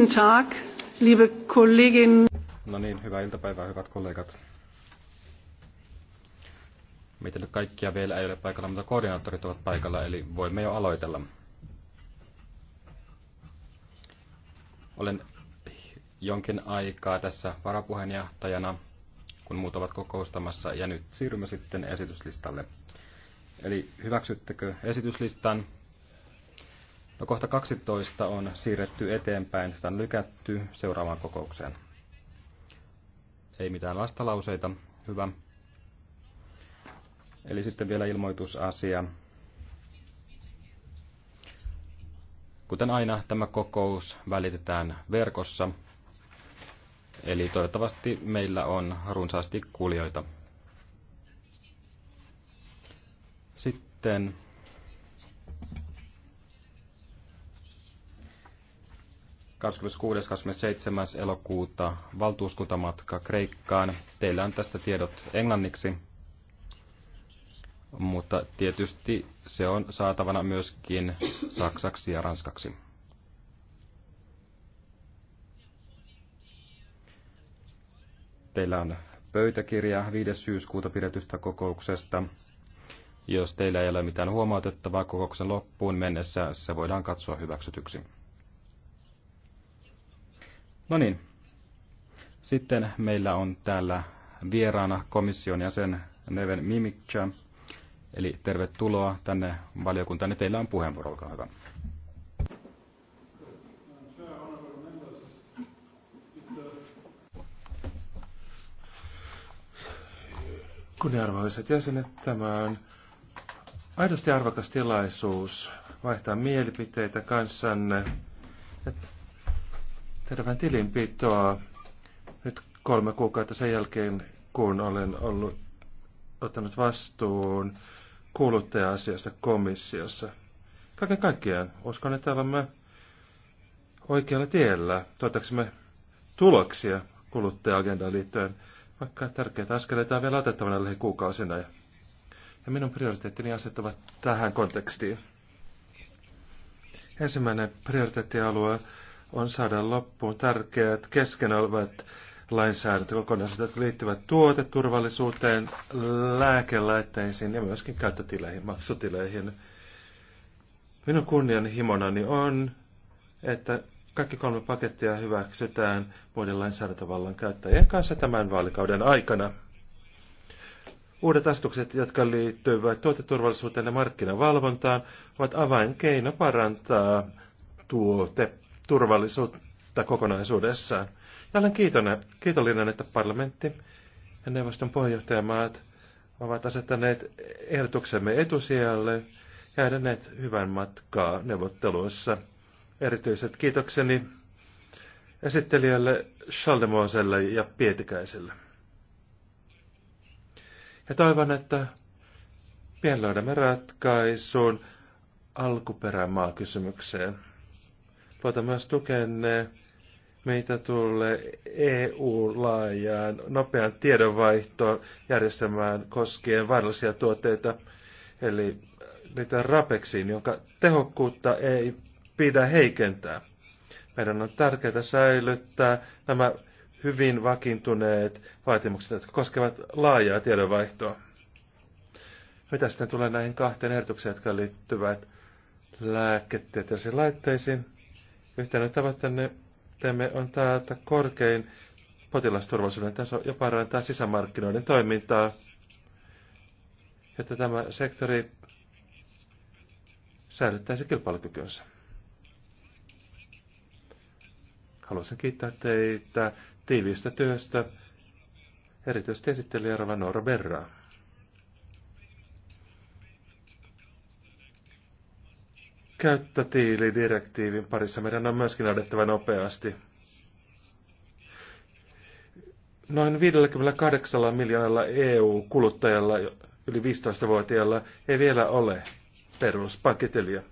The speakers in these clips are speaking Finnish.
Guten Tag, liebe No niin, hyvää iltapäivää, hyvät kollegat. Meitä nyt kaikkia vielä ei ole paikalla, mutta koordinaattorit ovat paikalla, eli voimme jo aloitella. Olen jonkin aikaa tässä varapuheenjohtajana, kun muut ovat kokoustamassa, ja nyt siirrymme sitten esityslistalle. Eli hyväksyttekö esityslistan? No kohta 12 on siirretty eteenpäin, sitä on lykätty seuraavaan kokoukseen. Ei mitään vastalauseita, hyvä. Eli sitten vielä ilmoitusasia. Kuten aina, tämä kokous välitetään verkossa. Eli toivottavasti meillä on runsaasti kuulijoita. Sitten 26.–27. elokuuta valtuuskuntamatka Kreikkaan. Teillä on tästä tiedot englanniksi, mutta tietysti se on saatavana myöskin saksaksi ja ranskaksi. Teillä on pöytäkirja 5. syyskuuta pidetystä kokouksesta. Jos teillä ei ole mitään huomautettavaa kokouksen loppuun mennessä, se voidaan katsoa hyväksytyksi. No niin. Sitten meillä on täällä vieraana komission jäsen Neven Mimikcha. Eli tervetuloa tänne valiokuntaan. Teillä on puheenvuoro, olkaa hyvä. Kunnianarvoiset jäsenet, tämä on aidosti arvokas tilaisuus vaihtaa mielipiteitä kanssanne terveen tilinpitoa nyt kolme kuukautta sen jälkeen, kun olen ollut ottanut vastuun kuluttaja-asiasta komissiossa. Kaiken kaikkiaan uskon, että olemme oikealla tiellä. Tuotaksemme tuloksia kuluttaja-agendaan liittyen, vaikka tärkeitä askeleita on vielä otettavana lähikuukausina. Ja minun prioriteettini asettuvat tähän kontekstiin. Ensimmäinen prioriteettialue on saada loppuun tärkeät kesken olevat lainsäädäntökokonaisuudet, jotka liittyvät tuoteturvallisuuteen, lääkelaitteisiin ja myöskin käyttötileihin, maksutileihin. Minun kunnianhimonani on, että kaikki kolme pakettia hyväksytään muiden lainsäädäntövallan käyttäjien kanssa tämän vaalikauden aikana. Uudet astukset, jotka liittyvät tuoteturvallisuuteen ja markkinavalvontaan, ovat avainkeino parantaa tuote turvallisuutta kokonaisuudessaan. Ja olen kiitollinen, että parlamentti ja neuvoston puheenjohtajamaat ovat asettaneet ehdotuksemme etusijalle ja edenneet hyvän matkaa neuvotteluissa. Erityiset kiitokseni esittelijälle Schaldemoselle ja Pietikäiselle. Ja toivon, että pian löydämme ratkaisun alkuperämaakysymykseen. Luotan myös tukenne meitä tulle EU-laajaan nopean tiedonvaihtoon järjestämään koskien vaarallisia tuotteita, eli niitä rapeksiin, jonka tehokkuutta ei pidä heikentää. Meidän on tärkeää säilyttää nämä hyvin vakiintuneet vaatimukset, jotka koskevat laajaa tiedonvaihtoa. Mitä sitten tulee näihin kahteen ehdotukseen, jotka liittyvät lääketieteellisiin laitteisiin? Yhtenä tavoitteemme on taata korkein potilasturvallisuuden taso ja parantaa sisämarkkinoiden toimintaa, jotta tämä sektori säilyttäisi kilpailukykynsä. Haluaisin kiittää teitä tiiviistä työstä, erityisesti esittelijä Rava Noora Berraa. käyttötiilidirektiivin parissa meidän on myöskin edettävä nopeasti. Noin 58 miljoonalla EU-kuluttajalla yli 15-vuotiailla ei vielä ole peruspankkitiliä.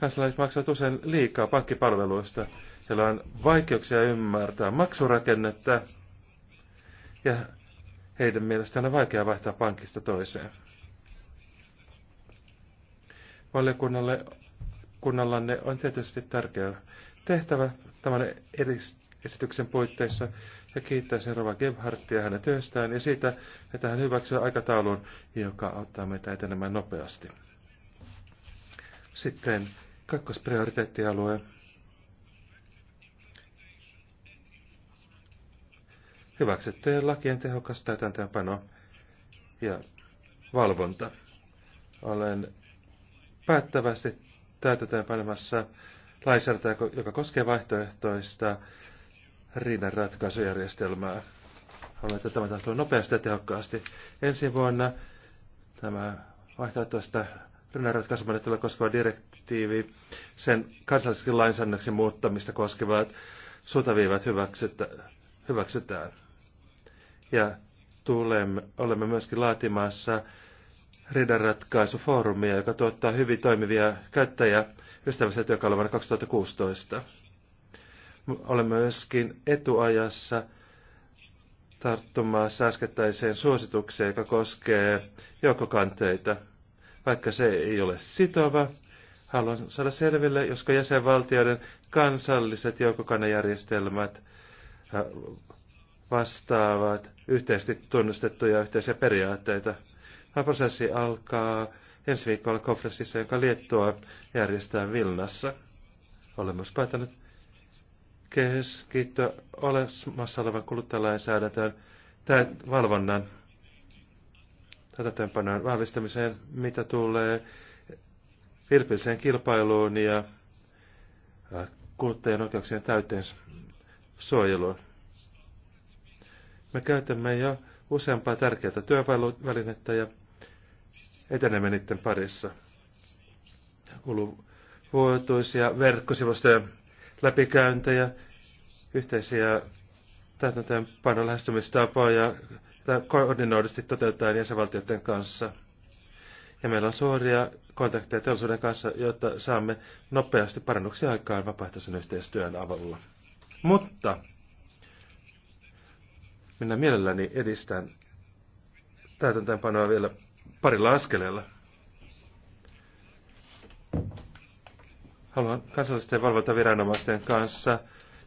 Kansalaiset maksavat usein liikaa pankkipalveluista. Heillä on vaikeuksia ymmärtää maksurakennetta ja heidän mielestään on vaikea vaihtaa pankista toiseen. Valiokunnalle kunnallanne on tietysti tärkeä tehtävä tämän esityksen puitteissa ja kiittäisin Rova Gebhardtia hänen työstään ja siitä, että hän hyväksyy aikataulun, joka auttaa meitä etenemään nopeasti. Sitten kakkosprioriteettialue. Hyväksyttyjen lakien tehokas täytäntöönpano ja valvonta. Olen päättävästi täytetään panemassa lainsäädäntöä, joka koskee vaihtoehtoista riidan ratkaisujärjestelmää. Haluan, että tämä tapahtuu nopeasti ja tehokkaasti. Ensi vuonna tämä vaihtoehtoista rinnanratkaisumenettelyä koskeva direktiivi, sen kansalliseksi lainsäädännöksi muuttamista koskevat suuntaviivat hyväksytä, hyväksytään. Ja tulemme, olemme myöskin laatimassa riidanratkaisufoorumia, joka tuottaa hyvin toimivia käyttäjä ystävällisiä työkaluja vuonna 2016. Olemme myöskin etuajassa tarttumassa äskettäiseen suositukseen, joka koskee joukkokanteita. Vaikka se ei ole sitova, haluan saada selville, josko jäsenvaltioiden kansalliset joukkokannejärjestelmät äh, vastaavat yhteisesti tunnustettuja yhteisiä periaatteita – Tämä prosessi alkaa ensi viikolla konferenssissa, joka Liettua järjestää Vilnassa. Olen myös päättänyt keskittyä olemassa olevan kuluttajalainsäädäntöön tai valvonnan täytäntöönpanojen vahvistamiseen, mitä tulee vilpilliseen kilpailuun ja kuluttajien oikeuksien täyteen suojeluun. Me käytämme jo useampaa tärkeää työvälinettä ja etenemme niiden parissa. Kuuluu vuotuisia verkkosivustoja, läpikäyntejä, yhteisiä täytäntöönpanon lähestymistapoja, jota koordinoidusti toteutetaan jäsenvaltioiden kanssa. Ja meillä on suoria kontakteja teollisuuden kanssa, jotta saamme nopeasti parannuksia aikaan vapaaehtoisen yhteistyön avulla. Mutta minä mielelläni edistän täytäntöönpanoa vielä parilla askeleella. Haluan kansallisten valvontaviranomaisten kanssa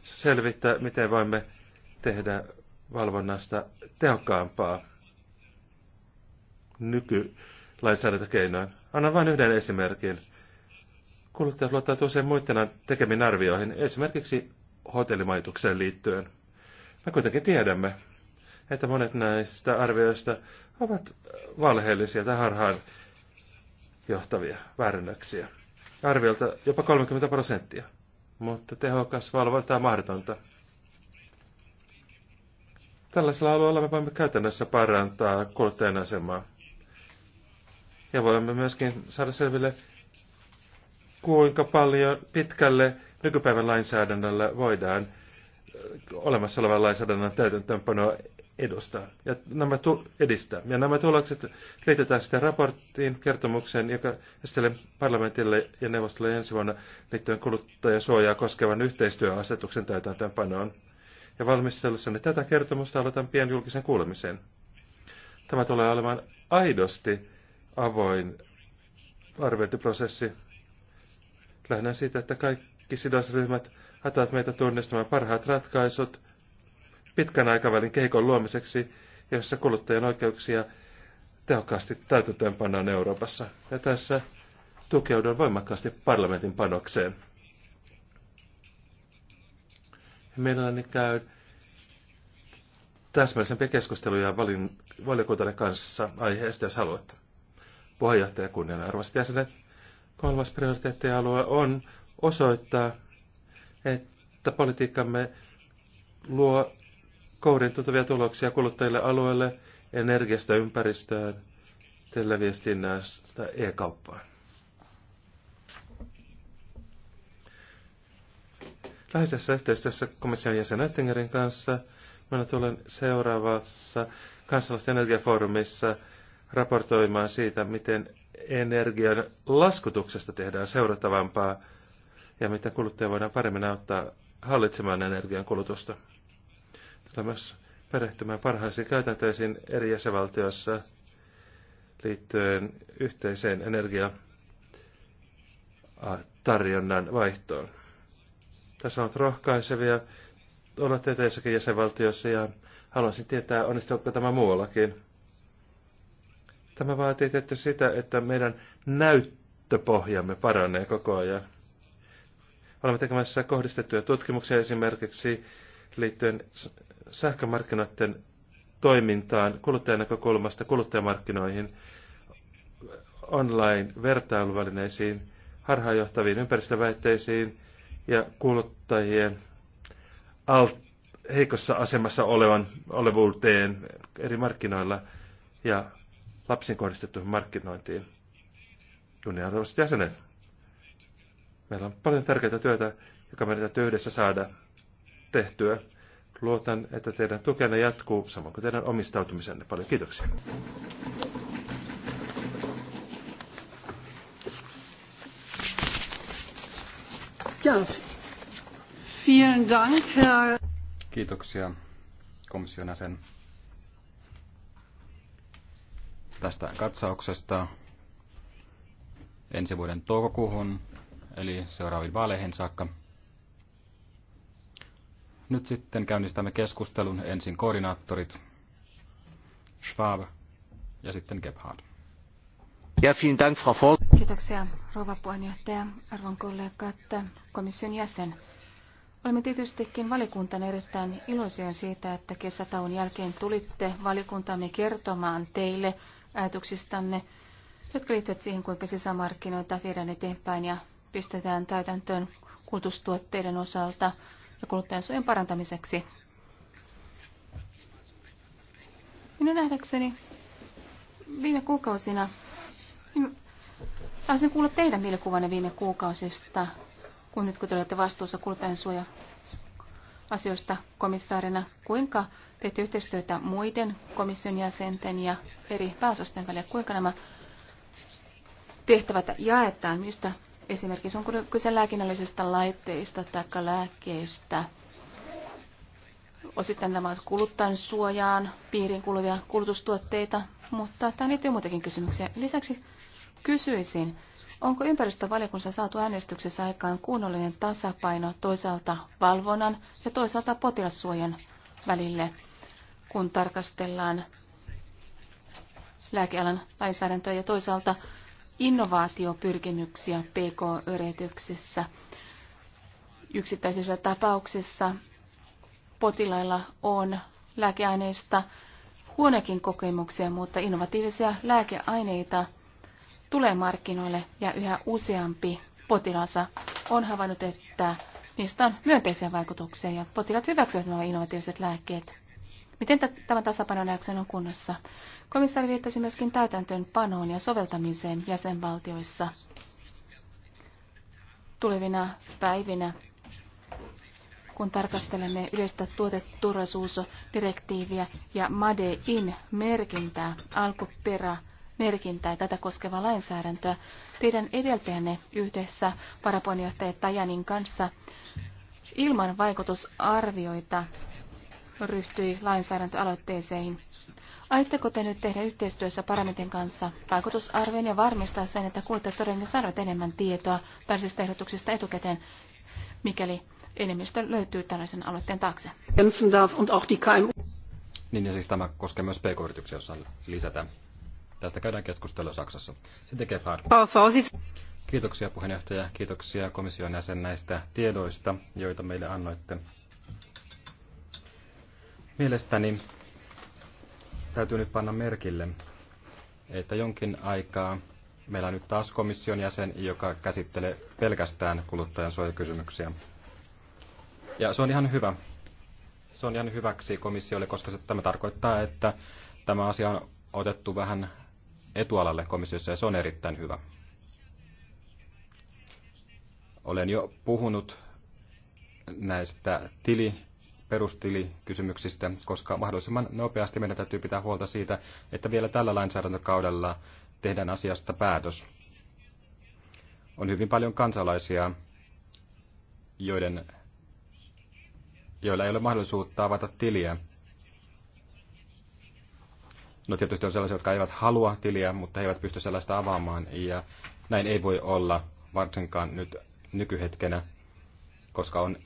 selvittää, miten voimme tehdä valvonnasta tehokkaampaa nykylainsäädäntökeinoin. Annan vain yhden esimerkin. Kuluttajat luottavat usein muiden tekemin arvioihin, esimerkiksi hotellimajoitukseen liittyen. Me kuitenkin tiedämme, että monet näistä arvioista ovat valheellisia tai harhaan johtavia väärännöksiä. Arviolta jopa 30 prosenttia, mutta tehokas valvonta on mahdotonta. Tällaisella alueella me voimme käytännössä parantaa kuluttajan asemaa. Ja voimme myöskin saada selville, kuinka paljon pitkälle nykypäivän lainsäädännöllä voidaan olemassa olevan lainsäädännön täytäntöönpanoa edustaa. Ja nämä tu- edistää. Ja nämä tulokset liitetään sitten raporttiin, kertomukseen, joka esitellään parlamentille ja neuvostolle ensi vuonna liittyen kuluttajasuojaa koskevan yhteistyöasetuksen täytäntöönpanoon. Ja valmistellessani tätä kertomusta aloitan pian julkisen kuulemisen. Tämä tulee olemaan aidosti avoin arviointiprosessi. Lähden siitä, että kaikki sidosryhmät antavat meitä tunnistamaan parhaat ratkaisut – pitkän aikavälin kehikon luomiseksi, jossa kuluttajan oikeuksia tehokkaasti täytäntöönpannaan Euroopassa. Ja tässä tukeudun voimakkaasti parlamentin panokseen. Mielelläni käy täsmällisempiä keskusteluja valin, valiokuntanne kanssa aiheesta, jos haluatte. Puheenjohtaja arvoisat jäsenet, kolmas prioriteettialue on osoittaa, että politiikkamme luo kourin tuloksia kuluttajille alueelle, energiasta ympäristöön, televiestinnästä e-kauppaan. Läheisessä yhteistyössä komission jäsen Oettingerin kanssa minä tulen seuraavassa kansallisten energiafoorumissa raportoimaan siitä, miten energian laskutuksesta tehdään seurattavampaa ja miten kuluttaja voidaan paremmin auttaa hallitsemaan energian kulutusta myös perehtymään parhaisiin käytänteisiin eri jäsenvaltioissa liittyen yhteiseen energiatarjonnan vaihtoon. Tässä on rohkaisevia olla teteissäkin jäsenvaltiossa ja haluaisin tietää, onnistuuko tämä muuallakin. Tämä vaatii tietysti sitä, että meidän näyttöpohjamme paranee koko ajan. Olemme tekemässä kohdistettuja tutkimuksia esimerkiksi liittyen sähkömarkkinoiden toimintaan kuluttajan näkökulmasta kuluttajamarkkinoihin, online-vertailuvälineisiin, harhaanjohtaviin ympäristöväitteisiin ja kuluttajien alt- heikossa asemassa olevan, olevuuteen eri markkinoilla ja lapsiin kohdistettuihin markkinointiin. Kunnianarvoiset jäsenet, meillä on paljon tärkeää työtä, joka meidän täytyy yhdessä saada tehtyä. Luotan, että teidän tukenne jatkuu, samoin kuin teidän omistautumisenne. Paljon kiitoksia. Ja, vielen Dank, Herr... Kiitoksia komission sen tästä katsauksesta ensi vuoden toukokuuhun, eli seuraaviin vaaleihin saakka. Nyt sitten käynnistämme keskustelun ensin koordinaattorit Schwab ja sitten Gebhard. Ja, vielen Dank, Frau Vol- Kiitoksia, rouva puheenjohtaja, arvon kollegat, komission jäsen. Olemme tietystikin valikuntana erittäin iloisia siitä, että kesätauon jälkeen tulitte valikuntamme kertomaan teille ajatuksistanne, jotka liittyvät siihen, kuinka sisämarkkinoita viedään eteenpäin ja pistetään täytäntöön kulutustuotteiden osalta ja kuluttajansuojan parantamiseksi. Minun nähdäkseni viime kuukausina, niin haluaisin kuulla teidän mielikuvanne viime kuukausista, kun nyt kun te olette vastuussa kuluttajansuoja asioista komissaarina, kuinka teette yhteistyötä muiden komission jäsenten ja eri pääosasten välillä, kuinka nämä tehtävät jaetaan, mistä Esimerkiksi on kyse lääkinnällisistä laitteista tai lääkkeistä. Osittain nämä ovat kuluttajan suojaan piiriin kuuluvia kulutustuotteita, mutta tämä liittyy muutenkin kysymyksiä. Lisäksi kysyisin, onko ympäristövaliokunnassa saatu äänestyksessä aikaan kunnollinen tasapaino toisaalta valvonnan ja toisaalta potilassuojan välille, kun tarkastellaan lääkealan lainsäädäntöä ja toisaalta innovaatiopyrkimyksiä PK-yrityksissä. Yksittäisissä tapauksissa potilailla on lääkeaineista huonekin kokemuksia, mutta innovatiivisia lääkeaineita tulee markkinoille ja yhä useampi potilansa on havainnut, että niistä on myönteisiä vaikutuksia ja potilaat hyväksyvät nuo innovatiiviset lääkkeet. Miten tämä tasapaino nähdäkseen on kunnossa? Komissaari viittasi myöskin täytäntöönpanoon ja soveltamiseen jäsenvaltioissa tulevina päivinä, kun tarkastelemme yleistä tuoteturvallisuusdirektiiviä ja Made in merkintää, alkuperä, merkintää tätä koskevaa lainsäädäntöä. Teidän edeltäjänne yhdessä varapuheenjohtaja Tajanin kanssa ilman vaikutusarvioita ryhtyi lainsäädäntöaloitteeseen. Aitteko te nyt tehdä yhteistyössä parlamentin kanssa vaikutusarvion ja varmistaa sen, että kuluttajat todennäköisesti saavat enemmän tietoa tällaisista ehdotuksista etukäteen, mikäli enemmistö löytyy tällaisen aloitteen taakse? Niin ja siis tämä koskee myös pk-yrityksiä, jossa lisätään. Tästä käydään keskustelua Saksassa. Sitten Gefhard. Kiitoksia puheenjohtaja, kiitoksia komission jäsen näistä tiedoista, joita meille annoitte. Mielestäni täytyy nyt panna merkille, että jonkin aikaa meillä on nyt taas komission jäsen, joka käsittelee pelkästään kuluttajan suojakysymyksiä. Ja se on ihan hyvä. Se on ihan hyväksi komissiolle, koska se, tämä tarkoittaa, että tämä asia on otettu vähän etualalle komissiossa ja se on erittäin hyvä. Olen jo puhunut näistä tili perustilikysymyksistä, koska mahdollisimman nopeasti meidän täytyy pitää huolta siitä, että vielä tällä lainsäädäntökaudella tehdään asiasta päätös. On hyvin paljon kansalaisia, joiden, joilla ei ole mahdollisuutta avata tiliä. No tietysti on sellaisia, jotka eivät halua tiliä, mutta he eivät pysty sellaista avaamaan, ja näin ei voi olla, varsinkaan nyt nykyhetkenä, koska on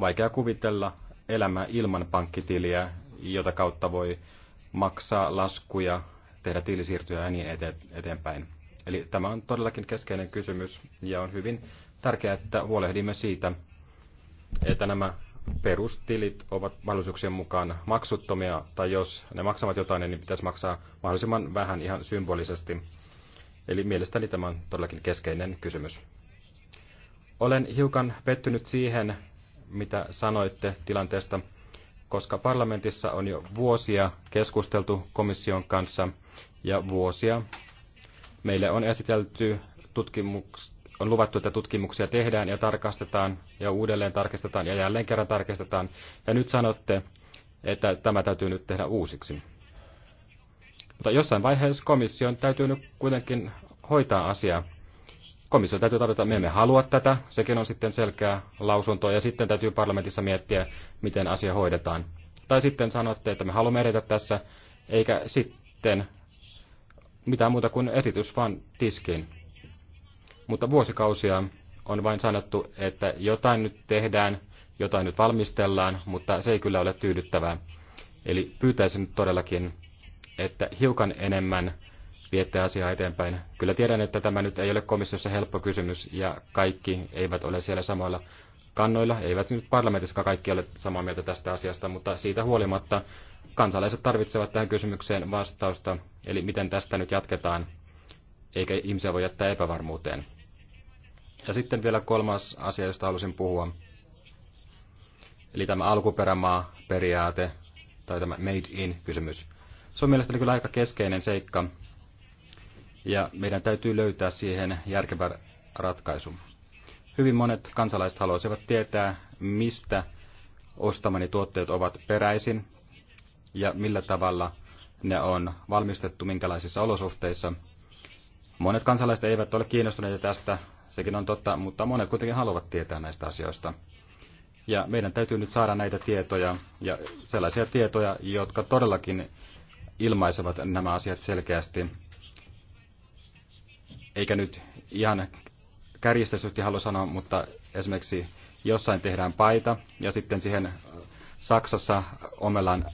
Vaikea kuvitella elämää ilman pankkitiliä, jota kautta voi maksaa laskuja, tehdä tilisiirtoja ja niin eteenpäin. Eli tämä on todellakin keskeinen kysymys ja on hyvin tärkeää, että huolehdimme siitä, että nämä perustilit ovat mahdollisuuksien mukaan maksuttomia, tai jos ne maksavat jotain, niin pitäisi maksaa mahdollisimman vähän ihan symbolisesti. Eli mielestäni tämä on todellakin keskeinen kysymys. Olen hiukan pettynyt siihen, mitä sanoitte tilanteesta, koska parlamentissa on jo vuosia keskusteltu komission kanssa ja vuosia meille on esitelty tutkimuks, on luvattu, että tutkimuksia tehdään ja tarkastetaan ja uudelleen tarkistetaan ja jälleen kerran tarkistetaan. Ja nyt sanotte, että tämä täytyy nyt tehdä uusiksi. Mutta jossain vaiheessa komission täytyy nyt kuitenkin hoitaa asiaa komissio täytyy tarjota, me emme halua tätä, sekin on sitten selkeä lausunto, ja sitten täytyy parlamentissa miettiä, miten asia hoidetaan. Tai sitten sanotte, että me haluamme edetä tässä, eikä sitten mitään muuta kuin esitys vaan tiskiin. Mutta vuosikausia on vain sanottu, että jotain nyt tehdään, jotain nyt valmistellaan, mutta se ei kyllä ole tyydyttävää. Eli pyytäisin todellakin, että hiukan enemmän viette asiaa eteenpäin. Kyllä tiedän, että tämä nyt ei ole komissiossa helppo kysymys ja kaikki eivät ole siellä samoilla kannoilla. Eivät nyt parlamentissa kaikki ole samaa mieltä tästä asiasta, mutta siitä huolimatta kansalaiset tarvitsevat tähän kysymykseen vastausta, eli miten tästä nyt jatketaan, eikä ihmisiä voi jättää epävarmuuteen. Ja sitten vielä kolmas asia, josta halusin puhua. Eli tämä alkuperämaa periaate, tai tämä made in kysymys. Se on mielestäni kyllä aika keskeinen seikka, ja meidän täytyy löytää siihen järkevä ratkaisu. Hyvin monet kansalaiset haluaisivat tietää, mistä ostamani tuotteet ovat peräisin ja millä tavalla ne on valmistettu, minkälaisissa olosuhteissa. Monet kansalaiset eivät ole kiinnostuneita tästä, sekin on totta, mutta monet kuitenkin haluavat tietää näistä asioista. Ja meidän täytyy nyt saada näitä tietoja ja sellaisia tietoja, jotka todellakin ilmaisevat nämä asiat selkeästi eikä nyt ihan kärjistetysti halua sanoa, mutta esimerkiksi jossain tehdään paita ja sitten siihen äh, Saksassa omellaan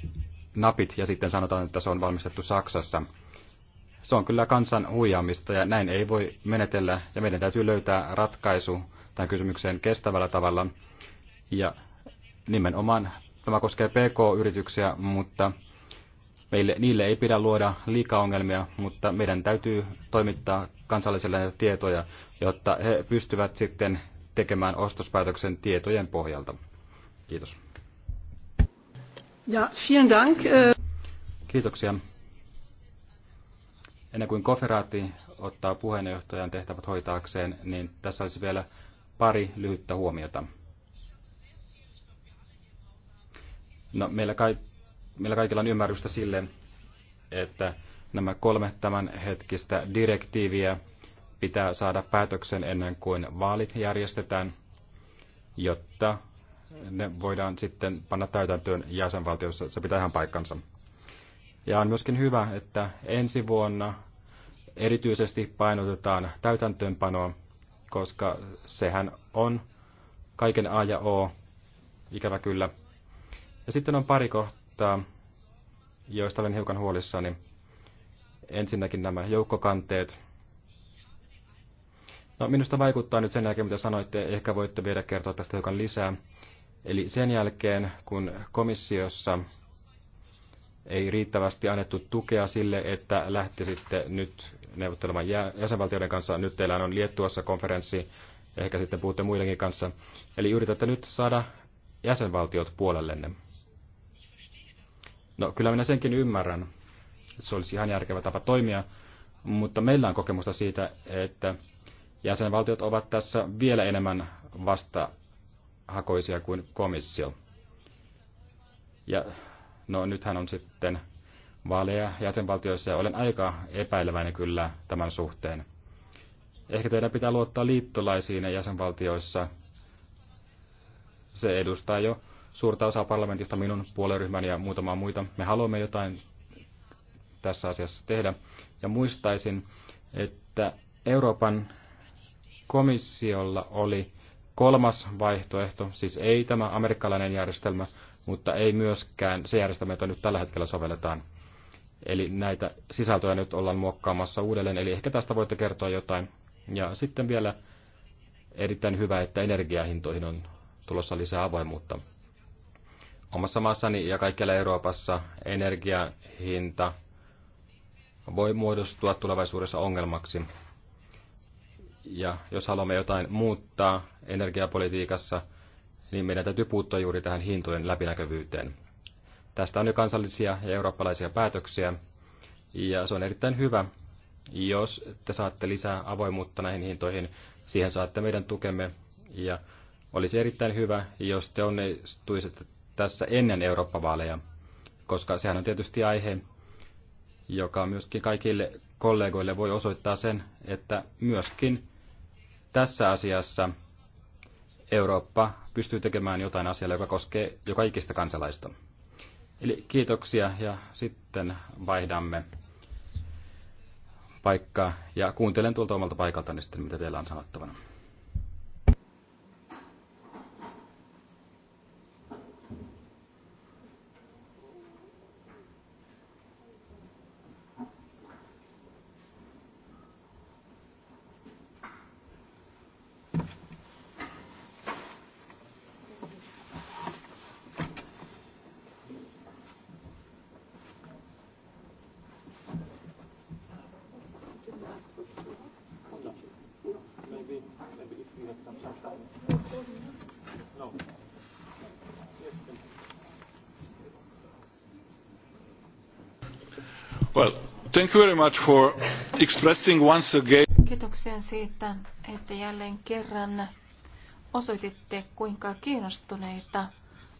napit ja sitten sanotaan, että se on valmistettu Saksassa. Se on kyllä kansan huijaamista ja näin ei voi menetellä ja meidän täytyy löytää ratkaisu tähän kysymykseen kestävällä tavalla. Ja nimenomaan tämä koskee PK-yrityksiä, mutta Meille, niille ei pidä luoda liikaa ongelmia, mutta meidän täytyy toimittaa kansallisille tietoja, jotta he pystyvät sitten tekemään ostospäätöksen tietojen pohjalta. Kiitos. Ja, vielen dank. Äh. Kiitoksia. Ennen kuin koferaati ottaa puheenjohtajan tehtävät hoitaakseen, niin tässä olisi vielä pari lyhyttä huomiota. No, meillä kai meillä kaikilla on ymmärrystä sille, että nämä kolme hetkistä direktiiviä pitää saada päätöksen ennen kuin vaalit järjestetään, jotta ne voidaan sitten panna täytäntöön jäsenvaltiossa. Se pitää ihan paikkansa. Ja on myöskin hyvä, että ensi vuonna erityisesti painotetaan täytäntöönpanoa, koska sehän on kaiken A ja O, ikävä kyllä. Ja sitten on pari kohtaa mutta joista olen hiukan huolissani. Ensinnäkin nämä joukkokanteet. No, minusta vaikuttaa nyt sen jälkeen, mitä sanoitte, ehkä voitte vielä kertoa tästä hiukan lisää. Eli sen jälkeen, kun komissiossa ei riittävästi annettu tukea sille, että lähtisitte nyt neuvottelemaan jäsenvaltioiden kanssa. Nyt teillä on Liettuassa konferenssi, ehkä sitten puhutte muidenkin kanssa. Eli yritätte nyt saada jäsenvaltiot puolellenne. No kyllä minä senkin ymmärrän. Se olisi ihan järkevä tapa toimia, mutta meillä on kokemusta siitä, että jäsenvaltiot ovat tässä vielä enemmän vastahakoisia kuin komissio. Ja no nythän on sitten vaaleja jäsenvaltioissa ja olen aika epäileväinen kyllä tämän suhteen. Ehkä teidän pitää luottaa liittolaisiin jäsenvaltioissa. Se edustaa jo suurta osaa parlamentista, minun puolueryhmäni ja muutamaa muita. Me haluamme jotain tässä asiassa tehdä. Ja muistaisin, että Euroopan komissiolla oli kolmas vaihtoehto, siis ei tämä amerikkalainen järjestelmä, mutta ei myöskään se järjestelmä, jota nyt tällä hetkellä sovelletaan. Eli näitä sisältöjä nyt ollaan muokkaamassa uudelleen, eli ehkä tästä voitte kertoa jotain. Ja sitten vielä erittäin hyvä, että energiahintoihin on tulossa lisää avoimuutta omassa maassani ja kaikkialla Euroopassa energiahinta voi muodostua tulevaisuudessa ongelmaksi. Ja jos haluamme jotain muuttaa energiapolitiikassa, niin meidän täytyy puuttua juuri tähän hintojen läpinäkyvyyteen. Tästä on jo kansallisia ja eurooppalaisia päätöksiä, ja se on erittäin hyvä, jos te saatte lisää avoimuutta näihin hintoihin. Siihen saatte meidän tukemme, ja olisi erittäin hyvä, jos te onnistuisitte tässä ennen Eurooppa-vaaleja, koska sehän on tietysti aihe, joka myöskin kaikille kollegoille voi osoittaa sen, että myöskin tässä asiassa Eurooppa pystyy tekemään jotain asialle, joka koskee jo kaikista kansalaista. Eli kiitoksia ja sitten vaihdamme paikkaa ja kuuntelen tuolta omalta paikaltani sitten, mitä teillä on sanottavana. you very much for expressing once again. Kiitoksia siitä, että jälleen kerran osoititte, kuinka kiinnostuneita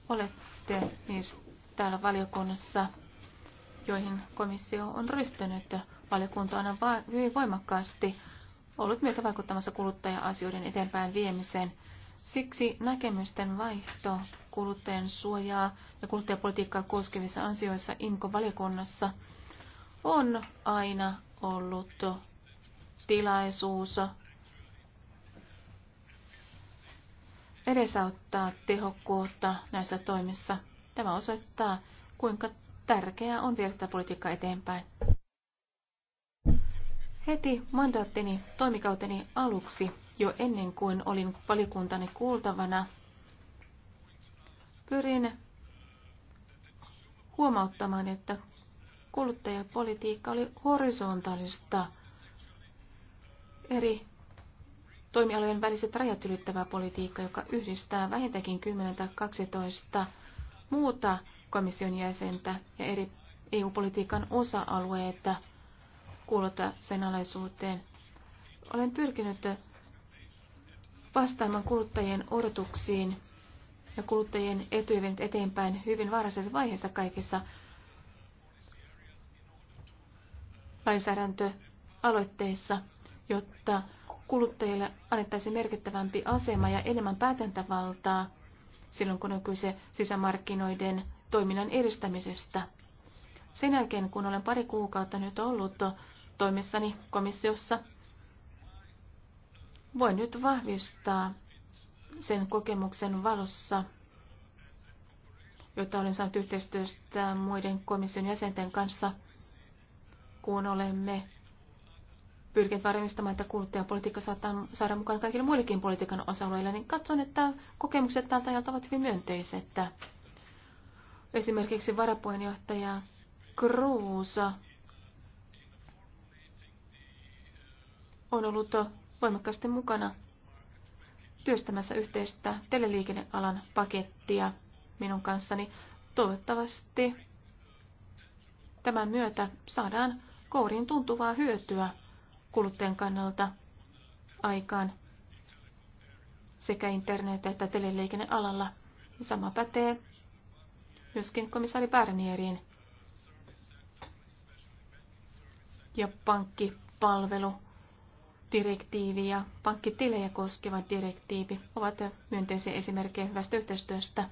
olette täällä valiokunnassa, joihin komissio on ryhtynyt. Valiokunta on hyvin voimakkaasti ollut myötä vaikuttamassa kuluttaja-asioiden eteenpäin viemiseen. Siksi näkemysten vaihto kuluttajan suojaa ja kuluttajapolitiikkaa koskevissa asioissa IMKO-valiokunnassa – on aina ollut tilaisuus edesauttaa tehokkuutta näissä toimissa. Tämä osoittaa, kuinka tärkeää on viedä politiikka eteenpäin. Heti mandaattini toimikauteni aluksi, jo ennen kuin olin valikuntani kuultavana, pyrin huomauttamaan, että kuluttajapolitiikka oli horisontaalista eri toimialojen väliset rajat ylittävää politiikkaa, joka yhdistää vähintäänkin 10 tai 12 muuta komission jäsentä ja eri EU-politiikan osa-alueita kuuluta sen alaisuuteen. Olen pyrkinyt vastaamaan kuluttajien odotuksiin ja kuluttajien etujen eteenpäin hyvin varhaisessa vaiheessa kaikissa lainsäädäntöaloitteissa, jotta kuluttajille annettaisiin merkittävämpi asema ja enemmän päätäntävaltaa silloin, kun on kyse sisämarkkinoiden toiminnan edistämisestä. Sen jälkeen, kun olen pari kuukautta nyt ollut toimissani komissiossa, voin nyt vahvistaa sen kokemuksen valossa, jota olen saanut yhteistyöstä muiden komission jäsenten kanssa – kun olemme pyrkineet varmistamaan, että kuluttajapolitiikka saattaa saada mukaan kaikille muillekin politiikan osa-alueille, niin katson, että kokemukset tältä ajalta ovat hyvin myönteiset. Esimerkiksi varapuheenjohtaja Cruz on ollut voimakkaasti mukana työstämässä yhteistä teleliikennealan pakettia minun kanssani. Toivottavasti tämän myötä saadaan kouriin tuntuvaa hyötyä kuluttajan kannalta aikaan sekä internet- että teleliikennealalla. Sama pätee myöskin komissaari Bernierin ja pankkipalvelu direktiivi ja pankkitilejä koskeva direktiivi ovat myönteisiä esimerkkejä hyvästä yhteistyöstä,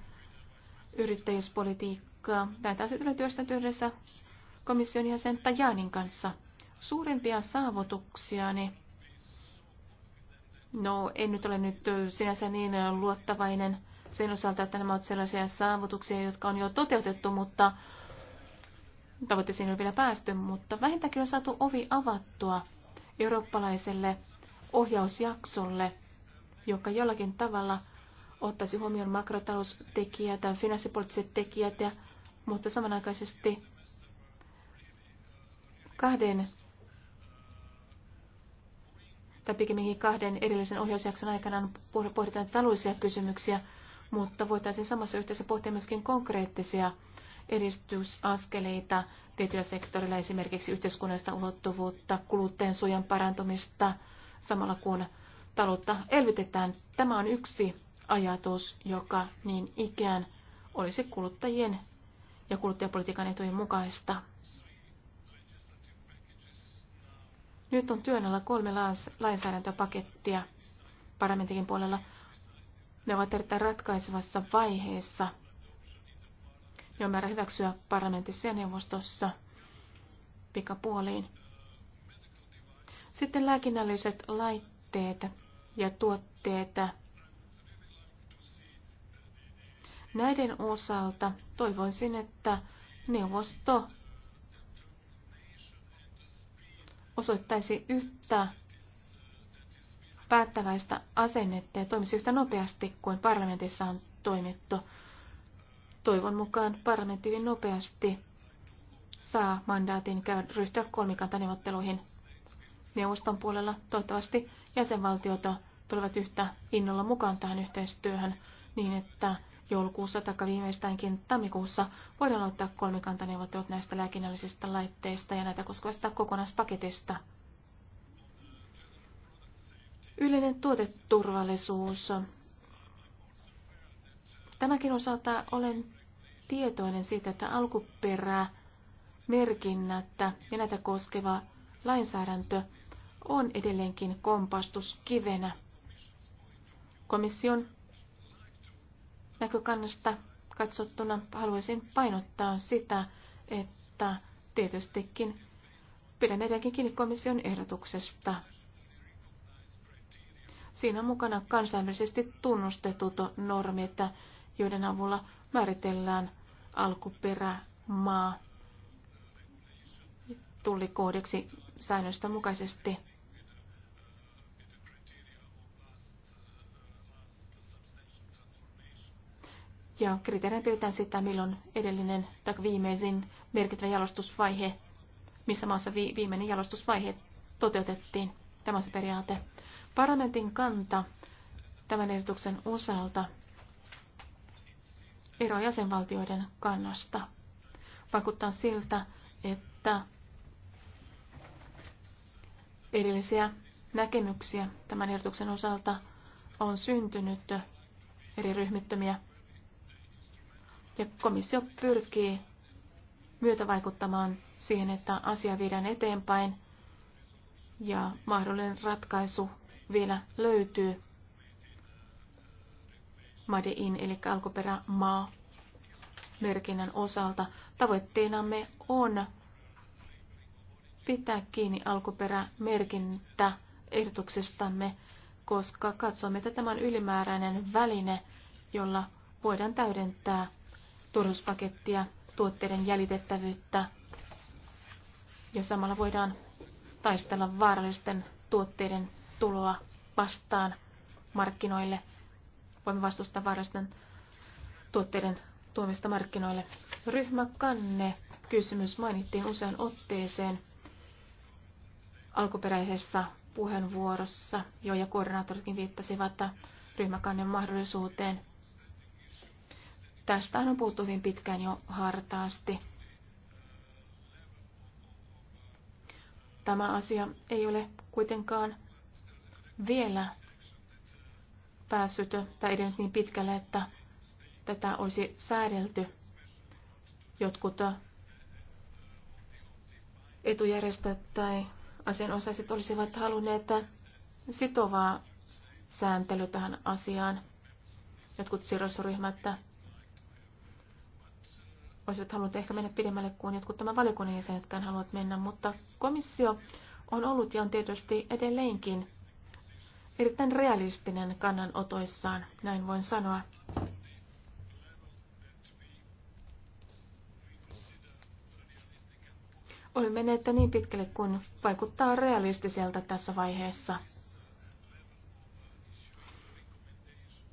yrittäjyyspolitiikkaa. Näitä asioita työstä yhdessä komission jäsen Tajanin kanssa. Suurimpia saavutuksiani, no en nyt ole nyt sinänsä niin luottavainen sen osalta, että nämä ovat sellaisia saavutuksia, jotka on jo toteutettu, mutta tavoitteisiin on vielä päästy, mutta vähintäänkin on saatu ovi avattua eurooppalaiselle ohjausjaksolle, joka jollakin tavalla ottaisi huomioon makrotaloustekijät ja finanssipoliittiset tekijät, ja, mutta samanaikaisesti kahden tai pikemminkin kahden erillisen ohjausjakson aikana pohditaan taloudellisia kysymyksiä, mutta voitaisiin samassa yhteydessä pohtia myöskin konkreettisia edistysaskeleita tietyillä sektorilla, esimerkiksi yhteiskunnallista ulottuvuutta, kuluttajan suojan parantumista, samalla kun taloutta elvytetään. Tämä on yksi ajatus, joka niin ikään olisi kuluttajien ja kuluttajapolitiikan etujen mukaista. Nyt on työn alla kolme lainsäädäntöpakettia parlamentin puolella. Ne ovat erittäin ratkaisevassa vaiheessa. Ne on määrä hyväksyä parlamentissa ja neuvostossa pikapuoliin. Sitten lääkinnälliset laitteet ja tuotteet. Näiden osalta toivoisin, että neuvosto osoittaisi yhtä päättäväistä asennetta ja toimisi yhtä nopeasti kuin parlamentissa on toimittu. Toivon mukaan parlamentti hyvin nopeasti saa mandaatin käydä ryhtyä kolmikantaneuvotteluihin neuvoston puolella. Toivottavasti jäsenvaltiot tulevat yhtä innolla mukaan tähän yhteistyöhön niin, että joulukuussa tai viimeistäänkin tammikuussa voidaan ottaa kolmikantaneuvottelut näistä lääkinnällisistä laitteista ja näitä koskevasta kokonaispaketista. Yleinen tuoteturvallisuus. Tämäkin osalta olen tietoinen siitä, että alkuperää, merkinnät ja näitä koskeva lainsäädäntö on edelleenkin kompastuskivenä. Komission näkökannasta katsottuna haluaisin painottaa sitä, että tietystikin pidämme edelleenkin kiinni komission ehdotuksesta. Siinä on mukana kansainvälisesti tunnustetut normit, joiden avulla määritellään alkuperämaa tullikohdeksi säännöstä mukaisesti. Ja kriteerinä pidetään sitä, milloin edellinen tai viimeisin merkittävä jalostusvaihe, missä maassa vi- viimeinen jalostusvaihe toteutettiin. Tämä on se periaate. Parlamentin kanta tämän ehdotuksen osalta ero jäsenvaltioiden kannasta. Vaikuttaa siltä, että erillisiä näkemyksiä tämän ehdotuksen osalta on syntynyt eri ryhmittömiä. Ja komissio pyrkii myötävaikuttamaan siihen, että asia viedään eteenpäin ja mahdollinen ratkaisu vielä löytyy. Made in, eli alkuperämaa merkinnän osalta. Tavoitteenamme on pitää kiinni alkuperämerkintä ehdotuksestamme, koska katsomme, että tämä on ylimääräinen väline, jolla voidaan täydentää turvallisuuspakettia, tuotteiden jäljitettävyyttä ja samalla voidaan taistella vaarallisten tuotteiden tuloa vastaan markkinoille. Voimme vastustaa vaarallisten tuotteiden tuomista markkinoille. Ryhmäkanne kysymys mainittiin usean otteeseen alkuperäisessä puheenvuorossa jo ja koordinaattoritkin viittasivat ryhmäkannen mahdollisuuteen. Tästä on puhuttu hyvin pitkään jo hartaasti. Tämä asia ei ole kuitenkaan vielä päässyt tai edennyt niin pitkälle, että tätä olisi säädelty. Jotkut etujärjestöt tai asianosaiset olisivat halunneet sitovaa sääntely tähän asiaan. Jotkut sirrosryhmät olisivat halunneet ehkä mennä pidemmälle kuin jotkut tämän valiokunnan jäsenetkään haluavat mennä, mutta komissio on ollut ja on tietysti edelleenkin erittäin realistinen kannanotoissaan, näin voin sanoa. Olemme menneet niin pitkälle kuin vaikuttaa realistiselta tässä vaiheessa.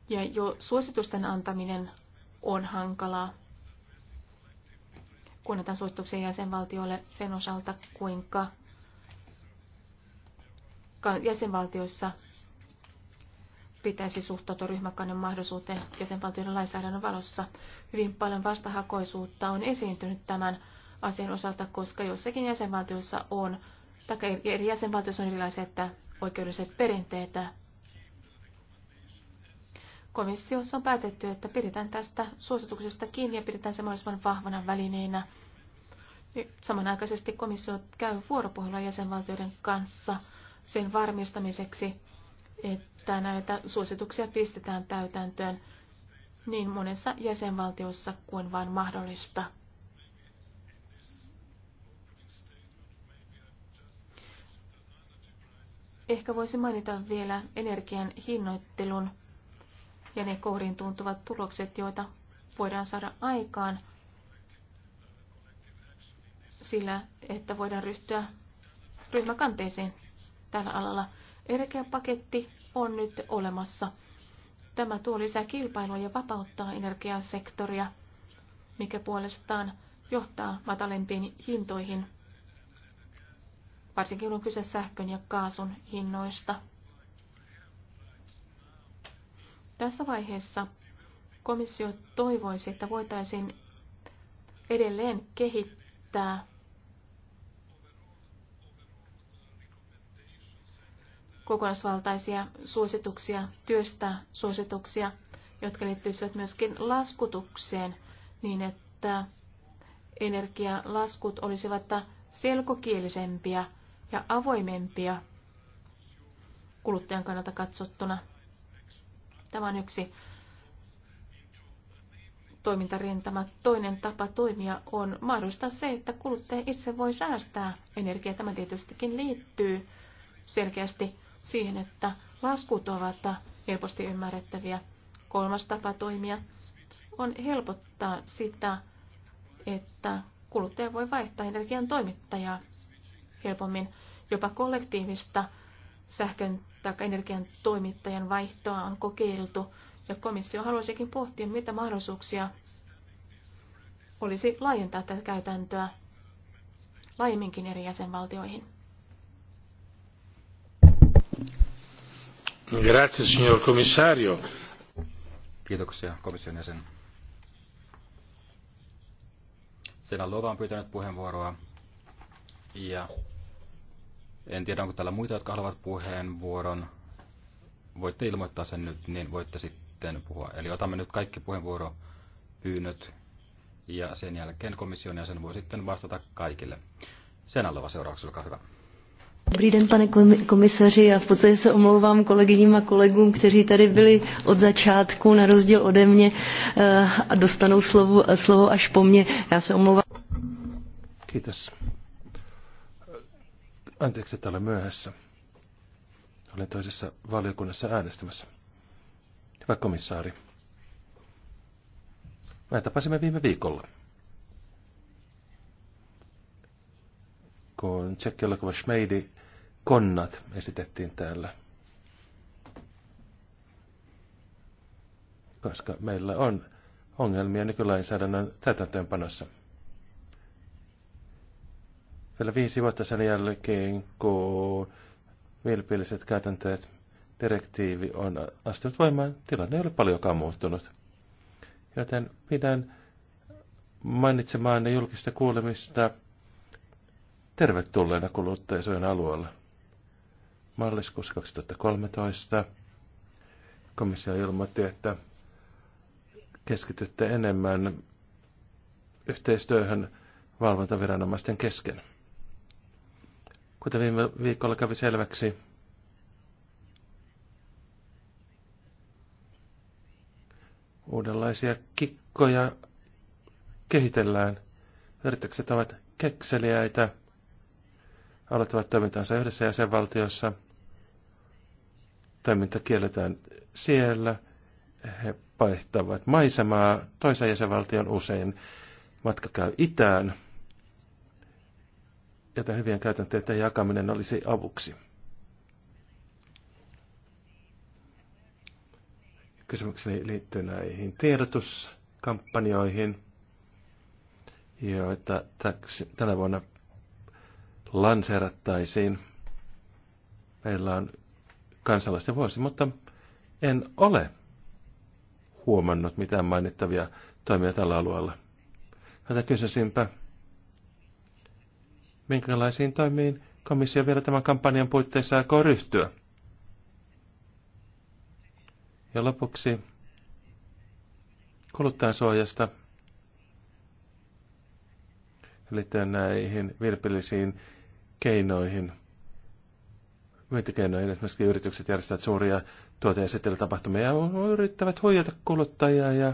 Ja jo suositusten antaminen on hankalaa kun annetaan suosituksia jäsenvaltioille sen osalta, kuinka jäsenvaltioissa pitäisi suhtautua ryhmäkannen mahdollisuuteen jäsenvaltioiden lainsäädännön valossa. Hyvin paljon vastahakoisuutta on esiintynyt tämän asian osalta, koska jossakin jäsenvaltiossa on, tai eri jäsenvaltioissa on erilaisia että oikeudelliset perinteitä komissiossa on päätetty, että pidetään tästä suosituksesta kiinni ja pidetään se mahdollisimman vahvana välineenä. Samanaikaisesti komissio käy vuoropuhelua jäsenvaltioiden kanssa sen varmistamiseksi, että näitä suosituksia pistetään täytäntöön niin monessa jäsenvaltiossa kuin vain mahdollista. Ehkä voisi mainita vielä energian hinnoittelun ja ne kourin tuntuvat tulokset, joita voidaan saada aikaan sillä, että voidaan ryhtyä ryhmäkanteeseen tällä alalla. Energiapaketti on nyt olemassa. Tämä tuo lisää kilpailua ja vapauttaa energiasektoria, mikä puolestaan johtaa matalempiin hintoihin, varsinkin kun on kyse sähkön ja kaasun hinnoista. Tässä vaiheessa komissio toivoisi, että voitaisiin edelleen kehittää kokonaisvaltaisia suosituksia, työstää suosituksia, jotka liittyisivät myöskin laskutukseen niin, että energialaskut olisivat selkokielisempiä ja avoimempia kuluttajan kannalta katsottuna. Tämä on yksi toimintarintama. Toinen tapa toimia on mahdollistaa se, että kuluttaja itse voi säästää energiaa. Tämä tietystikin liittyy selkeästi siihen, että laskut ovat helposti ymmärrettäviä. Kolmas tapa toimia on helpottaa sitä, että kuluttaja voi vaihtaa energian toimittajaa helpommin. Jopa kollektiivista sähkön tai energian toimittajan vaihtoa on kokeiltu, ja komissio haluaisikin pohtia, mitä mahdollisuuksia olisi laajentaa tätä käytäntöä laajemminkin eri jäsenvaltioihin. Grazie, signor commissario. Kiitoksia, komission jäsen. Senalova on pyytänyt puheenvuoroa ja en tiedä, onko täällä muita, jotka haluavat puheenvuoron. Voitte ilmoittaa sen nyt, niin voitte sitten puhua. Eli otamme nyt kaikki puheenvuoropyynnöt ja sen jälkeen komission ja sen voi sitten vastata kaikille. Sen alla seuraavaksi, olkaa hyvä. Dobrý den, pane komisaři. Já v podstatě se omlouvám kolegyním a kolegům, kteří tady byli od začátku, na rozdíl ode mě, eh, a dostanou slovo, slovo až po mně. Já se omlouvám. Kiitos. Anteeksi, että olen myöhässä. Olen toisessa valiokunnassa äänestämässä. Hyvä komissaari. Me tapasimme viime viikolla. Kun tsekkialokova Schmeidi Konnat esitettiin täällä. Koska meillä on ongelmia nykylainsäädännön täytäntöönpanossa vielä viisi vuotta sen jälkeen, kun vilpilliset käytänteet direktiivi on astunut voimaan, tilanne ei ole paljonkaan muuttunut. Joten pidän mainitsemaan julkista kuulemista tervetulleena kuluttajasuojan alueella. Maaliskuussa 2013 komissio ilmoitti, että keskitytte enemmän yhteistyöhön valvontaviranomaisten kesken. Kuten viime viikolla kävi selväksi, uudenlaisia kikkoja kehitellään. Yritykset ovat kekseliäitä, aloittavat toimintansa yhdessä jäsenvaltiossa. Toiminta kielletään siellä. He vaihtavat maisemaa toisen jäsenvaltion usein. Matka käy itään joten hyvien käytänteiden jakaminen olisi avuksi. Kysymykseni liittyy näihin tiedotuskampanjoihin, joita täksi, tänä vuonna lanseerattaisiin. Meillä on kansalaisten vuosi, mutta en ole huomannut mitään mainittavia toimia tällä alueella. Joten kysyisinpä, minkälaisiin toimiin komissio vielä tämän kampanjan puitteissa aikoo ryhtyä. Ja lopuksi kuluttajansuojasta liittyen näihin virpillisiin keinoihin, myyntikeinoihin. Esimerkiksi yritykset järjestävät suuria tuote- ja tapahtumia ja yrittävät huijata kuluttajia ja,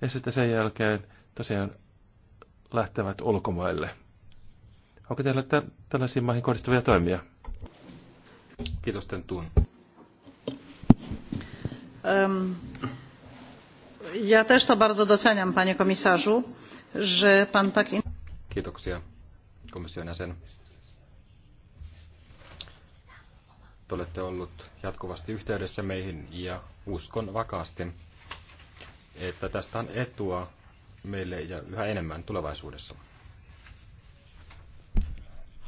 ja sitten sen jälkeen tosiaan lähtevät ulkomaille – Onko teillä tä- tällaisiin maihin kohdistuvia toimia? Kiitos, tämän Tentuun. Um, ja też to bardzo doceniam, panie komisarzu, że pan tak... Kiitoksia, komission jäsen. Te olette ollut jatkuvasti yhteydessä meihin ja uskon vakaasti, että tästä on etua meille ja yhä enemmän tulevaisuudessa.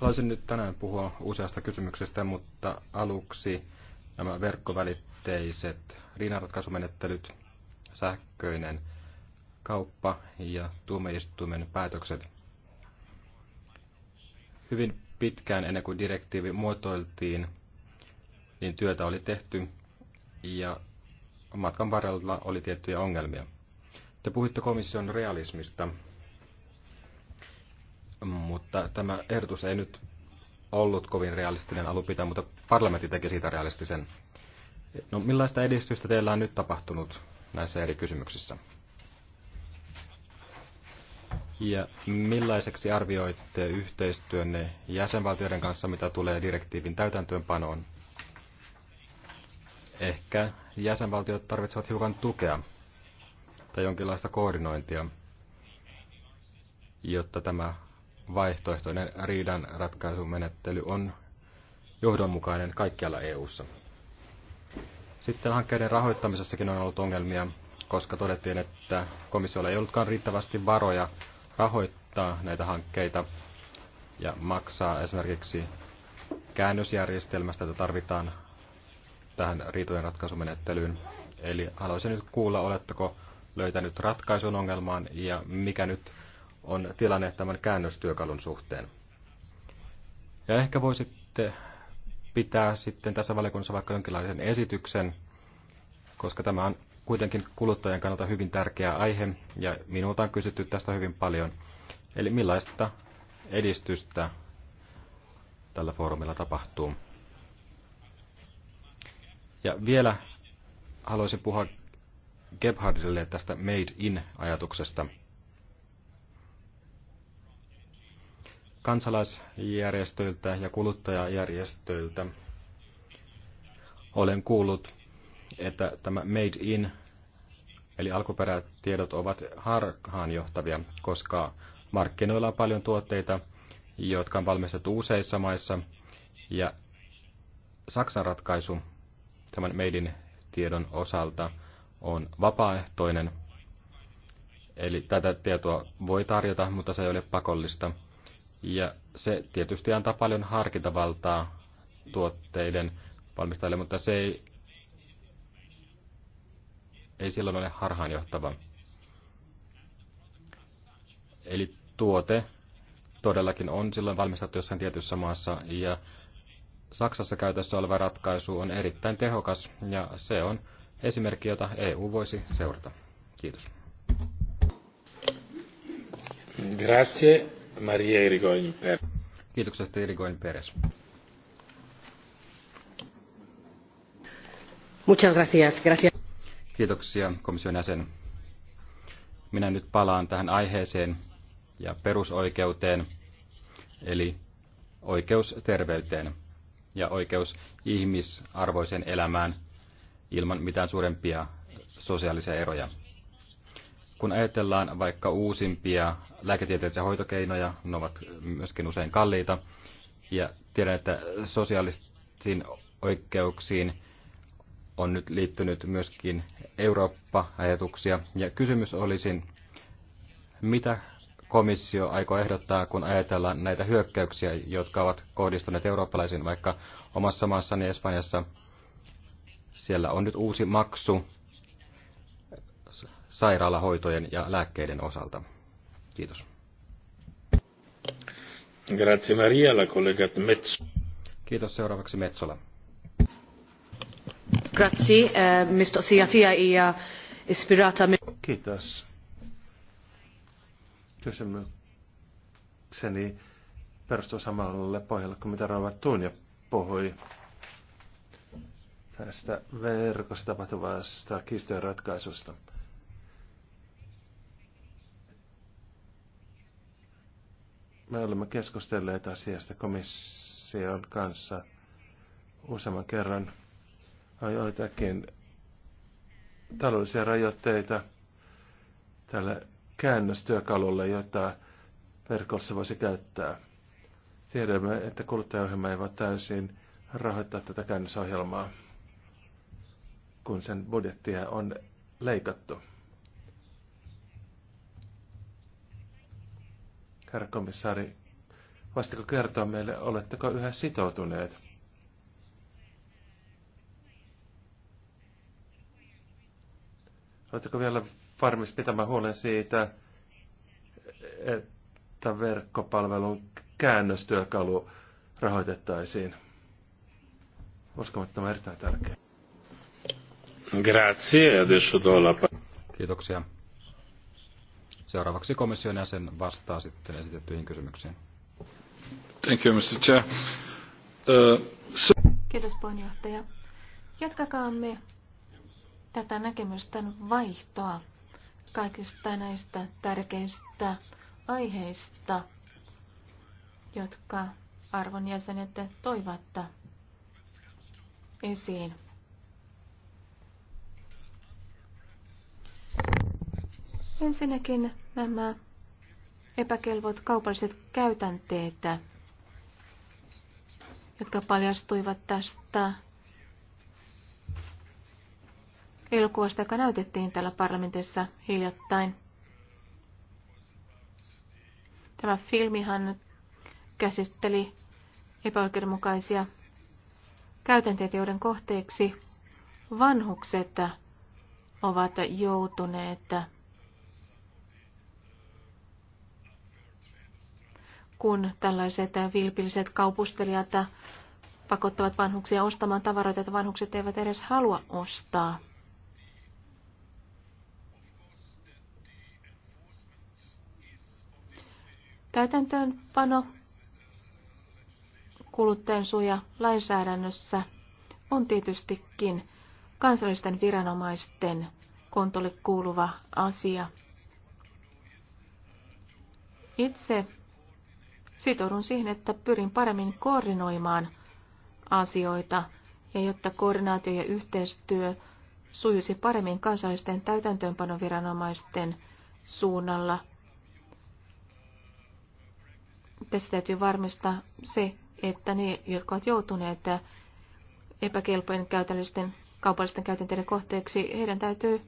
Haluaisin nyt tänään puhua useasta kysymyksestä, mutta aluksi nämä verkkovälitteiset riinaratkaisumenettelyt, sähköinen kauppa ja tuomioistuimen päätökset. Hyvin pitkään ennen kuin direktiivi muotoiltiin, niin työtä oli tehty ja matkan varrella oli tiettyjä ongelmia. Te puhuitte komission realismista mutta tämä ehdotus ei nyt ollut kovin realistinen alun pitää, mutta parlamentti teki siitä realistisen. No, millaista edistystä teillä on nyt tapahtunut näissä eri kysymyksissä? Ja millaiseksi arvioitte yhteistyönne jäsenvaltioiden kanssa, mitä tulee direktiivin täytäntöönpanoon? Ehkä jäsenvaltiot tarvitsevat hiukan tukea tai jonkinlaista koordinointia, jotta tämä vaihtoehtoinen riidan ratkaisumenettely on johdonmukainen kaikkialla EU:ssa. Sitten hankkeiden rahoittamisessakin on ollut ongelmia, koska todettiin, että komissiolla ei ollutkaan riittävästi varoja rahoittaa näitä hankkeita ja maksaa esimerkiksi käännösjärjestelmästä, jota tarvitaan tähän riitojen ratkaisumenettelyyn. Eli haluaisin nyt kuulla, oletteko löytänyt ratkaisun ongelmaan ja mikä nyt on tilanne tämän käännöstyökalun suhteen. Ja ehkä voisitte pitää sitten tässä valiokunnassa vaikka jonkinlaisen esityksen, koska tämä on kuitenkin kuluttajien kannalta hyvin tärkeä aihe, ja minulta on kysytty tästä hyvin paljon. Eli millaista edistystä tällä foorumilla tapahtuu. Ja vielä haluaisin puhua Gebhardille tästä Made in-ajatuksesta – kansalaisjärjestöiltä ja kuluttajajärjestöiltä olen kuullut, että tämä made in, eli alkuperätiedot ovat harhaanjohtavia, koska markkinoilla on paljon tuotteita, jotka on valmistettu useissa maissa, ja Saksan ratkaisu tämän made in tiedon osalta on vapaaehtoinen, eli tätä tietoa voi tarjota, mutta se ei ole pakollista. Ja se tietysti antaa paljon harkintavaltaa tuotteiden valmistajille, mutta se ei, ei silloin ole harhaanjohtava. Eli tuote todellakin on silloin valmistettu jossain tietyssä maassa ja Saksassa käytössä oleva ratkaisu on erittäin tehokas ja se on esimerkki, jota EU voisi seurata. Kiitos. Grazie. Maria Irigoyen Peres. Kiitoksia sitten Irigoyen Peres. Muchas gracias. gracias. Kiitoksia komission jäsen. Minä nyt palaan tähän aiheeseen ja perusoikeuteen, eli oikeus terveyteen ja oikeus ihmisarvoiseen elämään ilman mitään suurempia sosiaalisia eroja. Kun ajatellaan vaikka uusimpia lääketieteellisiä hoitokeinoja, ne ovat myöskin usein kalliita. Ja tiedän, että sosiaalisiin oikeuksiin on nyt liittynyt myöskin Eurooppa-ajatuksia. Ja kysymys olisi, mitä komissio aikoo ehdottaa, kun ajatellaan näitä hyökkäyksiä, jotka ovat kohdistuneet eurooppalaisiin, vaikka omassa maassani Espanjassa siellä on nyt uusi maksu sairaalahoitojen ja lääkkeiden osalta. Kiitos. Grazie Maria, la collega Metz. Kiitos seuraavaksi Metsola. Grazie, eh, mistoqsija ja ispirata Kiitos. Kysymykseni perustuu samalle pohjalle kuin mitä Rova Tuunia puhui tästä verkossa tapahtuvasta kiistojen ratkaisusta. Me olemme keskustelleet asiasta komission kanssa useamman kerran. On joitakin taloudellisia rajoitteita tälle käännöstyökalulle, jota verkossa voisi käyttää. Tiedämme, että kuluttajaohjelma ei voi täysin rahoittaa tätä käännösohjelmaa, kun sen budjettia on leikattu. Herra komissaari, voisitteko kertoa meille, oletteko yhä sitoutuneet Oletteko vielä varmis pitämään huolen siitä, että verkkopalvelun käännöstyökalu rahoitettaisiin? että tämä on erittäin tärkeä. Grazie, adesso do la... Kiitoksia. Seuraavaksi komission jäsen vastaa sitten esitettyihin kysymyksiin. Thank you, Mr. Chair. Uh, so... Kiitos puheenjohtaja. Jatkakaamme tätä näkemysten vaihtoa kaikista näistä tärkeistä aiheista, jotka arvon jäsenet toivat esiin. Ensinnäkin nämä epäkelvot kaupalliset käytänteet, jotka paljastuivat tästä elokuvasta, joka näytettiin täällä parlamentissa hiljattain. Tämä filmihan käsitteli epäoikeudenmukaisia käytänteitä, joiden kohteeksi vanhukset ovat joutuneet kun tällaiset vilpilliset kaupustelijat pakottavat vanhuksia ostamaan tavaroita, joita vanhukset eivät edes halua ostaa. Täytäntöönpano kuluttajansuoja lainsäädännössä on tietystikin kansallisten viranomaisten kontolle kuuluva asia. Itse Sitoudun siihen, että pyrin paremmin koordinoimaan asioita ja jotta koordinaatio ja yhteistyö sujuisi paremmin kansallisten täytäntöönpanoviranomaisten suunnalla. Tässä täytyy varmistaa se, että ne, jotka ovat joutuneet epäkelpojen käytännöllisten kaupallisten käytänteiden kohteeksi, heidän täytyy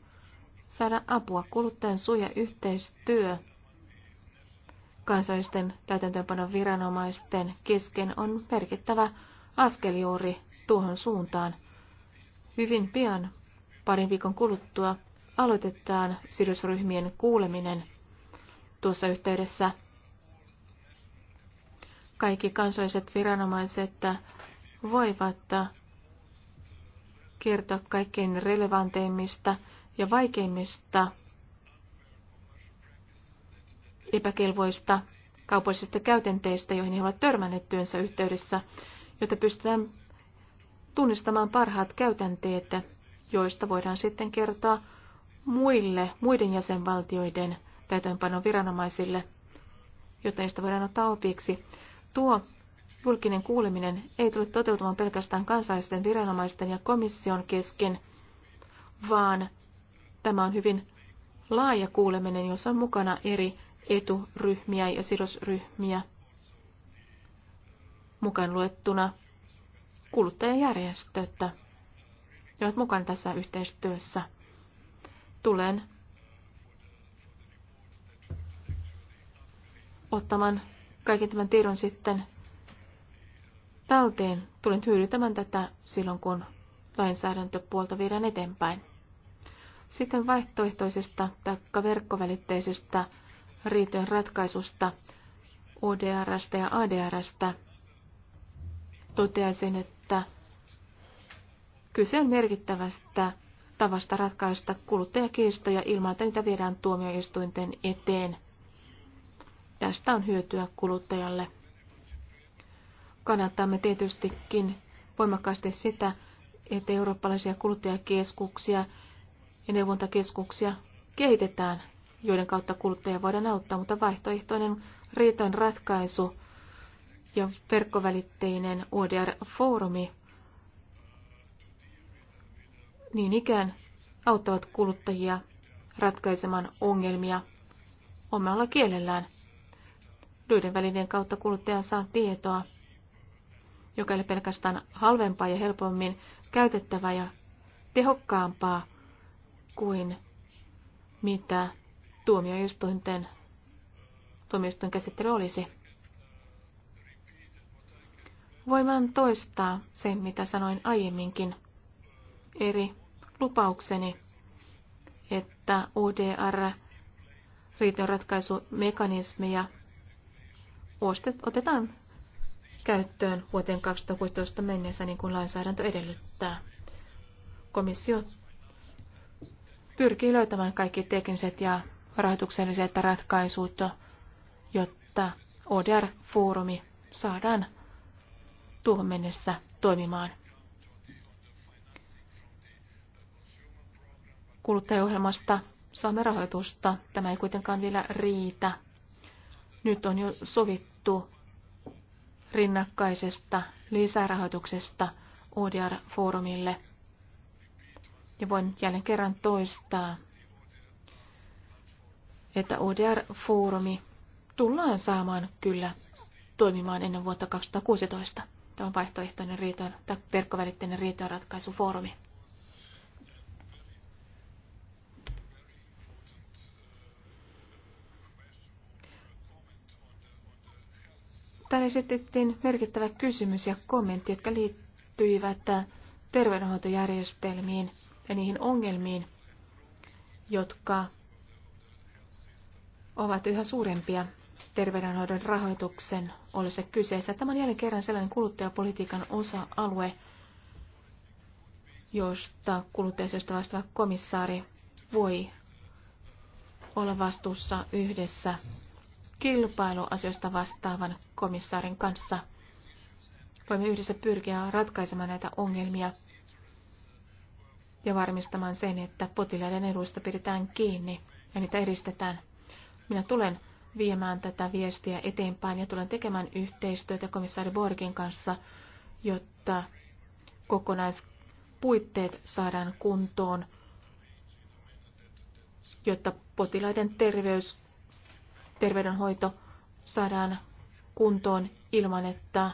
saada apua. Kuluttajan suoja yhteistyö kansallisten täytäntöönpanon viranomaisten kesken on merkittävä askel juuri tuohon suuntaan. Hyvin pian, parin viikon kuluttua, aloitetaan sidosryhmien kuuleminen. Tuossa yhteydessä kaikki kansalliset viranomaiset voivat kertoa kaikkein relevanteimmista ja vaikeimmista epäkelvoista kaupallisista käytenteistä, joihin he ovat törmänneet työnsä yhteydessä, jotta pystytään tunnistamaan parhaat käytänteet, joista voidaan sitten kertoa muille, muiden jäsenvaltioiden täytäntöönpanon viranomaisille, jotta niistä voidaan ottaa opiksi. Tuo julkinen kuuleminen ei tule toteutumaan pelkästään kansallisten viranomaisten ja komission kesken, vaan tämä on hyvin laaja kuuleminen, jossa on mukana eri eturyhmiä ja sidosryhmiä mukaan luettuna kuluttajajärjestöt, jotka ovat mukana tässä yhteistyössä. Tulen ottamaan kaiken tämän tiedon sitten talteen. Tulen hyödyntämään tätä silloin, kun lainsäädäntöpuolta viedään eteenpäin. Sitten vaihtoehtoisesta tai verkkovälitteisestä riitojen ratkaisusta, ODRstä ja ADRstä, toteaisin, että kyse on merkittävästä tavasta ratkaista kuluttajakiistoja ilman, että niitä viedään tuomioistuinten eteen. Tästä on hyötyä kuluttajalle. Kannattamme tietystikin voimakkaasti sitä, että eurooppalaisia kuluttajakeskuksia ja neuvontakeskuksia kehitetään joiden kautta kuluttajia voidaan auttaa, mutta vaihtoehtoinen riitojen ratkaisu ja verkkovälitteinen ODR-foorumi niin ikään auttavat kuluttajia ratkaisemaan ongelmia omalla kielellään. Duiden välineen kautta kuluttaja saa tietoa, joka ei ole pelkästään halvempaa ja helpommin käytettävää ja tehokkaampaa kuin mitä tuomioistuinten tuomioistuin käsittely olisi. Voin vain toistaa sen, mitä sanoin aiemminkin eri lupaukseni, että UDR riitonratkaisumekanismia otetaan käyttöön vuoteen 2016 mennessä, niin kuin lainsäädäntö edellyttää. Komissio pyrkii löytämään kaikki tekniset ja rahoitukselliset ratkaisut, jotta ODR-foorumi saadaan tuohon mennessä toimimaan. Kuluttajaohjelmasta saamme rahoitusta. Tämä ei kuitenkaan vielä riitä. Nyt on jo sovittu rinnakkaisesta lisärahoituksesta ODR-foorumille. Ja voin jälleen kerran toistaa, että ODR-foorumi tullaan saamaan kyllä toimimaan ennen vuotta 2016. Tämä on vaihtoehtoinen riitojen, tai verkkovälitteinen riitojenratkaisufoorumi. Täällä esitettiin merkittävä kysymys ja kommentti, jotka liittyivät terveydenhoitojärjestelmiin ja niihin ongelmiin, jotka ovat yhä suurempia terveydenhoidon rahoituksen ollessa kyseessä. Tämä on jälleen kerran sellainen kuluttajapolitiikan osa-alue, josta kuluttajasiosta vastaava komissaari voi olla vastuussa yhdessä kilpailuasioista vastaavan komissaarin kanssa. Voimme yhdessä pyrkiä ratkaisemaan näitä ongelmia ja varmistamaan sen, että potilaiden eduista pidetään kiinni ja niitä edistetään. Minä tulen viemään tätä viestiä eteenpäin ja tulen tekemään yhteistyötä komissaari Borgin kanssa, jotta kokonaispuitteet saadaan kuntoon, jotta potilaiden terveys, terveydenhoito saadaan kuntoon ilman, että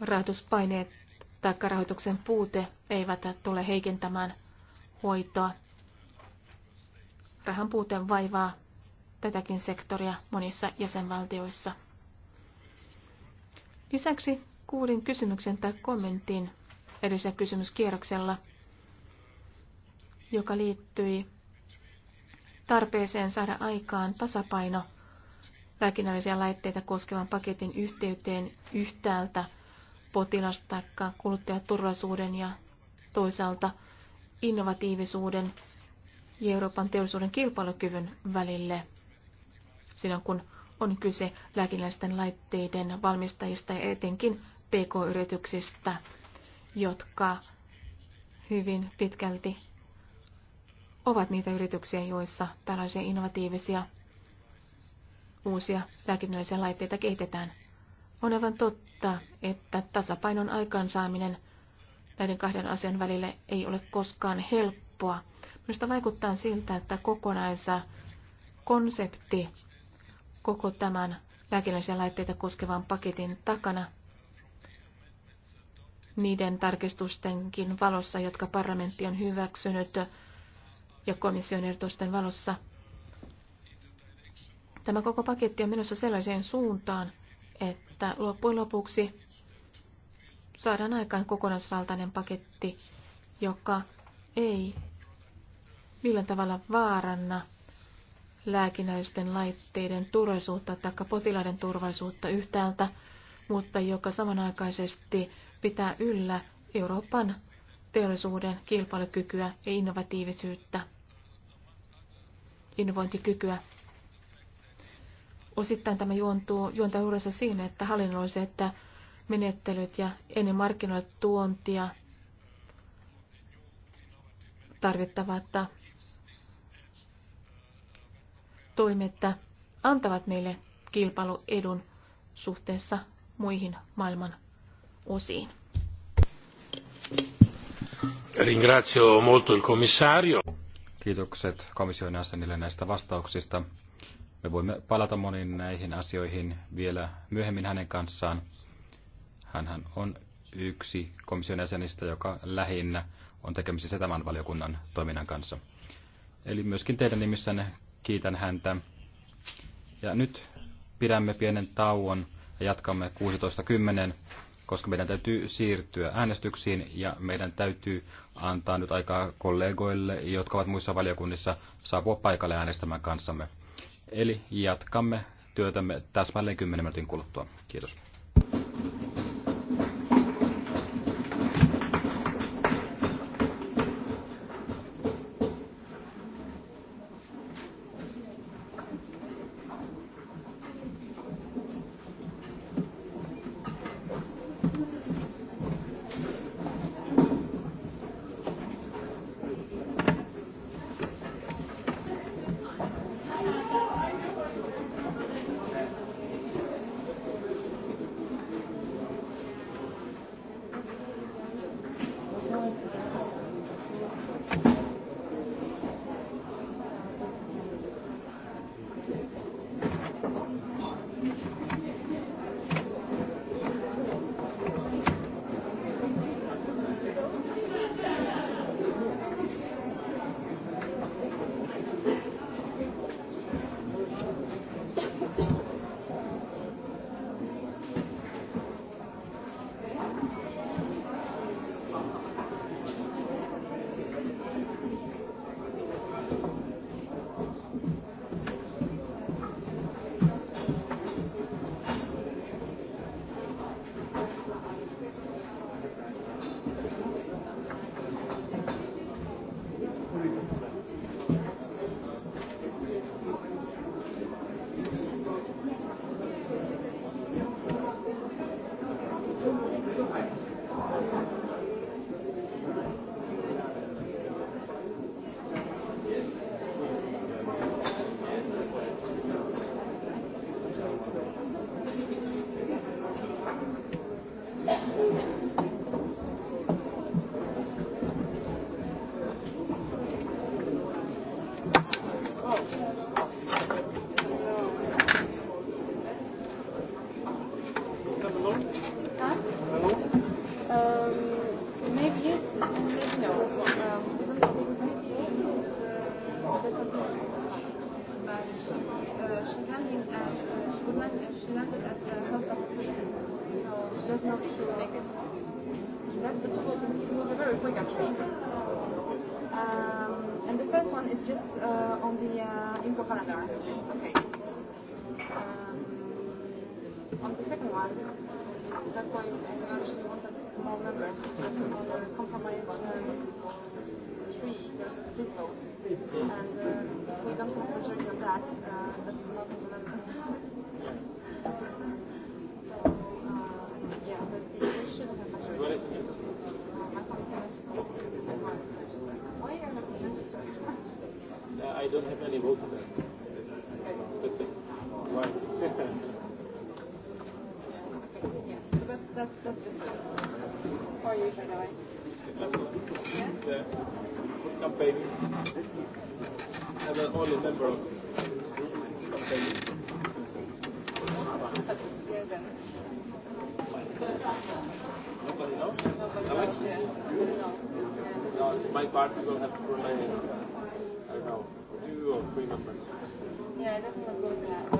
rahoituspaineet rahoituksen puute eivät tule heikentämään hoitoa. Rahan puute vaivaa tätäkin sektoria monissa jäsenvaltioissa. Lisäksi kuulin kysymyksen tai kommentin edellisellä kysymyskierroksella, joka liittyi tarpeeseen saada aikaan tasapaino lääkinnällisiä laitteita koskevan paketin yhteyteen yhtäältä – potilas- tai kuluttajaturvallisuuden ja toisaalta innovatiivisuuden ja Euroopan teollisuuden kilpailukyvyn välille silloin, kun on kyse lääkinnällisten laitteiden valmistajista ja etenkin pk-yrityksistä, jotka hyvin pitkälti ovat niitä yrityksiä, joissa tällaisia innovatiivisia uusia lääkinnällisiä laitteita kehitetään. On aivan totta että että tasapainon aikaansaaminen näiden kahden asian välille ei ole koskaan helppoa. Minusta vaikuttaa siltä, että kokonaisa konsepti koko tämän lääkinnällisiä laitteita koskevan paketin takana niiden tarkistustenkin valossa, jotka parlamentti on hyväksynyt ja komission ehdotusten valossa. Tämä koko paketti on menossa sellaiseen suuntaan, että loppujen lopuksi saadaan aikaan kokonaisvaltainen paketti, joka ei millään tavalla vaaranna lääkinnällisten laitteiden turvallisuutta tai potilaiden turvallisuutta yhtäältä, mutta joka samanaikaisesti pitää yllä Euroopan teollisuuden kilpailukykyä ja innovatiivisuutta, innovointikykyä Osittain tämä juontuu, juontaa juurensa siinä, että hallinnolliset menettelyt ja ennen markkinoille tuontia tarvittavat toimet antavat meille kilpailuedun suhteessa muihin maailman osiin. Ringrazio molto il commissario. Kiitokset komission jäsenille näistä vastauksista. Me voimme palata moniin näihin asioihin vielä myöhemmin hänen kanssaan. Hänhän on yksi komission jäsenistä, joka lähinnä on tekemisissä tämän valiokunnan toiminnan kanssa. Eli myöskin teidän nimissänne kiitän häntä. Ja nyt pidämme pienen tauon ja jatkamme 16.10, koska meidän täytyy siirtyä äänestyksiin ja meidän täytyy antaa nyt aikaa kollegoille, jotka ovat muissa valiokunnissa, saapua paikalle äänestämään kanssamme. Eli jatkamme työtämme täsmälleen 10 minuutin kuluttua. Kiitos. Parties will have to rely on, I don't know, two or three numbers. Yeah, it doesn't look good.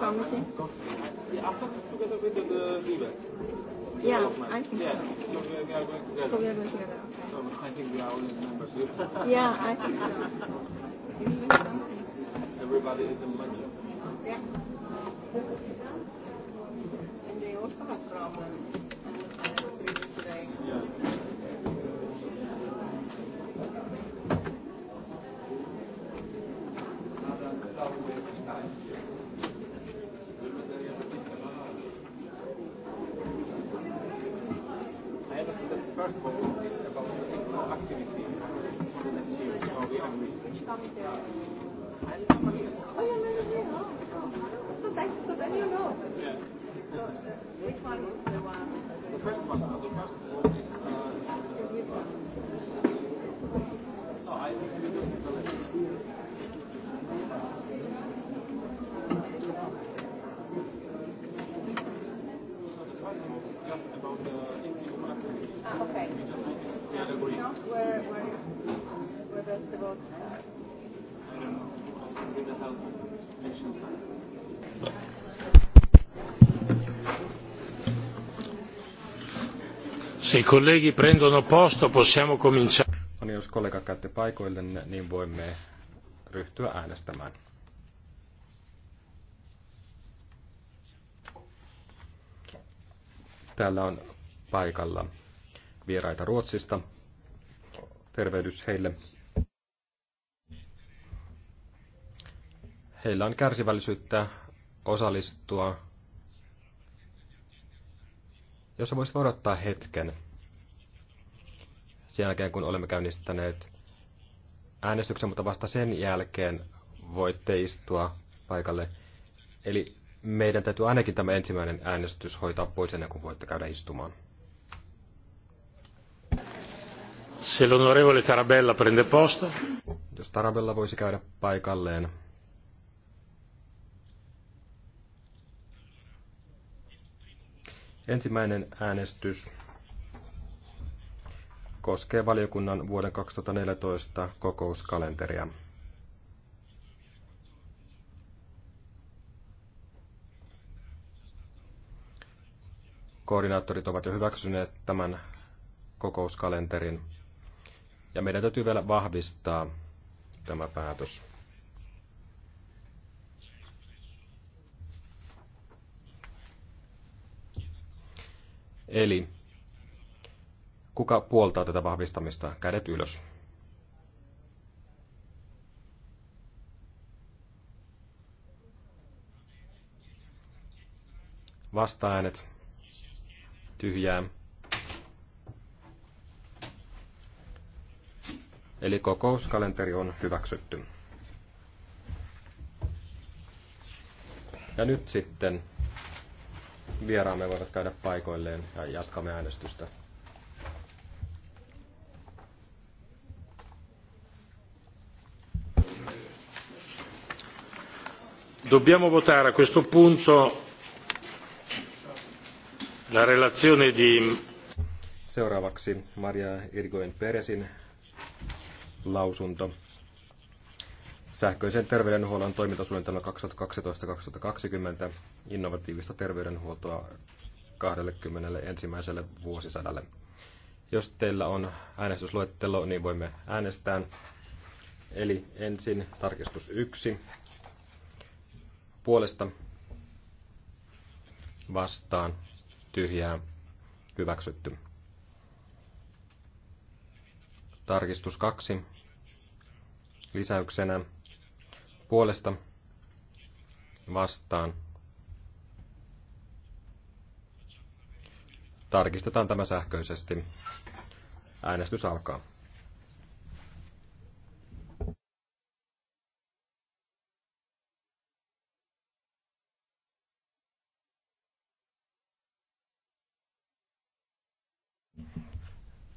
promising. After this together with the, the Vivek. Yeah, I think yeah. so. so. we are going together. So we are going together. Okay. So I think we are all in membership. yeah, I think so. Everybody is in Manchester. Yeah. And they also have problems. Se i colleghi prendono posto, possiamo cominciare. No niin, jos kollega käytte paikoillenne, niin voimme ryhtyä äänestämään. Täällä on paikalla vieraita Ruotsista. Tervehdys heille. Heillä on kärsivällisyyttä osallistua jos voisit odottaa hetken, sen jälkeen kun olemme käynnistäneet äänestyksen, mutta vasta sen jälkeen voitte istua paikalle. Eli meidän täytyy ainakin tämä ensimmäinen äänestys hoitaa pois ennen kuin voitte käydä istumaan. Se l'onorevole Tarabella prende posto. Jos Tarabella voisi käydä paikalleen. Ensimmäinen äänestys koskee valiokunnan vuoden 2014 kokouskalenteria. Koordinaattorit ovat jo hyväksyneet tämän kokouskalenterin ja meidän täytyy vielä vahvistaa tämä päätös. Eli kuka puoltaa tätä vahvistamista? Kädet ylös. Vasta-äänet. Tyhjää. Eli kokouskalenteri on hyväksytty. Ja nyt sitten vieraamme voivat käydä paikoilleen ja jatkamme äänestystä. Dobbiamo votare a questo punto la relazione di Seuraavaksi Maria Irgoen Peresin lausunto sähköisen terveydenhuollon toimintasuunnitelma 2012-2020 innovatiivista terveydenhuoltoa ensimmäiselle vuosisadalle. Jos teillä on äänestysluettelo, niin voimme äänestää. Eli ensin tarkistus 1 puolesta vastaan tyhjää hyväksytty. Tarkistus 2 lisäyksenä puolesta vastaan. Tarkistetaan tämä sähköisesti. Äänestys alkaa.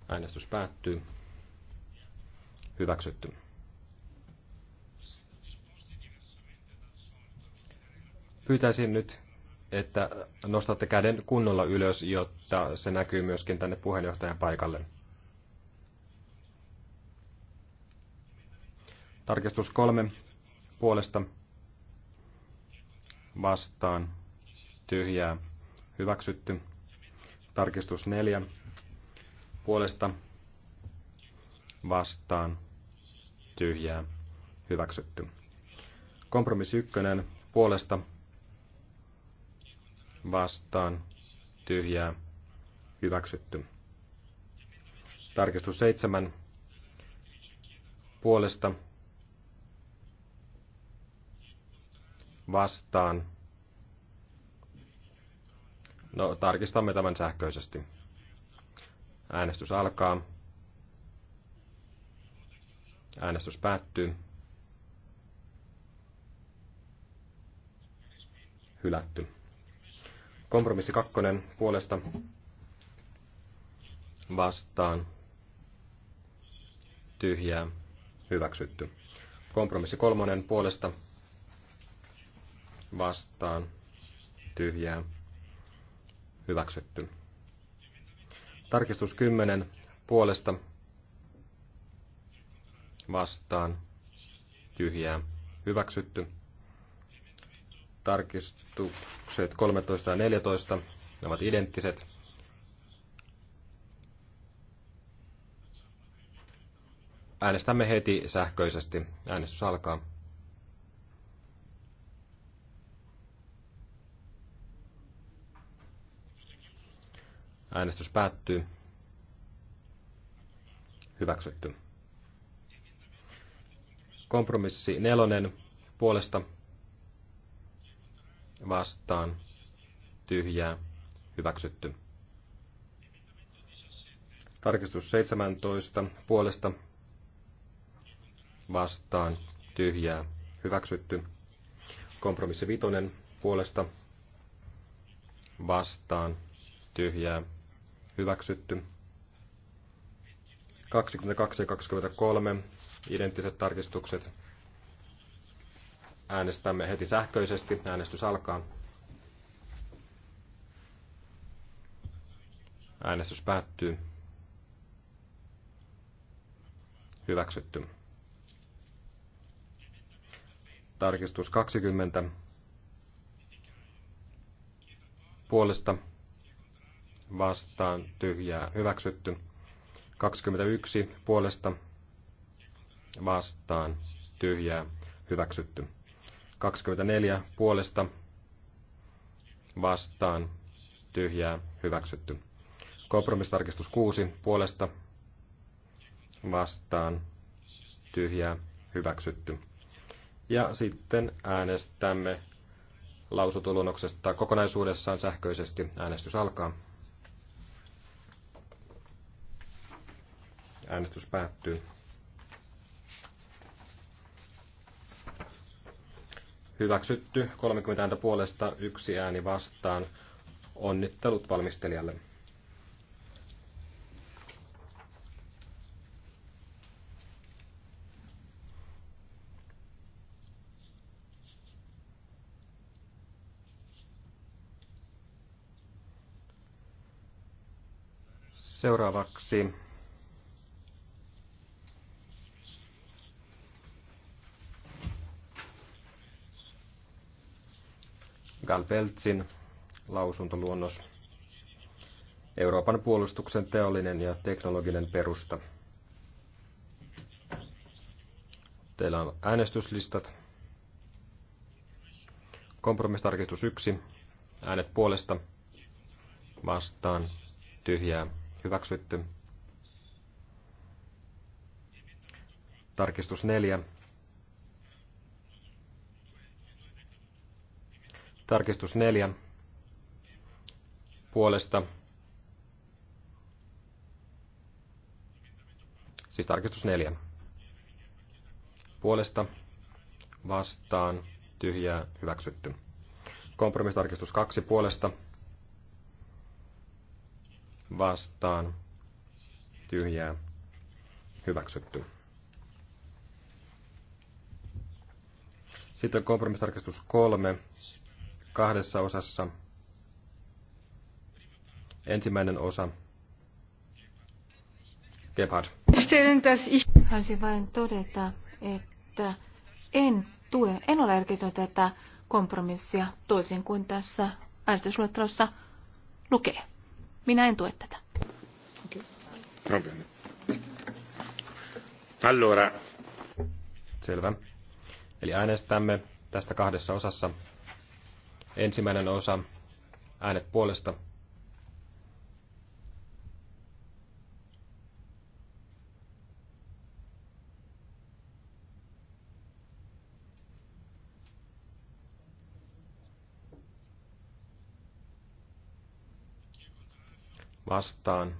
Äänestys päättyy. Hyväksytty. Pyytäisin nyt, että nostatte käden kunnolla ylös, jotta se näkyy myöskin tänne puheenjohtajan paikalle. Tarkistus kolme puolesta vastaan tyhjää hyväksytty. Tarkistus neljä puolesta vastaan tyhjää hyväksytty. Kompromissi ykkönen puolesta vastaan tyhjää hyväksytty. Tarkistus seitsemän puolesta vastaan. No, tarkistamme tämän sähköisesti. Äänestys alkaa. Äänestys päättyy. Hylätty. Kompromissi kakkonen puolesta vastaan tyhjää hyväksytty. Kompromissi kolmonen puolesta vastaan tyhjää hyväksytty. Tarkistus 10 puolesta vastaan tyhjää hyväksytty tarkistukset 13 ja 14, ne ovat identtiset. Äänestämme heti sähköisesti. Äänestys alkaa. Äänestys päättyy. Hyväksytty. Kompromissi nelonen puolesta vastaan tyhjää hyväksytty. Tarkistus 17 puolesta vastaan tyhjää hyväksytty. Kompromissi 5 puolesta vastaan tyhjää hyväksytty. 22 ja 23 identtiset tarkistukset Äänestämme heti sähköisesti. Äänestys alkaa. Äänestys päättyy. Hyväksytty. Tarkistus 20. Puolesta vastaan tyhjää hyväksytty. 21 puolesta vastaan tyhjää hyväksytty. 24 puolesta vastaan tyhjää hyväksytty. Kompromistarkistus 6 puolesta vastaan tyhjää hyväksytty. Ja sitten äänestämme lausutulonnoksesta kokonaisuudessaan sähköisesti. Äänestys alkaa. Äänestys päättyy. Hyväksytty 30 ääntä puolesta, yksi ääni vastaan. Onnittelut valmistelijalle. Seuraavaksi Galpeltsin lausuntoluonnos Euroopan puolustuksen teollinen ja teknologinen perusta. Teillä on äänestyslistat. Kompromistarkistus 1. Äänet puolesta. Vastaan. Tyhjää. Hyväksytty. Tarkistus 4. Tarkistus neljän puolesta. Siis tarkistus neljän Puolesta vastaan tyhjää hyväksytty. Kompromistarkistus kaksi puolesta vastaan tyhjää hyväksytty. Sitten kompromistarkistus kolme kahdessa osassa. Ensimmäinen osa. Gebhard. Haluaisin vain todeta, että en tue, en ole erkitä tätä kompromissia toisin kuin tässä äänestysluettelossa lukee. Minä en tue tätä. Okay. Allora. Selvä. Eli äänestämme tästä kahdessa osassa Ensimmäinen osa, äänet puolesta. Vastaan.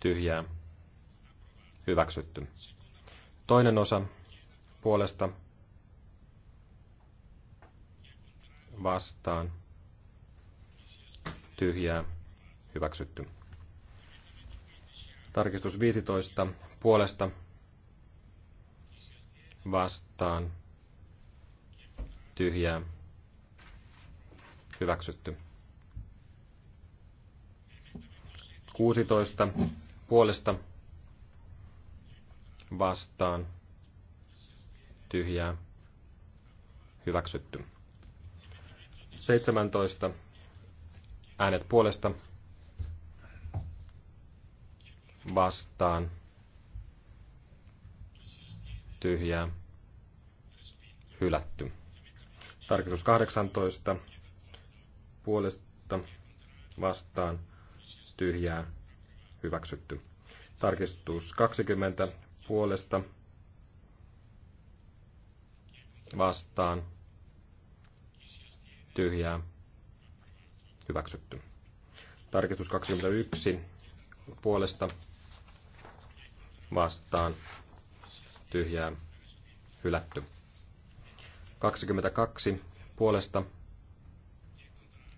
Tyhjää. Hyväksytty. Toinen osa puolesta. vastaan tyhjää hyväksytty. Tarkistus 15 puolesta vastaan tyhjää hyväksytty. 16 puolesta vastaan tyhjää hyväksytty. 17. Äänet puolesta vastaan tyhjää hylätty. Tarkistus 18 puolesta vastaan tyhjää hyväksytty. Tarkistus 20 puolesta vastaan tyhjää hyväksytty. Tarkistus 21 puolesta vastaan tyhjää hylätty. 22 puolesta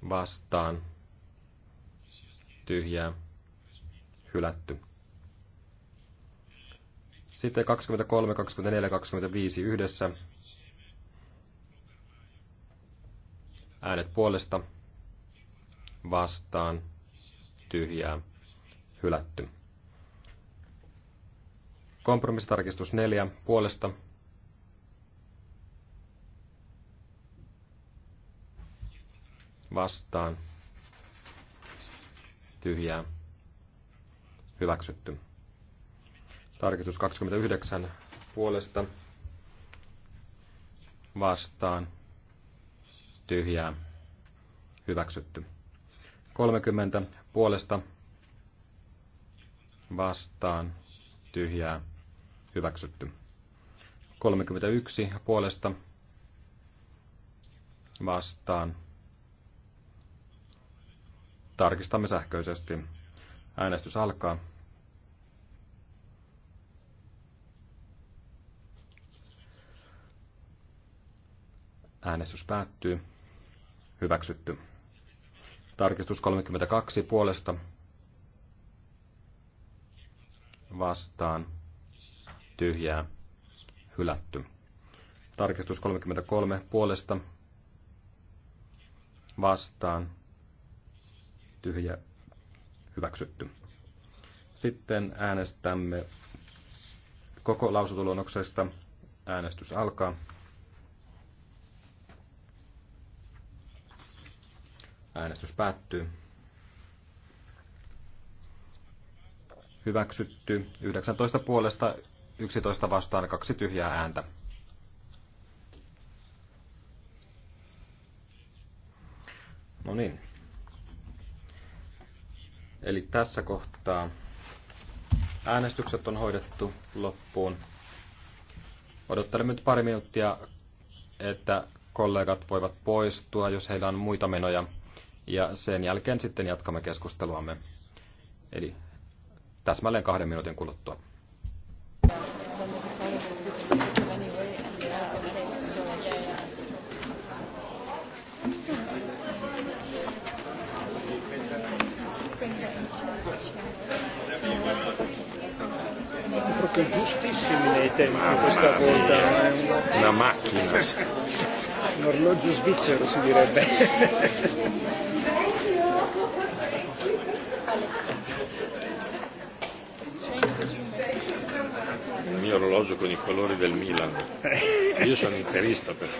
vastaan tyhjää hylätty. Sitten 23, 24, 25 yhdessä Äänet puolesta vastaan tyhjää hylätty. Kompromissitarkistus 4 puolesta vastaan tyhjää hyväksytty. Tarkistus 29 puolesta vastaan tyhjää hyväksytty. 30 puolesta vastaan tyhjää hyväksytty. 31 puolesta vastaan. Tarkistamme sähköisesti. Äänestys alkaa. Äänestys päättyy. Hyväksytty. Tarkistus 32 puolesta. Vastaan. Tyhjää. Hylätty. Tarkistus 33 puolesta. Vastaan. Tyhjä. Hyväksytty. Sitten äänestämme koko lausutulonoksesta. Äänestys alkaa. Äänestys päättyy. Hyväksytty 19 puolesta 11 vastaan kaksi tyhjää ääntä. No niin. Eli tässä kohtaa äänestykset on hoidettu loppuun. Odottelemme nyt pari minuuttia, että kollegat voivat poistua, jos heillä on muita menoja ja sen jälkeen sitten jatkamme keskusteluamme. Eli täsmälleen kahden minuutin kuluttua. proprio giustissimi nei tempi questa volta. Eh. Una macchina orologio svizzero si direbbe. Il mio orologio con i colori del Milan. Io sono interista però.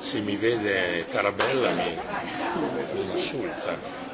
Se mi vede Tarabella mi, mi insulta.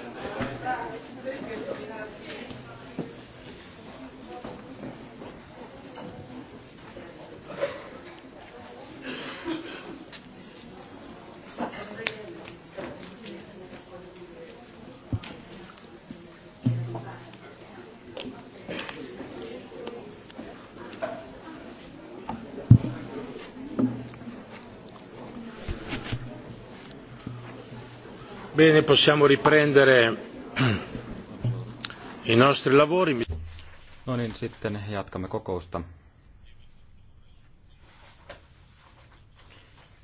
Bene, possiamo riprendere i nostri lavori. No niin, sitten jatkamme kokousta.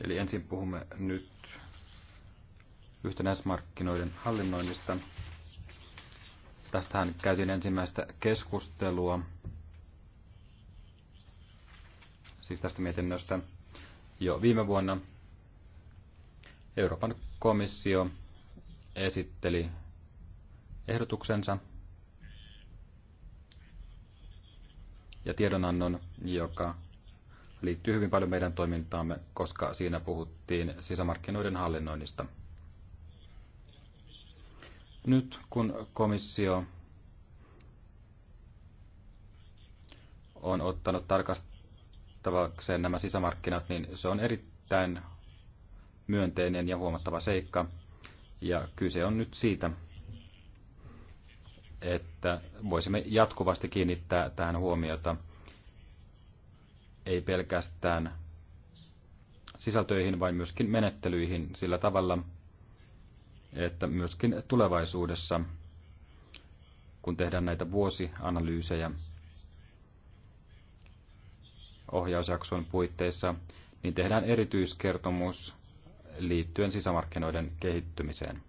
Eli ensin puhumme nyt yhtenäismarkkinoiden hallinnoinnista. Tästähän käytiin ensimmäistä keskustelua, siis tästä mietinnöstä, jo viime vuonna. Euroopan komissio esitteli ehdotuksensa ja tiedonannon, joka liittyy hyvin paljon meidän toimintaamme, koska siinä puhuttiin sisämarkkinoiden hallinnoinnista. Nyt kun komissio on ottanut tarkastavakseen nämä sisämarkkinat, niin se on erittäin myönteinen ja huomattava seikka – ja kyse on nyt siitä, että voisimme jatkuvasti kiinnittää tähän huomiota ei pelkästään sisältöihin, vaan myöskin menettelyihin sillä tavalla, että myöskin tulevaisuudessa, kun tehdään näitä vuosianalyysejä ohjausjakson puitteissa, niin tehdään erityiskertomus liittyen sisämarkkinoiden kehittymiseen.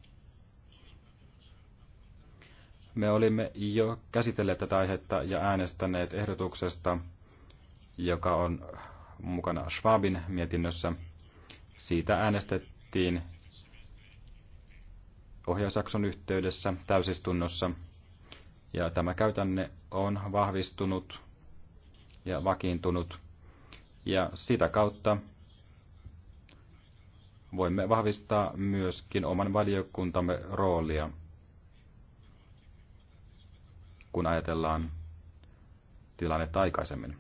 Me olimme jo käsitelleet tätä aihetta ja äänestäneet ehdotuksesta, joka on mukana Schwabin mietinnössä. Siitä äänestettiin ohjausjakson yhteydessä täysistunnossa. Ja tämä käytänne on vahvistunut ja vakiintunut. Ja sitä kautta voimme vahvistaa myöskin oman valiokuntamme roolia, kun ajatellaan tilannetta aikaisemmin.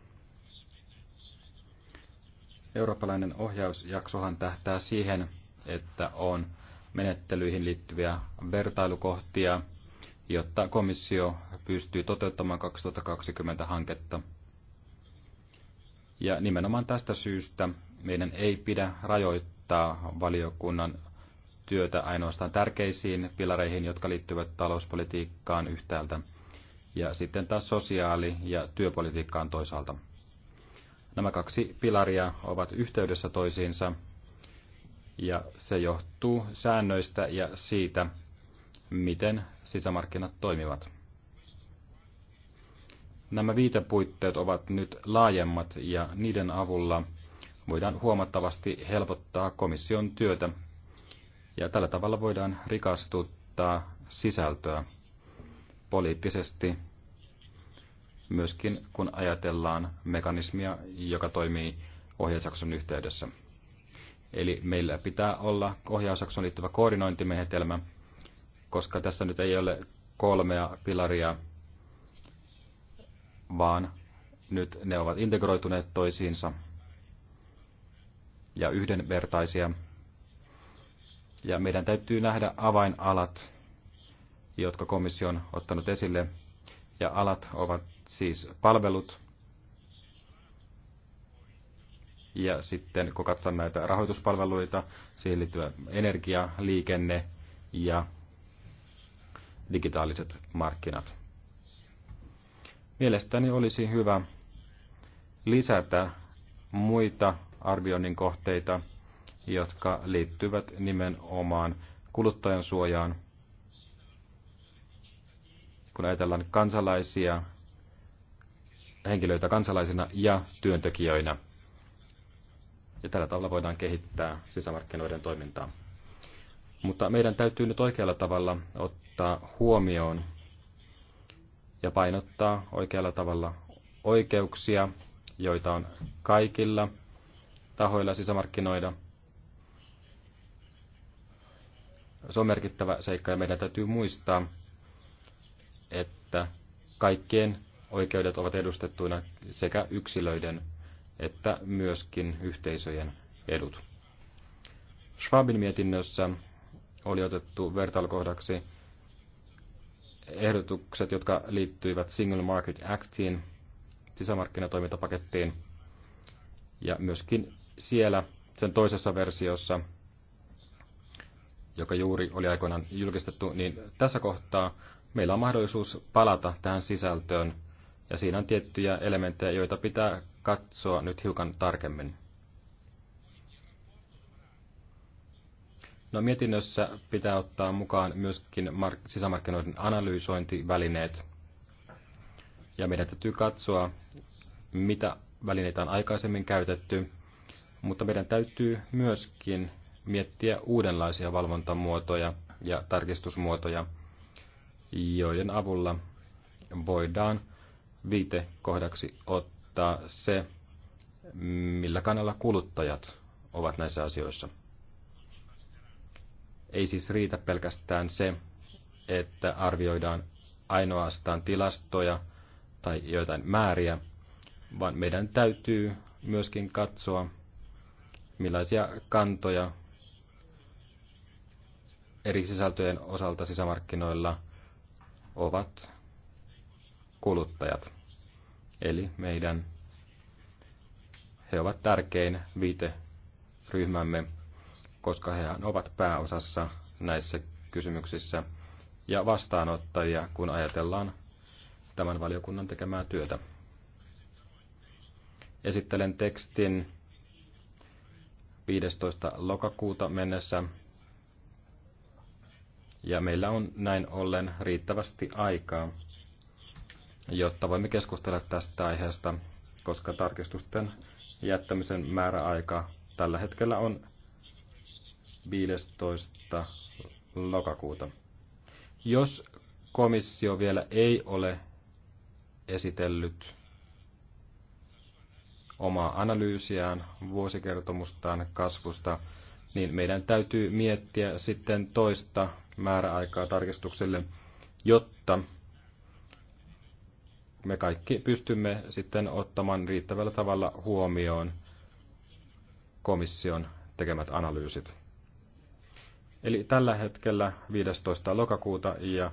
Eurooppalainen ohjausjaksohan tähtää siihen, että on menettelyihin liittyviä vertailukohtia, jotta komissio pystyy toteuttamaan 2020 hanketta. Ja nimenomaan tästä syystä meidän ei pidä rajoittaa rajoittaa valiokunnan työtä ainoastaan tärkeisiin pilareihin, jotka liittyvät talouspolitiikkaan yhtäältä, ja sitten taas sosiaali- ja työpolitiikkaan toisaalta. Nämä kaksi pilaria ovat yhteydessä toisiinsa, ja se johtuu säännöistä ja siitä, miten sisämarkkinat toimivat. Nämä viitepuitteet ovat nyt laajemmat ja niiden avulla – voidaan huomattavasti helpottaa komission työtä ja tällä tavalla voidaan rikastuttaa sisältöä poliittisesti, myöskin kun ajatellaan mekanismia, joka toimii ohjausjakson yhteydessä. Eli meillä pitää olla ohjausjakson liittyvä koordinointimenetelmä, koska tässä nyt ei ole kolmea pilaria, vaan nyt ne ovat integroituneet toisiinsa ja yhdenvertaisia. Ja meidän täytyy nähdä avainalat, jotka komissio on ottanut esille. Ja alat ovat siis palvelut. Ja sitten kun katsotaan näitä rahoituspalveluita, siihen liittyvä energia, liikenne ja digitaaliset markkinat. Mielestäni olisi hyvä lisätä muita arvioinnin kohteita, jotka liittyvät nimenomaan kuluttajan suojaan. Kun ajatellaan kansalaisia, henkilöitä kansalaisina ja työntekijöinä. Ja tällä tavalla voidaan kehittää sisämarkkinoiden toimintaa. Mutta meidän täytyy nyt oikealla tavalla ottaa huomioon ja painottaa oikealla tavalla oikeuksia, joita on kaikilla – tahoilla sisämarkkinoida. Se on merkittävä seikka ja meidän täytyy muistaa, että kaikkien oikeudet ovat edustettuina sekä yksilöiden että myöskin yhteisöjen edut. Schwabin mietinnössä oli otettu vertailukohdaksi ehdotukset, jotka liittyivät Single Market Actiin, sisämarkkinatoimintapakettiin ja myöskin siellä sen toisessa versiossa, joka juuri oli aikoinaan julkistettu, niin tässä kohtaa meillä on mahdollisuus palata tähän sisältöön, ja siinä on tiettyjä elementtejä, joita pitää katsoa nyt hiukan tarkemmin. No, mietinnössä pitää ottaa mukaan myöskin sisämarkkinoiden analysointivälineet. Ja meidän täytyy katsoa, mitä välineitä on aikaisemmin käytetty mutta meidän täytyy myöskin miettiä uudenlaisia valvontamuotoja ja tarkistusmuotoja, joiden avulla voidaan viitekohdaksi ottaa se, millä kannalla kuluttajat ovat näissä asioissa. Ei siis riitä pelkästään se, että arvioidaan ainoastaan tilastoja tai joitain määriä, vaan meidän täytyy myöskin katsoa, millaisia kantoja eri sisältöjen osalta sisämarkkinoilla ovat kuluttajat. Eli meidän, he ovat tärkein viiteryhmämme, koska he ovat pääosassa näissä kysymyksissä ja vastaanottajia, kun ajatellaan tämän valiokunnan tekemää työtä. Esittelen tekstin 15. lokakuuta mennessä. Ja meillä on näin ollen riittävästi aikaa, jotta voimme keskustella tästä aiheesta, koska tarkistusten jättämisen määräaika tällä hetkellä on 15. lokakuuta. Jos komissio vielä ei ole esitellyt omaa analyysiään, vuosikertomustaan kasvusta, niin meidän täytyy miettiä sitten toista määräaikaa tarkistukselle, jotta me kaikki pystymme sitten ottamaan riittävällä tavalla huomioon komission tekemät analyysit. Eli tällä hetkellä 15. lokakuuta ja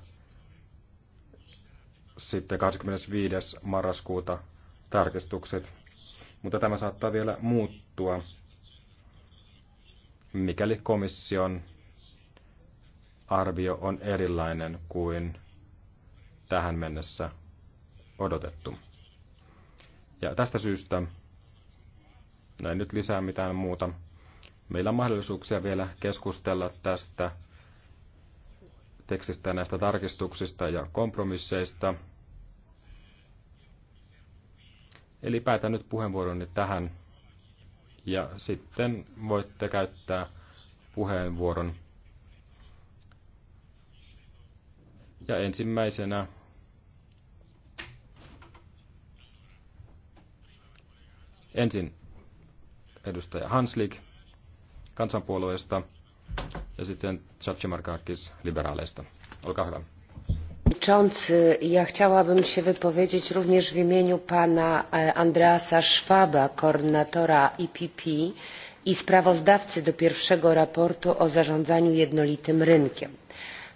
sitten 25. marraskuuta tarkistukset mutta tämä saattaa vielä muuttua, mikäli komission arvio on erilainen kuin tähän mennessä odotettu. Ja tästä syystä, näin nyt lisää mitään muuta, meillä on mahdollisuuksia vielä keskustella tästä tekstistä näistä tarkistuksista ja kompromisseista Eli päätän nyt puheenvuoroni tähän ja sitten voitte käyttää puheenvuoron. Ja ensimmäisenä ensin edustaja Hanslik kansanpuolueesta ja sitten Chachimarkakis liberaaleista. Olkaa hyvä przewodniczący! ja chciałabym się wypowiedzieć również w imieniu pana e, andreasa schwaba koordynatora ppe i sprawozdawcy do pierwszego sprawozdania o zarządzaniu jednolitym rynkiem.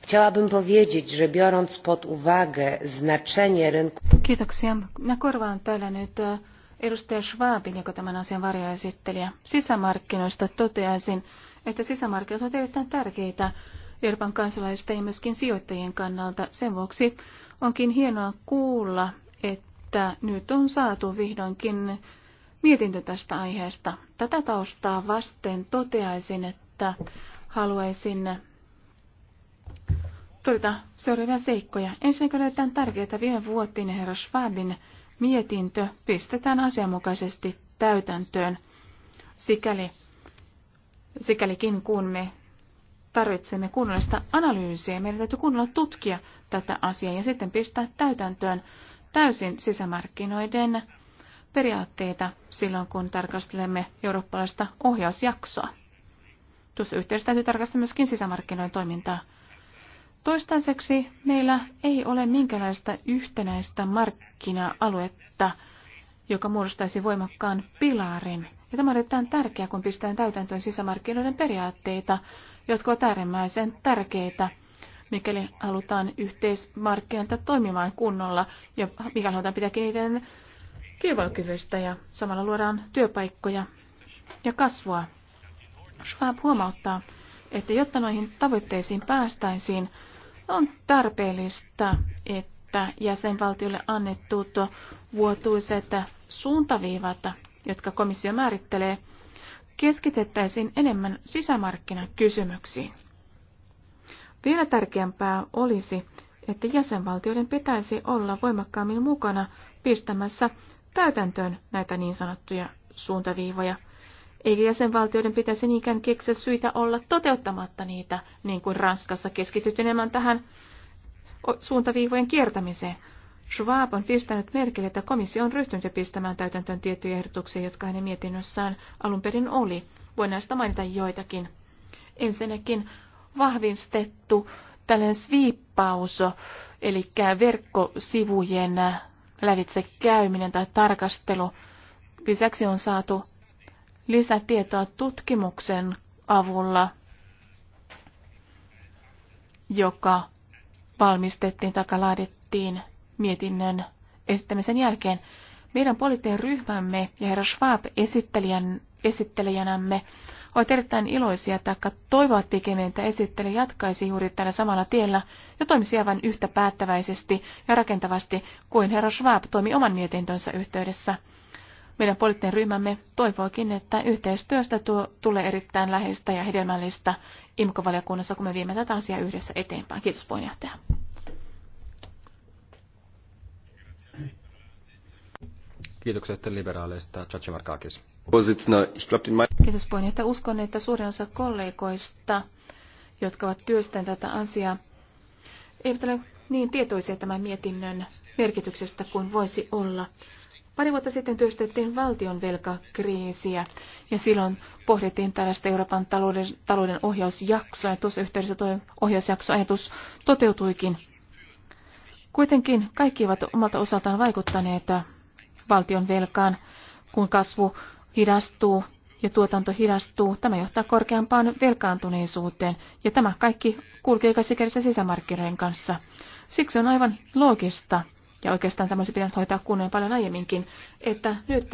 chciałabym powiedzieć że biorąc pod uwagę znaczenie rynku. kiitoksia. minä korvaan täällä nyt e, edustaja schwabin joka tämän asian varjoesittelijä sisämarkkinoista toteaisin että sisämarkkinat ovat erittäin tärkeitä Euroopan kansalaisten ja myöskin sijoittajien kannalta. Sen vuoksi onkin hienoa kuulla, että nyt on saatu vihdoinkin mietintö tästä aiheesta. Tätä taustaa vasten toteaisin, että haluaisin todeta seuraavia seikkoja. Ensinnäkin löydetään tärkeää viime vuotin herra Schwabin mietintö pistetään asianmukaisesti täytäntöön, sikäli, sikälikin kun me tarvitsemme kunnollista analyysiä. Meidän täytyy kunnolla tutkia tätä asiaa ja sitten pistää täytäntöön täysin sisämarkkinoiden periaatteita silloin, kun tarkastelemme eurooppalaista ohjausjaksoa. Tuossa yhteydessä täytyy tarkastaa myöskin sisämarkkinoiden toimintaa. Toistaiseksi meillä ei ole minkäänlaista yhtenäistä markkina-aluetta, joka muodostaisi voimakkaan pilarin. Ja tämä on erittäin tärkeää, kun pistetään täytäntöön sisämarkkinoiden periaatteita jotka ovat äärimmäisen tärkeitä, mikäli halutaan yhteismarkkinoita toimimaan kunnolla ja mikäli halutaan pitää niiden kilpailukyvystä ja samalla luodaan työpaikkoja ja kasvua. Schwab huomauttaa, että jotta noihin tavoitteisiin päästäisiin, on tarpeellista, että jäsenvaltiolle annettuut vuotuiset suuntaviivat, jotka komissio määrittelee, keskitettäisiin enemmän sisämarkkinakysymyksiin. Vielä tärkeämpää olisi, että jäsenvaltioiden pitäisi olla voimakkaammin mukana pistämässä täytäntöön näitä niin sanottuja suuntaviivoja. Eikä jäsenvaltioiden pitäisi niinkään keksiä syitä olla toteuttamatta niitä, niin kuin Ranskassa keskityt enemmän tähän suuntaviivojen kiertämiseen. Schwab on pistänyt merkille, että komissio on ryhtynyt jo pistämään täytäntöön tiettyjä ehdotuksia, jotka hänen mietinnössään alun perin oli. Voin näistä mainita joitakin. Ensinnäkin vahvistettu tällainen sviippaus, eli verkkosivujen lävitse käyminen tai tarkastelu. Lisäksi on saatu lisätietoa tutkimuksen avulla, joka valmistettiin tai laadittiin mietinnön esittämisen jälkeen. Meidän poliittinen ryhmämme ja herra Schwab esittelijän, esittelijänämme ovat erittäin iloisia että toivovat tekemään, että esittelijä jatkaisi juuri tällä samalla tiellä ja toimisi aivan yhtä päättäväisesti ja rakentavasti kuin herra Schwab toimi oman mietintönsä yhteydessä. Meidän poliittinen ryhmämme toivoikin, että yhteistyöstä tuo, tulee erittäin läheistä ja hedelmällistä imkovaliokunnassa, kun me viemme tätä asiaa yhdessä eteenpäin. Kiitos puheenjohtaja. Kiitoksia sitten liberaaleista, Chachimarkakis. Kiitos puheenjohtaja. Uskon, että suurin osa kollegoista, jotka ovat työstäneet tätä asiaa, eivät ole niin tietoisia tämän mietinnön merkityksestä kuin voisi olla. Pari vuotta sitten työstettiin valtion velkakriisiä ja silloin pohdittiin tällaista Euroopan talouden, talouden ohjausjaksoa ja tuossa yhteydessä tuo ohjausjaksoajatus toteutuikin. Kuitenkin kaikki ovat omalta osaltaan vaikuttaneet valtion velkaan, kun kasvu hidastuu ja tuotanto hidastuu. Tämä johtaa korkeampaan velkaantuneisuuteen ja tämä kaikki kulkee käsikädessä sisämarkkinoiden kanssa. Siksi on aivan loogista, ja oikeastaan tämä olisi pitänyt hoitaa kunnon paljon aiemminkin, että nyt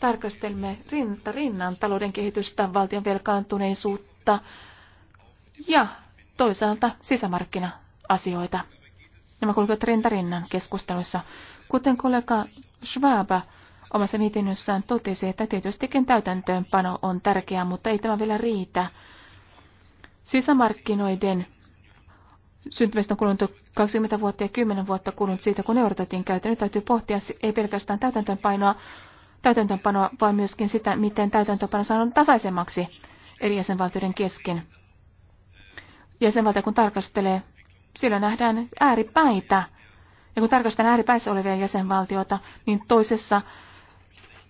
tarkastelemme rinta rinnan talouden kehitystä, valtion velkaantuneisuutta ja toisaalta sisämarkkina-asioita. Nämä kulkevat rinta rinnan keskusteluissa. Kuten kollega Schwab omassa mietinnössään totesi, että tietystikin täytäntöönpano on tärkeää, mutta ei tämä vielä riitä. Sisämarkkinoiden syntymistä on kulunut 20 vuotta ja 10 vuotta kulunut siitä, kun eurotettiin käytä. Nyt täytyy pohtia ei pelkästään täytäntöönpanoa, täytäntöönpanoa vaan myöskin sitä, miten täytäntöönpano saadaan tasaisemmaksi eri jäsenvaltioiden kesken. Jäsenvaltio kun tarkastelee, sillä nähdään ääripäitä ja kun tarkastetaan ääripäissä olevia jäsenvaltioita, niin toisessa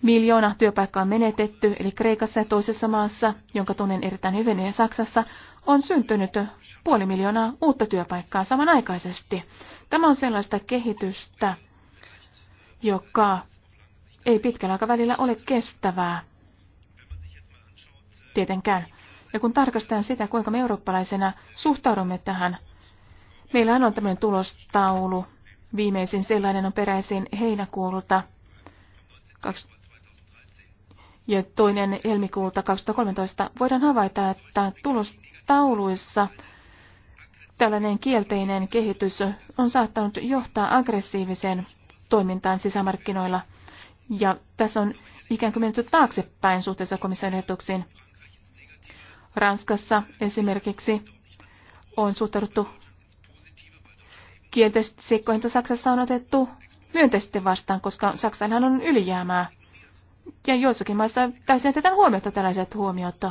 miljoona työpaikkaa on menetetty, eli Kreikassa ja toisessa maassa, jonka tunnen erittäin hyvin, ja Saksassa, on syntynyt puoli miljoonaa uutta työpaikkaa samanaikaisesti. Tämä on sellaista kehitystä, joka ei pitkällä aikavälillä ole kestävää. Tietenkään. Ja kun tarkastetaan sitä, kuinka me eurooppalaisena suhtaudumme tähän, meillä on tämmöinen tulostaulu, Viimeisin sellainen on peräisin heinäkuulta ja toinen helmikuulta 2013. Voidaan havaita, että tulostauluissa tällainen kielteinen kehitys on saattanut johtaa aggressiiviseen toimintaan sisämarkkinoilla. Ja tässä on ikään kuin menty taaksepäin suhteessa komission ehdotuksiin. Ranskassa esimerkiksi on suhtauduttu kielteisesti seikkoihin, että Saksassa on otettu myönteisesti vastaan, koska Saksanhan on ylijäämää. Ja joissakin maissa täysin jätetään huomiota tällaiset huomiot.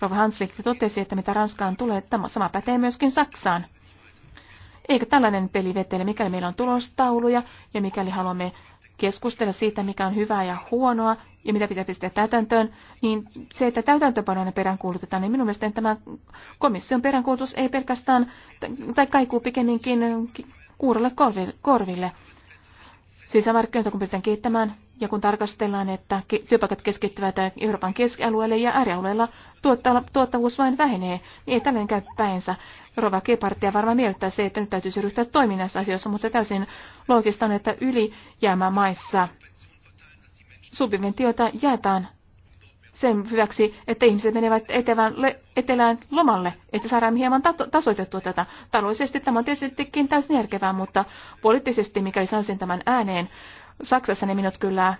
Rova Hanslik totesi, että mitä Ranskaan tulee, tämä sama pätee myöskin Saksaan. Eikä tällainen peli vetele, mikäli meillä on tulostauluja ja mikäli haluamme keskustella siitä, mikä on hyvää ja huonoa ja mitä pitää pistää täytäntöön, niin se, että täytäntöpanoina peräänkuulutetaan, niin minun mielestäni tämä komission peräänkuulutus ei pelkästään, tai kaikuu pikemminkin kuurolle korville. Sisämarkkinoita kun pyritään kehittämään ja kun tarkastellaan, että työpaikat keskittyvät Euroopan keskialueelle ja äärialueella tuottavuus vain vähenee, niin ei tällainen käy päinsä. Rova Kepartia varmaan miellyttää se, että nyt täytyisi ryhtyä toiminnassa asioissa, mutta täysin loogista on, että ylijäämämaissa subventioita jaetaan sen hyväksi, että ihmiset menevät etevään, etelään lomalle, että saadaan hieman tasoitettua tätä. Taloudellisesti tämä on tietystikin täysin järkevää, mutta poliittisesti, mikäli sanoisin tämän ääneen, Saksassa ne minut kyllä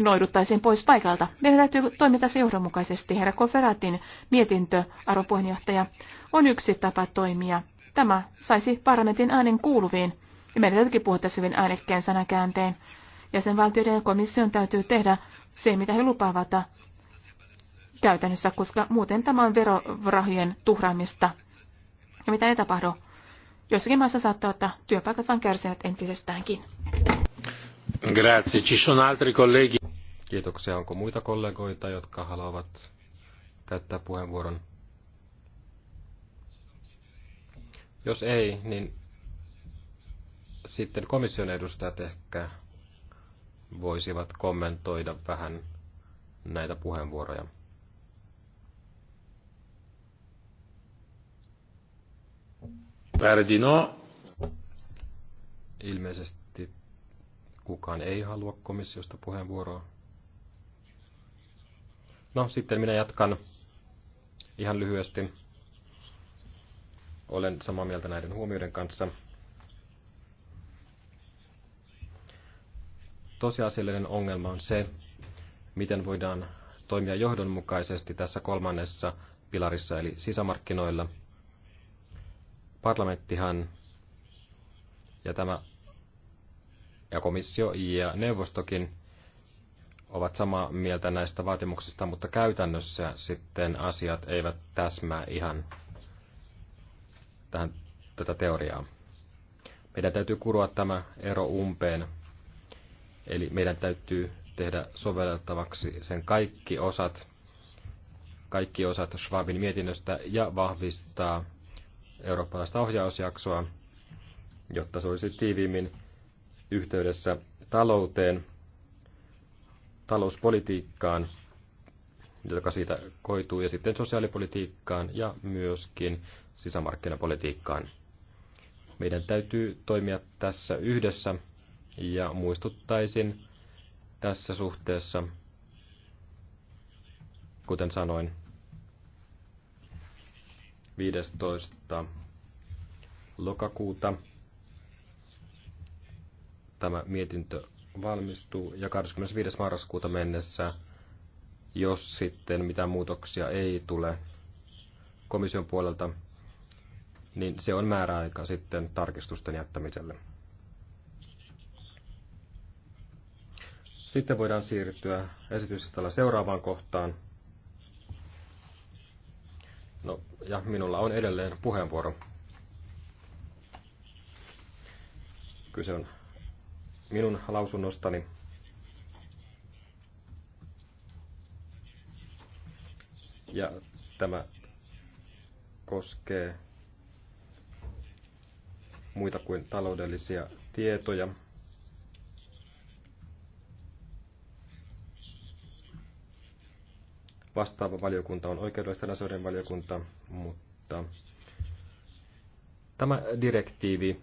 noiduttaisiin pois paikalta. Meidän täytyy toimia tässä johdonmukaisesti. Herra Koferatin mietintö, arvopuheenjohtaja, on yksi tapa toimia. Tämä saisi parlamentin äänen kuuluviin. Ja meidän täytyykin puhua tässä hyvin äänekkään sanakäänteen. Jäsenvaltioiden ja komission täytyy tehdä se, mitä he lupaavat käytännössä, koska muuten tämä on verorahojen tuhraamista. Ja mitä ei tapahdu? Jossakin maassa saattaa, ottaa työpaikat vain kärsivät entisestäänkin. Grazie. Ci sono altri colleghi. Kiitoksia. Onko muita kollegoita, jotka haluavat käyttää puheenvuoron? Jos ei, niin sitten komission edustajat ehkä voisivat kommentoida vähän näitä puheenvuoroja. Pärdino. Ilmeisesti kukaan ei halua komissiosta puheenvuoroa. No, sitten minä jatkan ihan lyhyesti. Olen samaa mieltä näiden huomioiden kanssa. Tosiasiallinen ongelma on se, miten voidaan toimia johdonmukaisesti tässä kolmannessa pilarissa eli sisämarkkinoilla – Parlamenttihan ja tämä ja komissio ja neuvostokin ovat samaa mieltä näistä vaatimuksista, mutta käytännössä sitten asiat eivät täsmää ihan tähän, tätä teoriaa. Meidän täytyy kuroa tämä ero umpeen, eli meidän täytyy tehdä sovellettavaksi sen kaikki osat, kaikki osat Schwabin mietinnöstä ja vahvistaa eurooppalaista ohjausjaksoa, jotta se olisi tiiviimmin yhteydessä talouteen, talouspolitiikkaan, joka siitä koituu, ja sitten sosiaalipolitiikkaan ja myöskin sisämarkkinapolitiikkaan. Meidän täytyy toimia tässä yhdessä ja muistuttaisin tässä suhteessa, kuten sanoin, 15. lokakuuta tämä mietintö valmistuu ja 25. marraskuuta mennessä, jos sitten mitään muutoksia ei tule komission puolelta, niin se on määräaika sitten tarkistusten jättämiselle. Sitten voidaan siirtyä esityslistalla seuraavaan kohtaan, No, ja minulla on edelleen puheenvuoro. Kyse on minun lausunnostani. Ja tämä koskee muita kuin taloudellisia tietoja. vastaava valiokunta on oikeudellisten asioiden valiokunta, mutta tämä direktiivi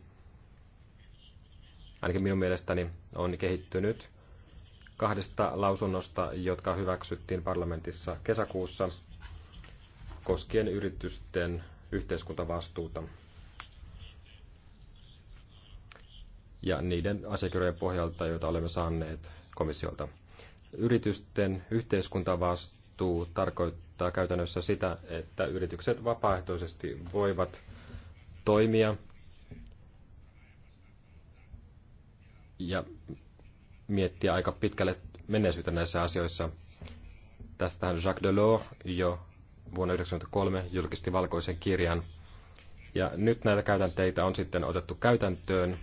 ainakin minun mielestäni on kehittynyt kahdesta lausunnosta, jotka hyväksyttiin parlamentissa kesäkuussa koskien yritysten yhteiskuntavastuuta. Ja niiden asiakirjojen pohjalta, joita olemme saaneet komissiolta. Yritysten yhteiskuntavastuu vastuu tarkoittaa käytännössä sitä, että yritykset vapaaehtoisesti voivat toimia ja miettiä aika pitkälle menneisyyttä näissä asioissa. Tästähän Jacques Delors jo vuonna 1993 julkisti valkoisen kirjan. Ja nyt näitä käytänteitä on sitten otettu käytäntöön.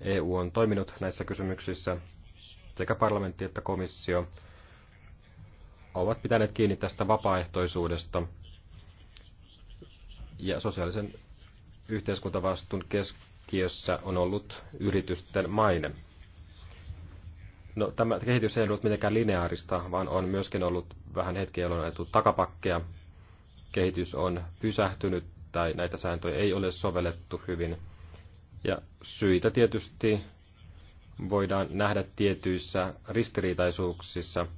EU on toiminut näissä kysymyksissä, sekä parlamentti että komissio, ovat pitäneet kiinni tästä vapaaehtoisuudesta ja sosiaalisen yhteiskuntavastuun keskiössä on ollut yritysten maine. No, tämä kehitys ei ollut mitenkään lineaarista, vaan on myöskin ollut vähän hetkiä, jolloin on ajettu takapakkeja. Kehitys on pysähtynyt tai näitä sääntöjä ei ole sovellettu hyvin. Ja syitä tietysti voidaan nähdä tietyissä ristiriitaisuuksissa –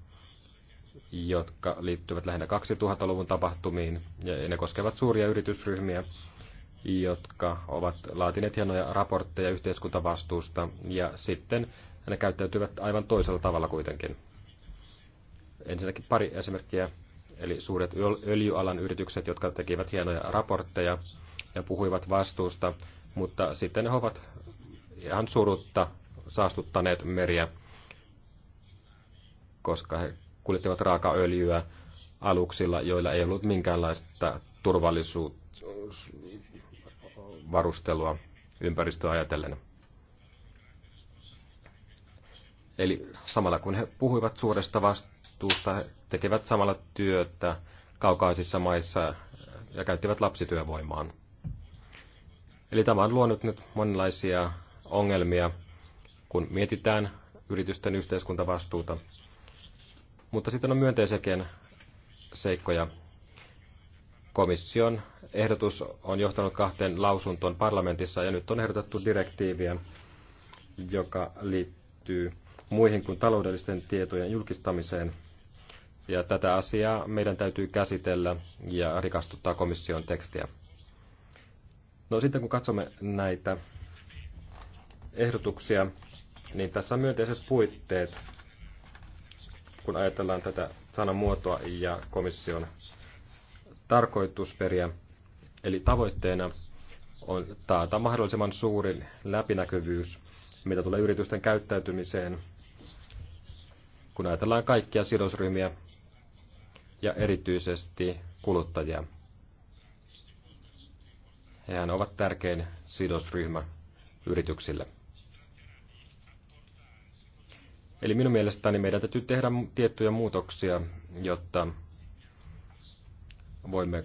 jotka liittyvät lähinnä 2000-luvun tapahtumiin, ja ne koskevat suuria yritysryhmiä, jotka ovat laatineet hienoja raportteja yhteiskuntavastuusta, ja sitten ne käyttäytyvät aivan toisella tavalla kuitenkin. Ensinnäkin pari esimerkkiä, eli suuret öljyalan yritykset, jotka tekivät hienoja raportteja ja puhuivat vastuusta, mutta sitten ne ovat ihan surutta saastuttaneet meriä, koska he kuljettivat raakaöljyä aluksilla, joilla ei ollut minkäänlaista turvallisuusvarustelua ympäristöä ajatellen. Eli samalla kun he puhuivat suuresta vastuusta, he tekevät samalla työtä kaukaisissa maissa ja käyttivät lapsityövoimaan. Eli tämä on luonut nyt monenlaisia ongelmia, kun mietitään yritysten yhteiskuntavastuuta. Mutta sitten on myönteisiäkin seikkoja. Komission ehdotus on johtanut kahteen lausuntoon parlamentissa ja nyt on ehdotettu direktiiviä, joka liittyy muihin kuin taloudellisten tietojen julkistamiseen. Ja tätä asiaa meidän täytyy käsitellä ja rikastuttaa komission tekstiä. No sitten kun katsomme näitä ehdotuksia, niin tässä on myönteiset puitteet kun ajatellaan tätä sanamuotoa ja komission tarkoitusperiä. Eli tavoitteena on taata mahdollisimman suuri läpinäkyvyys, mitä tulee yritysten käyttäytymiseen, kun ajatellaan kaikkia sidosryhmiä ja erityisesti kuluttajia. Hehän ovat tärkein sidosryhmä yrityksille. Eli minun mielestäni meidän täytyy tehdä tiettyjä muutoksia, jotta voimme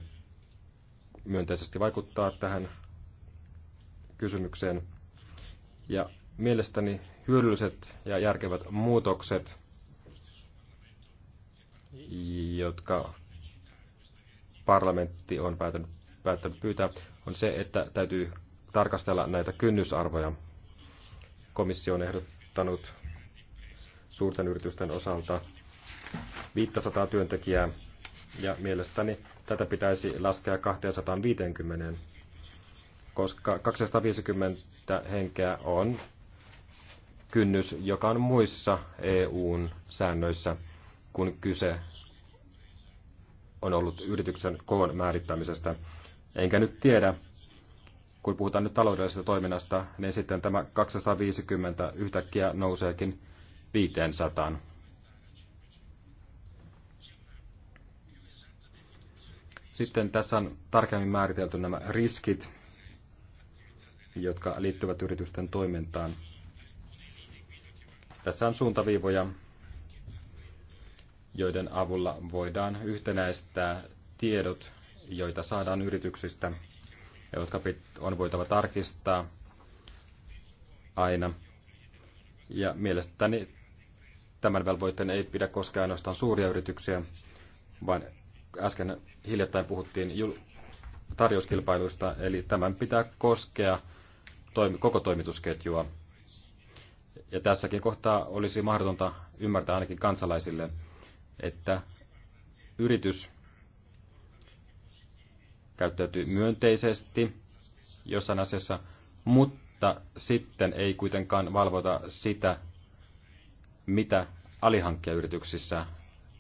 myönteisesti vaikuttaa tähän kysymykseen. Ja mielestäni hyödylliset ja järkevät muutokset, jotka parlamentti on päättänyt, päättänyt pyytää, on se, että täytyy tarkastella näitä kynnysarvoja. Komissio on ehdottanut suurten yritysten osalta 500 työntekijää, ja mielestäni tätä pitäisi laskea 250, koska 250 henkeä on kynnys, joka on muissa EUn säännöissä, kun kyse on ollut yrityksen koon määrittämisestä. Enkä nyt tiedä, kun puhutaan nyt taloudellisesta toiminnasta, niin sitten tämä 250 yhtäkkiä nouseekin 500. Sitten tässä on tarkemmin määritelty nämä riskit, jotka liittyvät yritysten toimintaan. Tässä on suuntaviivoja, joiden avulla voidaan yhtenäistää tiedot, joita saadaan yrityksistä, ja jotka on voitava tarkistaa aina. Ja mielestäni tämän velvoitteen ei pidä koskea ainoastaan suuria yrityksiä, vaan äsken hiljattain puhuttiin tarjouskilpailuista, eli tämän pitää koskea koko toimitusketjua. Ja tässäkin kohtaa olisi mahdotonta ymmärtää ainakin kansalaisille, että yritys käyttäytyy myönteisesti jossain asiassa, mutta sitten ei kuitenkaan valvota sitä, mitä alihankkijayrityksissä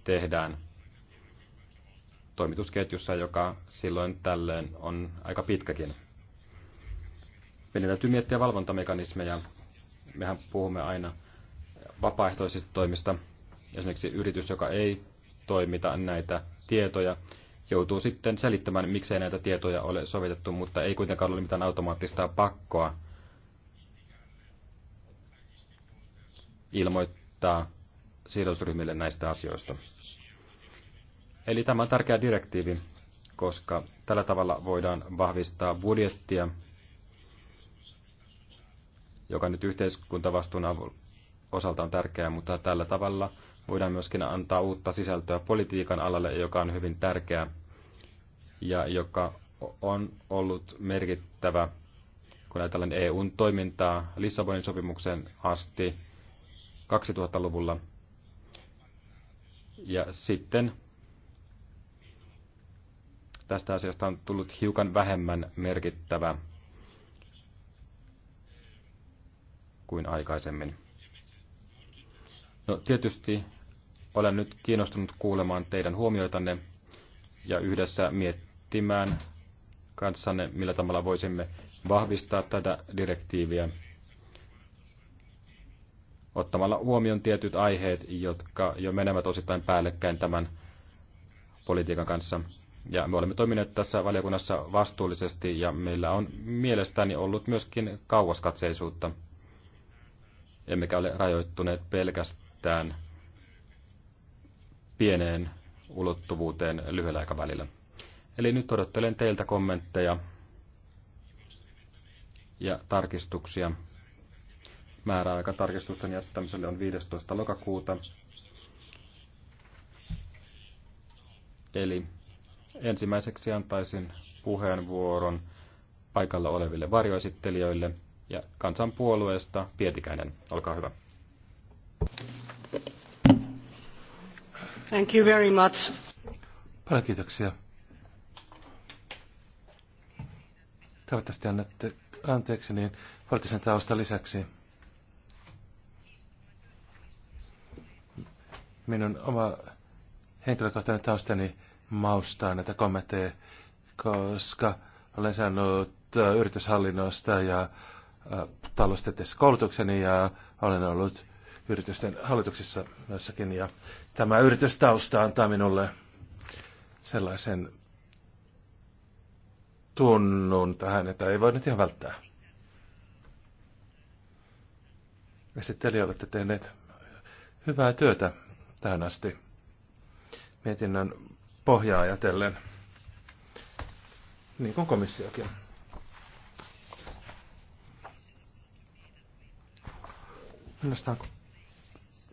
tehdään toimitusketjussa, joka silloin tällöin on aika pitkäkin. Meidän täytyy miettiä valvontamekanismeja. Mehän puhumme aina vapaaehtoisista toimista. Esimerkiksi yritys, joka ei toimita näitä tietoja, joutuu sitten selittämään, miksei näitä tietoja ole sovitettu, mutta ei kuitenkaan ole mitään automaattista pakkoa ilmoittaa sidosryhmille näistä asioista. Eli tämä on tärkeä direktiivi, koska tällä tavalla voidaan vahvistaa budjettia, joka nyt yhteiskuntavastuun osalta on tärkeää, mutta tällä tavalla voidaan myöskin antaa uutta sisältöä politiikan alalle, joka on hyvin tärkeää ja joka on ollut merkittävä, kun ajatellaan EUn toimintaa Lissabonin sopimuksen asti 2000-luvulla ja sitten tästä asiasta on tullut hiukan vähemmän merkittävä kuin aikaisemmin. No tietysti olen nyt kiinnostunut kuulemaan teidän huomioitanne ja yhdessä miettimään kanssanne, millä tavalla voisimme vahvistaa tätä direktiiviä ottamalla huomioon tietyt aiheet, jotka jo menevät osittain päällekkäin tämän politiikan kanssa. Ja me olemme toimineet tässä valiokunnassa vastuullisesti ja meillä on mielestäni ollut myöskin kauaskatseisuutta. Emmekä ole rajoittuneet pelkästään pieneen ulottuvuuteen lyhyellä aikavälillä. Eli nyt odottelen teiltä kommentteja ja tarkistuksia Määräaika tarkistusten jättämiselle on 15. lokakuuta. Eli ensimmäiseksi antaisin puheenvuoron paikalla oleville varjoesittelijöille ja kansanpuolueesta Pietikäinen. Olkaa hyvä. Thank you very much. Paljon kiitoksia. Toivottavasti annatte anteeksi niin poliittisen taustan lisäksi. minun oma henkilökohtainen taustani maustaa näitä kommentteja, koska olen saanut äh, yrityshallinnosta ja äh, talousteteessä koulutukseni ja olen ollut yritysten hallituksissa noissakin. Ja tämä yritystausta antaa minulle sellaisen tunnun tähän, että ei voi nyt ihan välttää. Esittelijä olette tehneet hyvää työtä tähän asti mietinnän pohjaa ajatellen, niin kuin komissiokin. Minusta on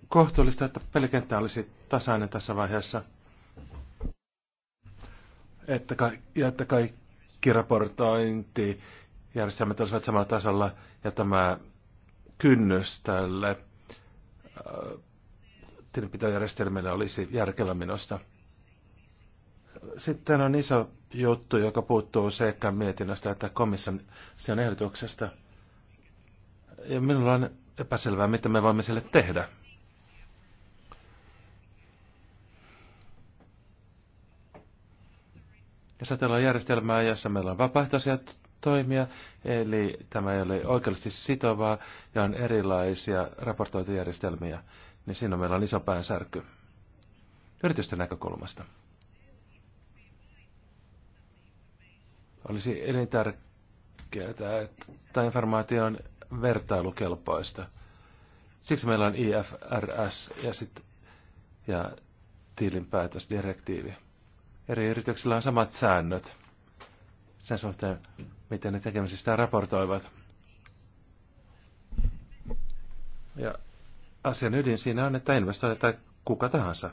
kohtuullista, että pelikenttä olisi tasainen tässä vaiheessa. Että ka- ja että kaikki raportointi järjestelmät olisivat samalla tasolla ja tämä kynnys tälle äh, tilinpitojärjestelmillä olisi järkevä minusta. Sitten on iso juttu, joka puuttuu sekä mietinnöstä että komission sen ehdotuksesta. Ja minulla on epäselvää, mitä me voimme sille tehdä. Jos ajatellaan järjestelmää, jossa meillä on vapaaehtoisia toimia, eli tämä ei ole oikeasti sitovaa ja on erilaisia raportointijärjestelmiä, niin siinä meillä on iso päänsärky yritysten näkökulmasta. Olisi elintärkeää, että tämä informaatio on vertailukelpoista. Siksi meillä on IFRS ja, sit, ja tilinpäätösdirektiivi. Eri yrityksillä on samat säännöt sen suhteen, miten ne tekemisistä raportoivat. Ja asian ydin siinä on, että investoija tai kuka tahansa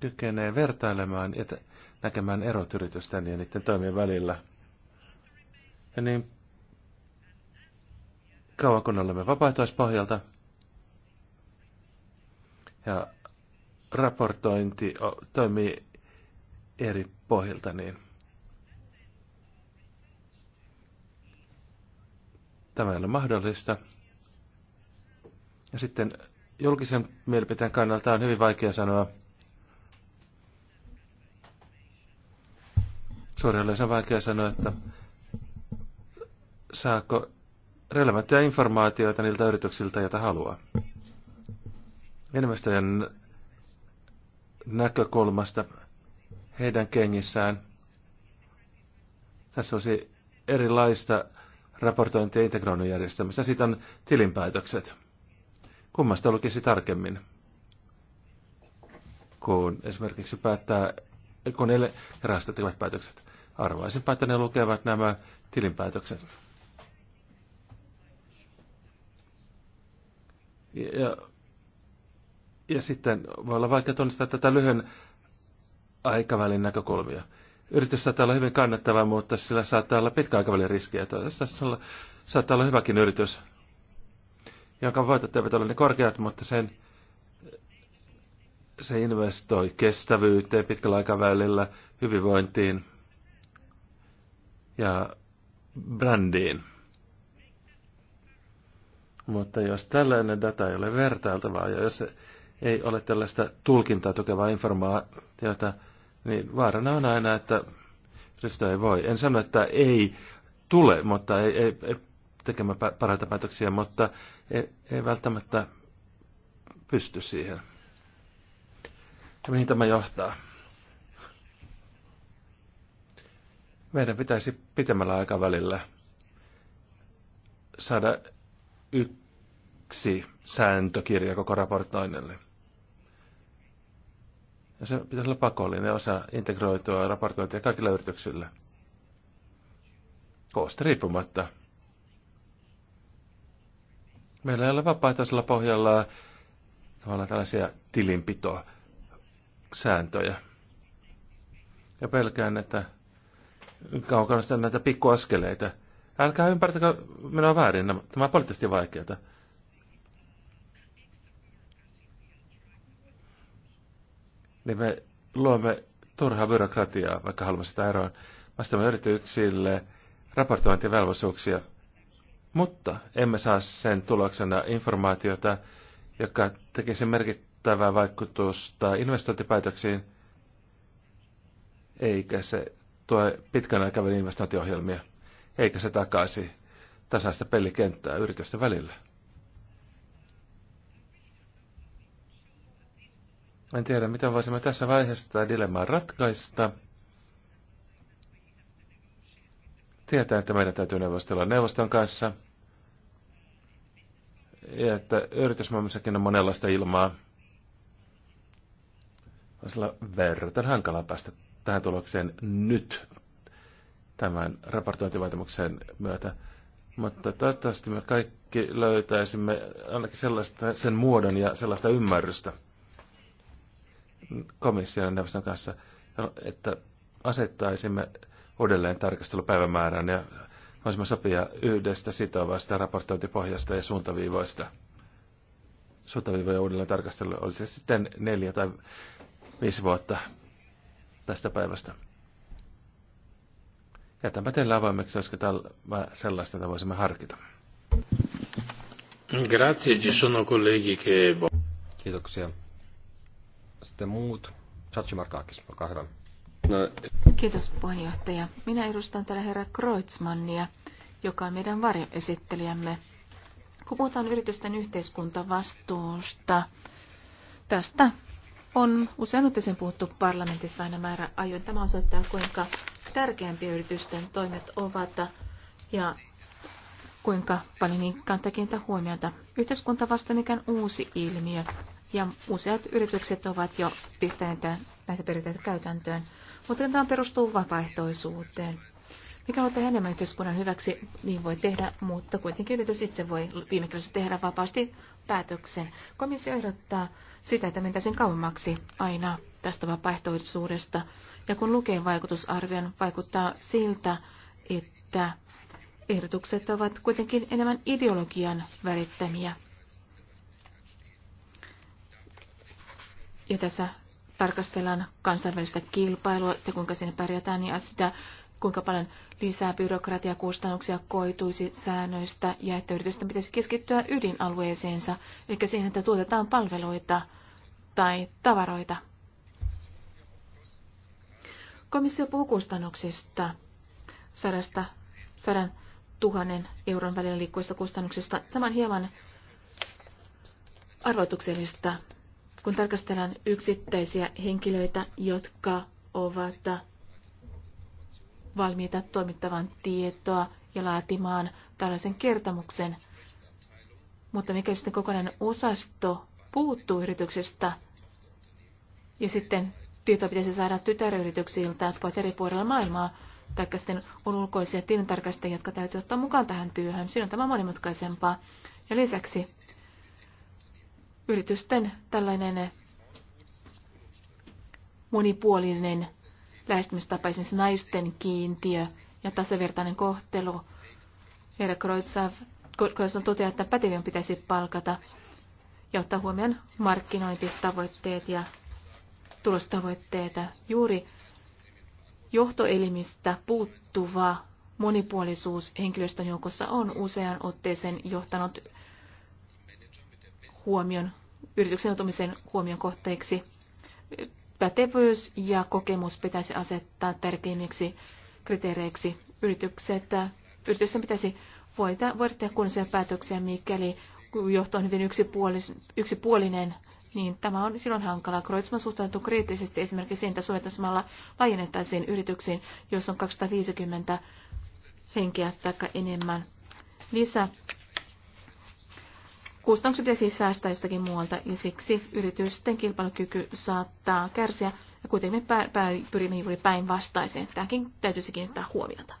kykenee vertailemaan ja näkemään erot yritysten ja niiden toimien välillä. Ja niin kauan kun olemme vapaaehtoispohjalta ja raportointi toimii eri pohjalta niin Tämä ei ole mahdollista. Ja sitten julkisen mielipiteen kannalta on hyvin vaikea sanoa, suoraan on vaikea sanoa, että saako relevanttia informaatiota niiltä yrityksiltä, joita haluaa. Investoijan näkökulmasta heidän kengissään. Tässä olisi erilaista raportointi- ja integroinnin järjestelmästä. sitten on tilinpäätökset. Kummasta lukisi tarkemmin, kun esimerkiksi päättää, kun ne rahastot tekevät päätökset. Arvaisinpä, että ne lukevat nämä tilinpäätökset. Ja, ja sitten voi olla vaikea tunnistaa tätä lyhyen aikavälin näkökulmia. Yritys saattaa olla hyvin kannattava, mutta sillä saattaa olla pitkäaikavälin riskejä. Tässä saattaa olla hyväkin yritys, jonka voitot eivät ole niin korkeat, mutta sen, se investoi kestävyyteen pitkällä aikavälillä, hyvinvointiin ja brändiin. Mutta jos tällainen data ei ole vertailtavaa ja jos ei ole tällaista tulkintaa tukevaa informaatiota, niin vaarana on aina, että sitä ei voi. En sano, että ei tule, mutta ei, ei, ei tekemään parhaita päätöksiä, mutta ei, ei välttämättä pysty siihen. Ja mihin tämä johtaa? Meidän pitäisi pitemmällä aikavälillä saada yksi sääntökirja koko raportoinnille. Ja se pitäisi olla pakollinen osa integroitua raportointia kaikilla yrityksillä. Koosta riippumatta. Meillä ei ole vapaaehtoisella pohjalla tavallaan tällaisia tilinpitosääntöjä. Ja pelkään, että kaukana näitä pikkuaskeleita. Älkää ympärtäkö minua väärin, tämä on poliittisesti vaikeaa. niin me luomme turhaa byrokratiaa, vaikka haluamme sitä eroon. Vastaamme yrityksille raportointivelvollisuuksia, mutta emme saa sen tuloksena informaatiota, joka tekisi merkittävää vaikutusta investointipäätöksiin, eikä se tuo pitkän aikavälin investointiohjelmia, eikä se takaisi tasaista pelikenttää yritysten välillä. En tiedä, miten voisimme tässä vaiheessa tätä dilemmaa ratkaista. Tietää, että meidän täytyy neuvostella neuvoston kanssa. Ja että yritysmaailmassakin on monenlaista ilmaa. Olisi olla verran hankalaa päästä tähän tulokseen nyt tämän raportointivaatimuksen myötä. Mutta toivottavasti me kaikki löytäisimme ainakin sellaista, sen muodon ja sellaista ymmärrystä komission neuvoston kanssa, että asettaisimme uudelleen tarkastelupäivämäärän ja voisimme sopia yhdestä sitovasta raportointipohjasta ja suuntaviivoista. Suuntaviivoja uudelleen tarkastelu olisi sitten neljä tai viisi vuotta tästä päivästä. Jätänpä teille avoimeksi, olisiko tämä sellaista, että voisimme harkita. Grazie, ci sono colleghi che... Kiitoksia. Sitten muut. Markaakis, olkaa hyvä. No. Kiitos puheenjohtaja. Minä edustan täällä herra Kreutzmannia, joka on meidän varjoesittelijämme. Kun puhutaan yritysten yhteiskuntavastuusta, tästä on usein sen puhuttu parlamentissa aina määrä ajoin. Tämä osoittaa, kuinka tärkeämpiä yritysten toimet ovat ja kuinka paljon niin kannattaa kiinnittää huomiota. Yhteiskuntavastuu, mikä on uusi ilmiö ja useat yritykset ovat jo pistäneet näitä periaatteita käytäntöön, mutta tämä perustuu vapaaehtoisuuteen. Mikä on tehdä enemmän yhteiskunnan hyväksi, niin voi tehdä, mutta kuitenkin yritys itse voi viime kädessä tehdä vapaasti päätöksen. Komissio ehdottaa sitä, että mentäisiin kauemmaksi aina tästä vapaaehtoisuudesta. Ja kun lukee vaikutusarvion, vaikuttaa siltä, että ehdotukset ovat kuitenkin enemmän ideologian värittämiä Ja tässä tarkastellaan kansainvälistä kilpailua, sitä kuinka sinne pärjätään niin sitä, kuinka paljon lisää byrokratiakustannuksia koituisi säännöistä ja että yritysten pitäisi keskittyä ydinalueeseensa, eli siihen, että tuotetaan palveluita tai tavaroita. Komissio puhuu kustannuksista, sadasta, sadan tuhannen euron välillä liikkuvista kustannuksista. Tämä on hieman arvoituksellista kun tarkastellaan yksittäisiä henkilöitä, jotka ovat valmiita toimittavan tietoa ja laatimaan tällaisen kertomuksen. Mutta mikä sitten kokonainen osasto puuttuu yrityksestä ja sitten tietoa pitäisi saada tytäryrityksiltä, jotka ovat eri puolilla maailmaa, tai sitten on ulkoisia tilintarkastajia, jotka täytyy ottaa mukaan tähän työhön. Siinä on tämä monimutkaisempaa. Ja lisäksi yritysten tällainen monipuolinen lähestymistapa, esimerkiksi naisten kiintiö ja tasavertainen kohtelu. Herra Kreutzav, toteaa, että pätevien pitäisi palkata ja ottaa huomioon markkinointitavoitteet ja tulostavoitteita. Juuri johtoelimistä puuttuva monipuolisuus henkilöstön joukossa on usean otteeseen johtanut huomion, yrityksen joutumisen huomion kohteeksi. Pätevyys ja kokemus pitäisi asettaa tärkeimmiksi kriteereiksi. Yritykset, Yrityksen pitäisi voida, voida tehdä kunnallisia päätöksiä, mikäli johto on hyvin yksipuolinen, yksipuolinen niin tämä on silloin hankalaa. Kreutzmann suhtautuu kriittisesti esimerkiksi siihen, että soveltaismalla laajennettaisiin yrityksiin, jos on 250 henkeä tai enemmän. Lisä Kustannukset pitäisi siis säästää jostakin muualta ja siksi yritysten kilpailukyky saattaa kärsiä ja kuitenkin me pä- pä- pyrimme juuri päinvastaiseen. Tämäkin täytyisi kiinnittää huomiota.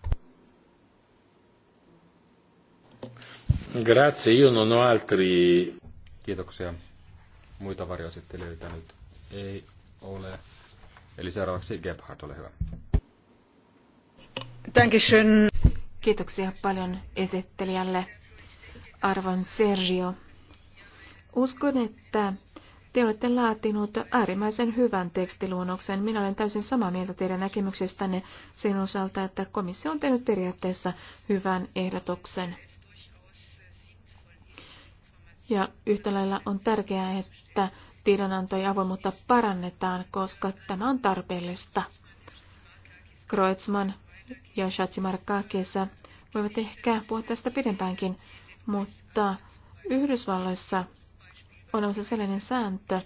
Grazie, io non ho altri... Kiitoksia. Muita varjoesittelijöitä nyt ei ole. Eli seuraavaksi Gebhardt, ole hyvä. Dankeschön. Kiitoksia paljon esittelijälle. Arvon Sergio, Uskon, että te olette laatinut äärimmäisen hyvän tekstiluonnoksen. Minä olen täysin samaa mieltä teidän näkemyksestänne sen osalta, että komissio on tehnyt periaatteessa hyvän ehdotuksen. Ja yhtä lailla on tärkeää, että tiedonanto ja avoimuutta parannetaan, koska tämä on tarpeellista. Kreutzmann ja Shatsimarkkakis voivat ehkä puhua tästä pidempäänkin, mutta Yhdysvalloissa on olemassa sellainen sääntö,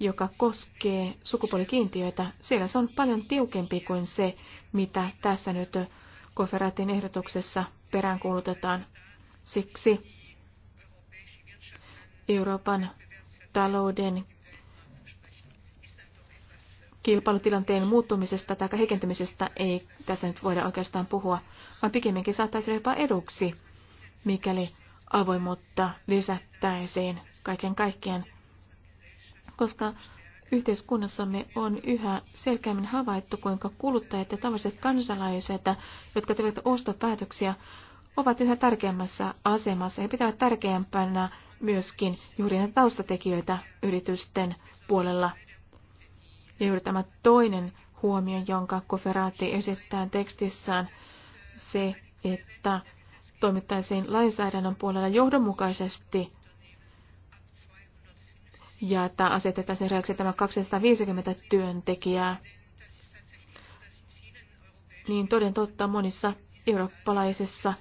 joka koskee sukupuolikiintiöitä. Siellä se on paljon tiukempi kuin se, mitä tässä nyt konferaatin ehdotuksessa peräänkuulutetaan. Siksi Euroopan talouden kilpailutilanteen muuttumisesta tai heikentymisestä ei tässä nyt voida oikeastaan puhua, vaan pikemminkin saattaisi olla jopa eduksi, mikäli avoimuutta lisättäisiin kaiken kaikkiaan, koska yhteiskunnassamme on yhä selkeämmin havaittu, kuinka kuluttajat ja tavalliset kansalaiset, jotka tekevät ostopäätöksiä, ovat yhä tärkeämmässä asemassa He pitävät tärkeämpänä myöskin juuri näitä taustatekijöitä yritysten puolella. Ja juuri tämä toinen huomio, jonka Koferaatti esittää tekstissään, se, että toimittaisiin lainsäädännön puolella johdonmukaisesti ja että asetettaisiin reaksi tämä 250 työntekijää. Niin toden totta monissa eurooppalaisissa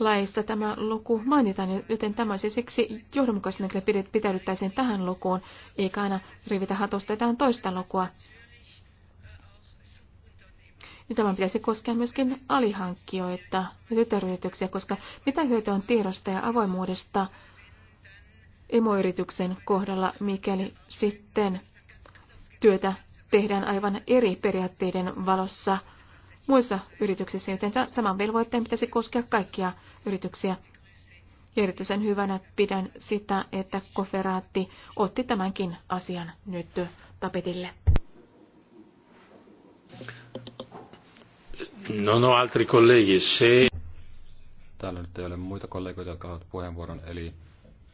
laissa tämä luku mainitaan, joten tämä olisi siksi johdonmukaisena, että pitäydyttäisiin tähän lukuun, eikä aina rivitä hatusta jotain toista lukua. Ja niin tämän pitäisi koskea myöskin alihankkijoita ja tytäryrityksiä, koska mitä hyötyä on tiedosta ja avoimuudesta, emoyrityksen kohdalla, mikäli sitten työtä tehdään aivan eri periaatteiden valossa muissa yrityksissä, joten saman velvoitteen pitäisi koskea kaikkia yrityksiä. Ja erityisen hyvänä pidän sitä, että koferaatti otti tämänkin asian nyt tapetille. No, no, altri colleghi, se... Täällä nyt ei ole muita kollegoita, jotka ovat puheenvuoron, eli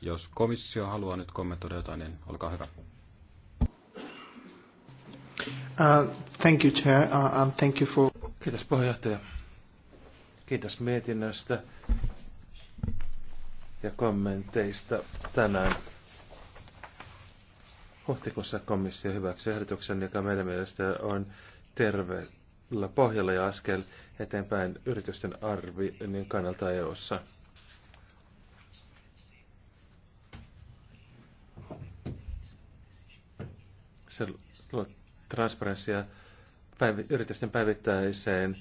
jos komissio haluaa nyt kommentoida jotain, niin olkaa hyvä. Uh, thank you, Chair. Uh, um, thank you for... Kiitos puheenjohtaja. Kiitos mietinnöstä ja kommenteista tänään. Huhtikuussa komissio hyväksyi ehdotuksen, joka meidän mielestä on terveellä pohjalla ja askel eteenpäin yritysten arvioinnin kannalta EU:ssa. ssa Se luo transparenssia päiv- yritysten päivittäiseen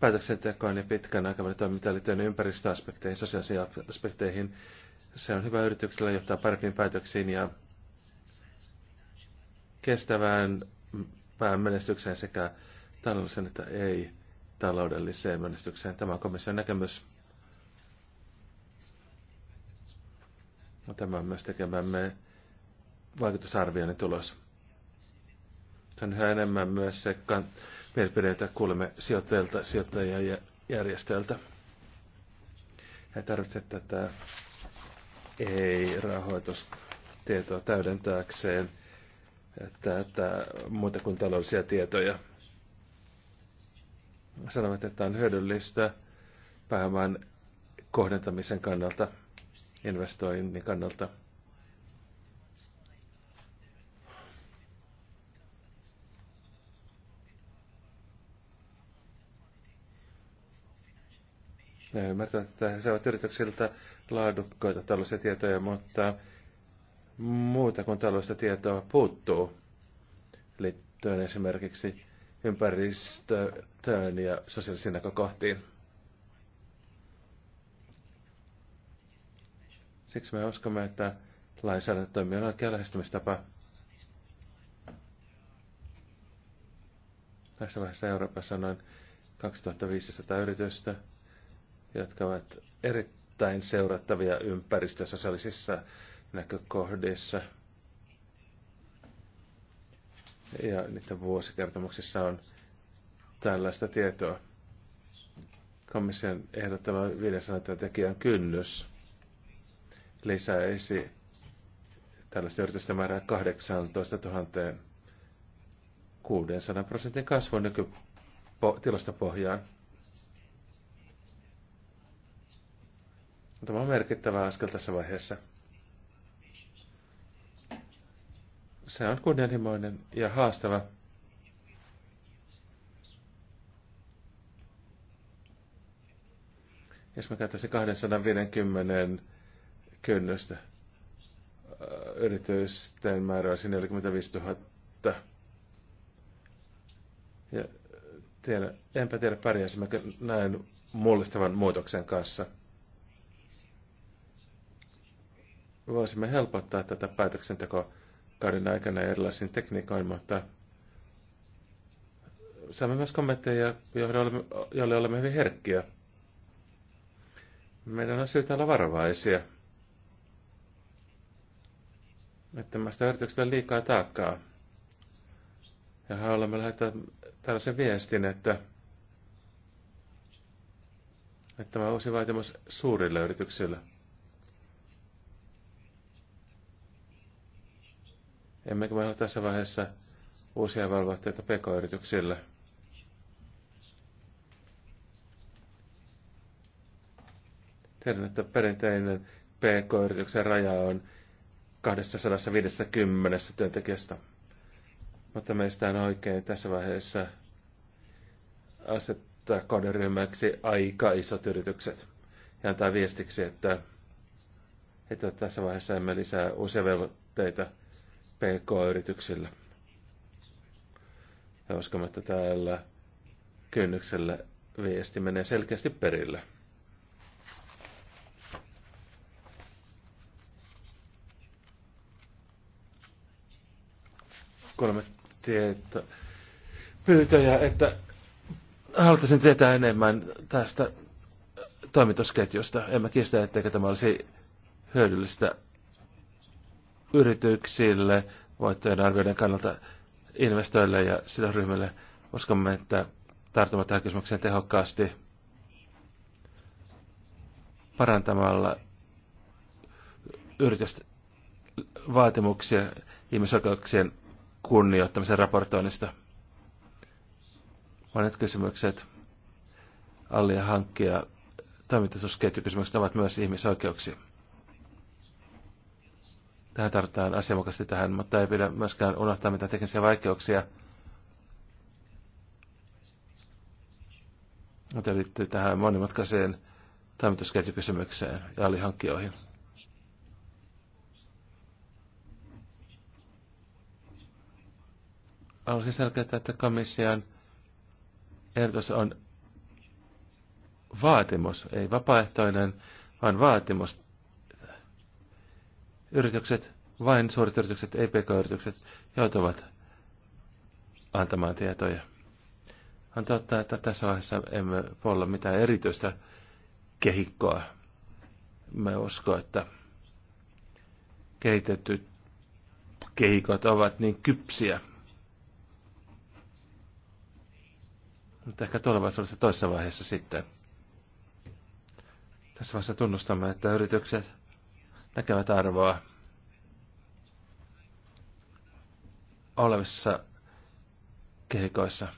päätöksentekoon ja pitkän aikavälin toimintaan liittyen ympäristöaspekteihin, sosiaalisiin aspekteihin. Se on hyvä yrityksellä johtaa parempiin päätöksiin ja kestävään menestykseen sekä taloudelliseen että ei-taloudelliseen menestykseen. Tämä on komission näkemys. Tämä on myös tekemämme vaikutusarvioinnin tulos. Se on yhä enemmän myös se mielipideitä kuulemme sijoittajilta, sijoittajia ja järjestöiltä. He tarvitsevat tätä ei-rahoitustietoa täydentääkseen tätä muuta kuin taloudellisia tietoja. Sanovat, että on hyödyllistä pääoman kohdentamisen kannalta, investoinnin kannalta – Ne ymmärtävät, että he saavat yrityksiltä laadukkaita tällaisia tietoja, mutta muuta kuin tällaista tietoa puuttuu liittyen esimerkiksi ympäristöön ja sosiaalisiin näkökohtiin. Siksi me uskomme, että lainsäädäntötoimi on oikea lähestymistapa. Tässä vaiheessa Euroopassa on noin 2500 yritystä, jotka ovat erittäin seurattavia ympäristösosiaalisissa näkökohdissa. Ja niiden vuosikertomuksissa on tällaista tietoa. Komission ehdottava 500 tekijän kynnys lisäisi tällaista yritysten määrää 18 000 600 prosentin kasvun nykytilastopohjaan. Tämä on merkittävä askel tässä vaiheessa. Se on kunnianhimoinen ja haastava. Jos mä käyttäisin 250 kynnystä, yritysten määrä olisi 45 000. Ja tiedä, enpä tiedä pärjäisimmekö näin mullistavan muutoksen kanssa. voisimme helpottaa tätä päätöksentekokauden aikana erilaisin tekniikoin, mutta saamme myös kommentteja, joille olemme, joille olemme hyvin herkkiä. Meidän on syytä olla varovaisia. Että tästä yritykselle liikaa taakkaa. Ja haluamme lähettää tällaisen viestin, että, että tämä uusi vaatimus suurille yrityksille – me ole tässä vaiheessa uusia velvoitteita pk-yrityksille. Tiedän, että perinteinen pk-yrityksen raja on 250 työntekijästä. Mutta meistä on oikein tässä vaiheessa asettaa kohderyhmäksi aika isot yritykset. Ja antaa viestiksi, että, että tässä vaiheessa emme lisää uusia velvoitteita – PK-yrityksillä. Ja uskomme, että täällä kynnyksellä viesti menee selkeästi perille. Kolme tieto pyytöjä, että haluaisin tietää enemmän tästä toimitusketjusta. En mä kiistä, etteikö tämä olisi hyödyllistä yrityksille, voittojen arvioiden kannalta investoille ja sillä ryhmälle. Uskomme, että tartumme tähän kysymykseen tehokkaasti parantamalla yritysten vaatimuksia ihmisoikeuksien kunnioittamisen raportoinnista. Monet kysymykset allia hankkia toimintasuusketjukysymykset ovat myös ihmisoikeuksia. Tähän tarvitaan asianmukaisesti tähän, mutta ei pidä myöskään unohtaa mitä teknisiä vaikeuksia, mutta liittyy tähän monimutkaiseen toimitusketjukysymykseen ja alihankkijoihin. Haluaisin selkeyttää, että komission ehdotus on vaatimus, ei vapaaehtoinen, vaan vaatimus yritykset, vain suuret yritykset, ei pk-yritykset, joutuvat antamaan tietoja. On totta, että tässä vaiheessa emme voi olla mitään erityistä kehikkoa. Me uskon, että kehitetyt kehikot ovat niin kypsiä. Mutta ehkä tulevaisuudessa toisessa vaiheessa sitten. Tässä vaiheessa tunnustamme, että yritykset – näkevät arvoa olevissa kehikoissa.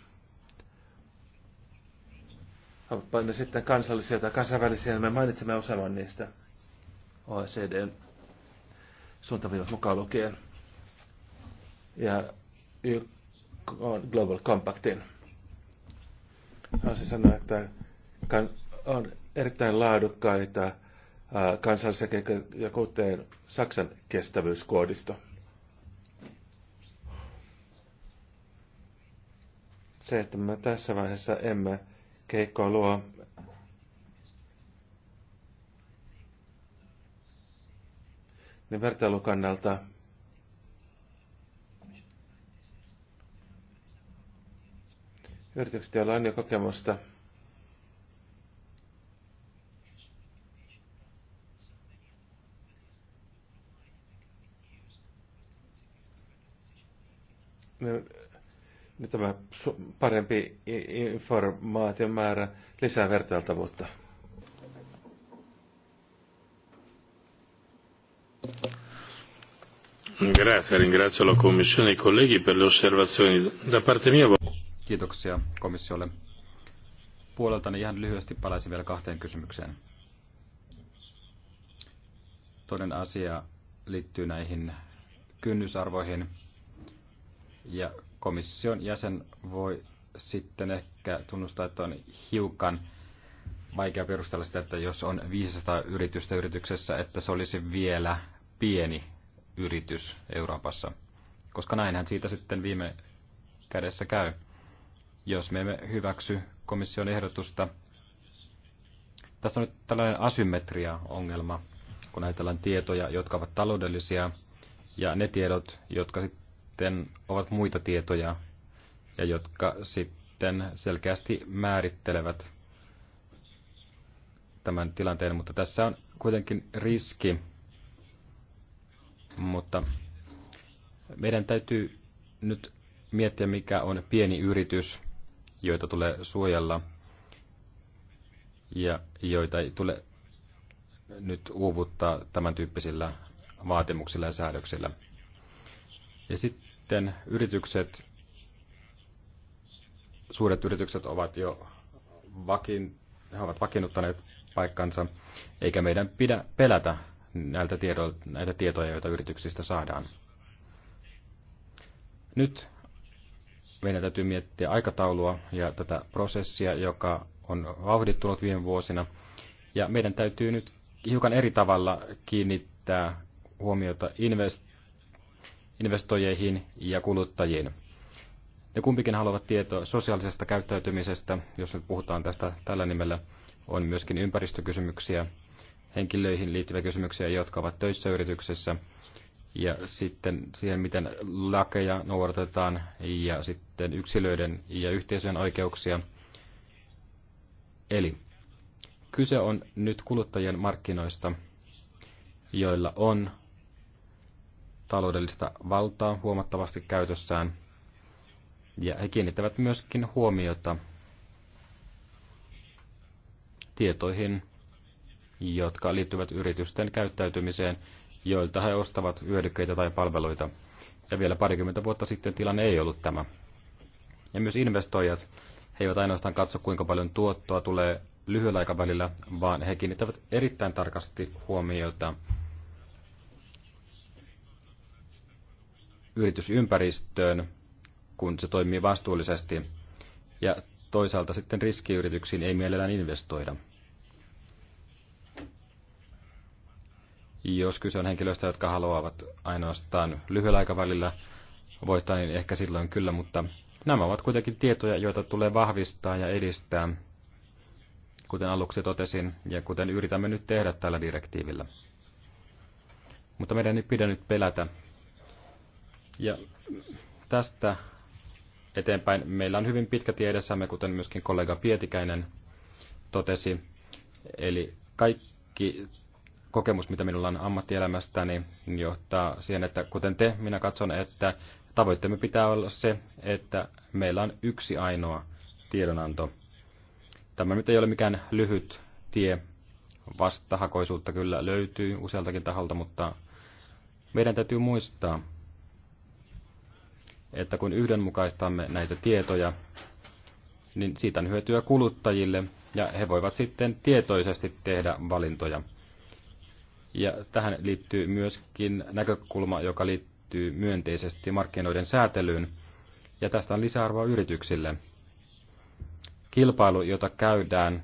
Haluatpa ne sitten kansallisia tai kansainvälisiä, niin me mainitsemme useamman niistä OECDn suuntaviivat mukaan lukien. Ja YK on Global Compactin. Haluaisin sanoa, että on erittäin laadukkaita kansallisen ja kuten Saksan kestävyyskoodisto. Se, että me tässä vaiheessa emme keikkoa luo, niin vertailukannalta yritykset, joilla on jo kokemusta – niin tämä parempi informaation määrä lisää vertailtavuutta. Grazie, ringrazio la Commissione e i colleghi per le osservazioni. Da parte mia... Kiitoksia komissiolle. Puoleltani ihan lyhyesti palaisin vielä kahteen kysymykseen. Toinen asia liittyy näihin kynnysarvoihin ja komission jäsen voi sitten ehkä tunnustaa, että on hiukan vaikea perustella sitä, että jos on 500 yritystä yrityksessä, että se olisi vielä pieni yritys Euroopassa. Koska näinhän siitä sitten viime kädessä käy. Jos me emme hyväksy komission ehdotusta, tässä on nyt tällainen asymmetria-ongelma, kun ajatellaan tietoja, jotka ovat taloudellisia, ja ne tiedot, jotka sitten sitten ovat muita tietoja, ja jotka sitten selkeästi määrittelevät tämän tilanteen, mutta tässä on kuitenkin riski, mutta meidän täytyy nyt miettiä, mikä on pieni yritys, joita tulee suojella ja joita ei tule nyt uuvuttaa tämän tyyppisillä vaatimuksilla ja säädöksillä. Ja sitten sitten yritykset, suuret yritykset ovat jo vakiin, he ovat vakiinnuttaneet paikkansa, eikä meidän pidä pelätä näitä, tiedo, näitä tietoja, joita yrityksistä saadaan. Nyt meidän täytyy miettiä aikataulua ja tätä prosessia, joka on vauhdittunut viime vuosina. Ja meidän täytyy nyt hiukan eri tavalla kiinnittää huomiota invest- investoijeihin ja kuluttajiin. Ne kumpikin haluavat tietoa sosiaalisesta käyttäytymisestä, jos nyt puhutaan tästä tällä nimellä, on myöskin ympäristökysymyksiä, henkilöihin liittyviä kysymyksiä, jotka ovat töissä yrityksessä, ja sitten siihen, miten lakeja noudatetaan, ja sitten yksilöiden ja yhteisöjen oikeuksia. Eli kyse on nyt kuluttajien markkinoista, joilla on taloudellista valtaa huomattavasti käytössään. Ja he kiinnittävät myöskin huomiota tietoihin, jotka liittyvät yritysten käyttäytymiseen, joilta he ostavat hyödykkeitä tai palveluita. Ja vielä parikymmentä vuotta sitten tilanne ei ollut tämä. Ja myös investoijat, he eivät ainoastaan katso kuinka paljon tuottoa tulee lyhyellä aikavälillä, vaan he kiinnittävät erittäin tarkasti huomiota yritysympäristöön, kun se toimii vastuullisesti, ja toisaalta sitten riskiyrityksiin ei mielellään investoida. Jos kyse on henkilöistä, jotka haluavat ainoastaan lyhyellä aikavälillä voittaa, niin ehkä silloin kyllä, mutta nämä ovat kuitenkin tietoja, joita tulee vahvistaa ja edistää, kuten aluksi totesin ja kuten yritämme nyt tehdä tällä direktiivillä. Mutta meidän ei pidä nyt pelätä, ja tästä eteenpäin meillä on hyvin pitkä tiedessämme, kuten myöskin kollega Pietikäinen totesi. Eli kaikki kokemus, mitä minulla on ammattielämästäni, niin johtaa siihen, että kuten te, minä katson, että tavoitteemme pitää olla se, että meillä on yksi ainoa tiedonanto. Tämä nyt ei ole mikään lyhyt tie. Vastahakoisuutta kyllä löytyy usealtakin taholta, mutta meidän täytyy muistaa, että kun yhdenmukaistamme näitä tietoja, niin siitä on hyötyä kuluttajille ja he voivat sitten tietoisesti tehdä valintoja. Ja tähän liittyy myöskin näkökulma, joka liittyy myönteisesti markkinoiden säätelyyn, ja tästä on lisäarvoa yrityksille. Kilpailu, jota käydään,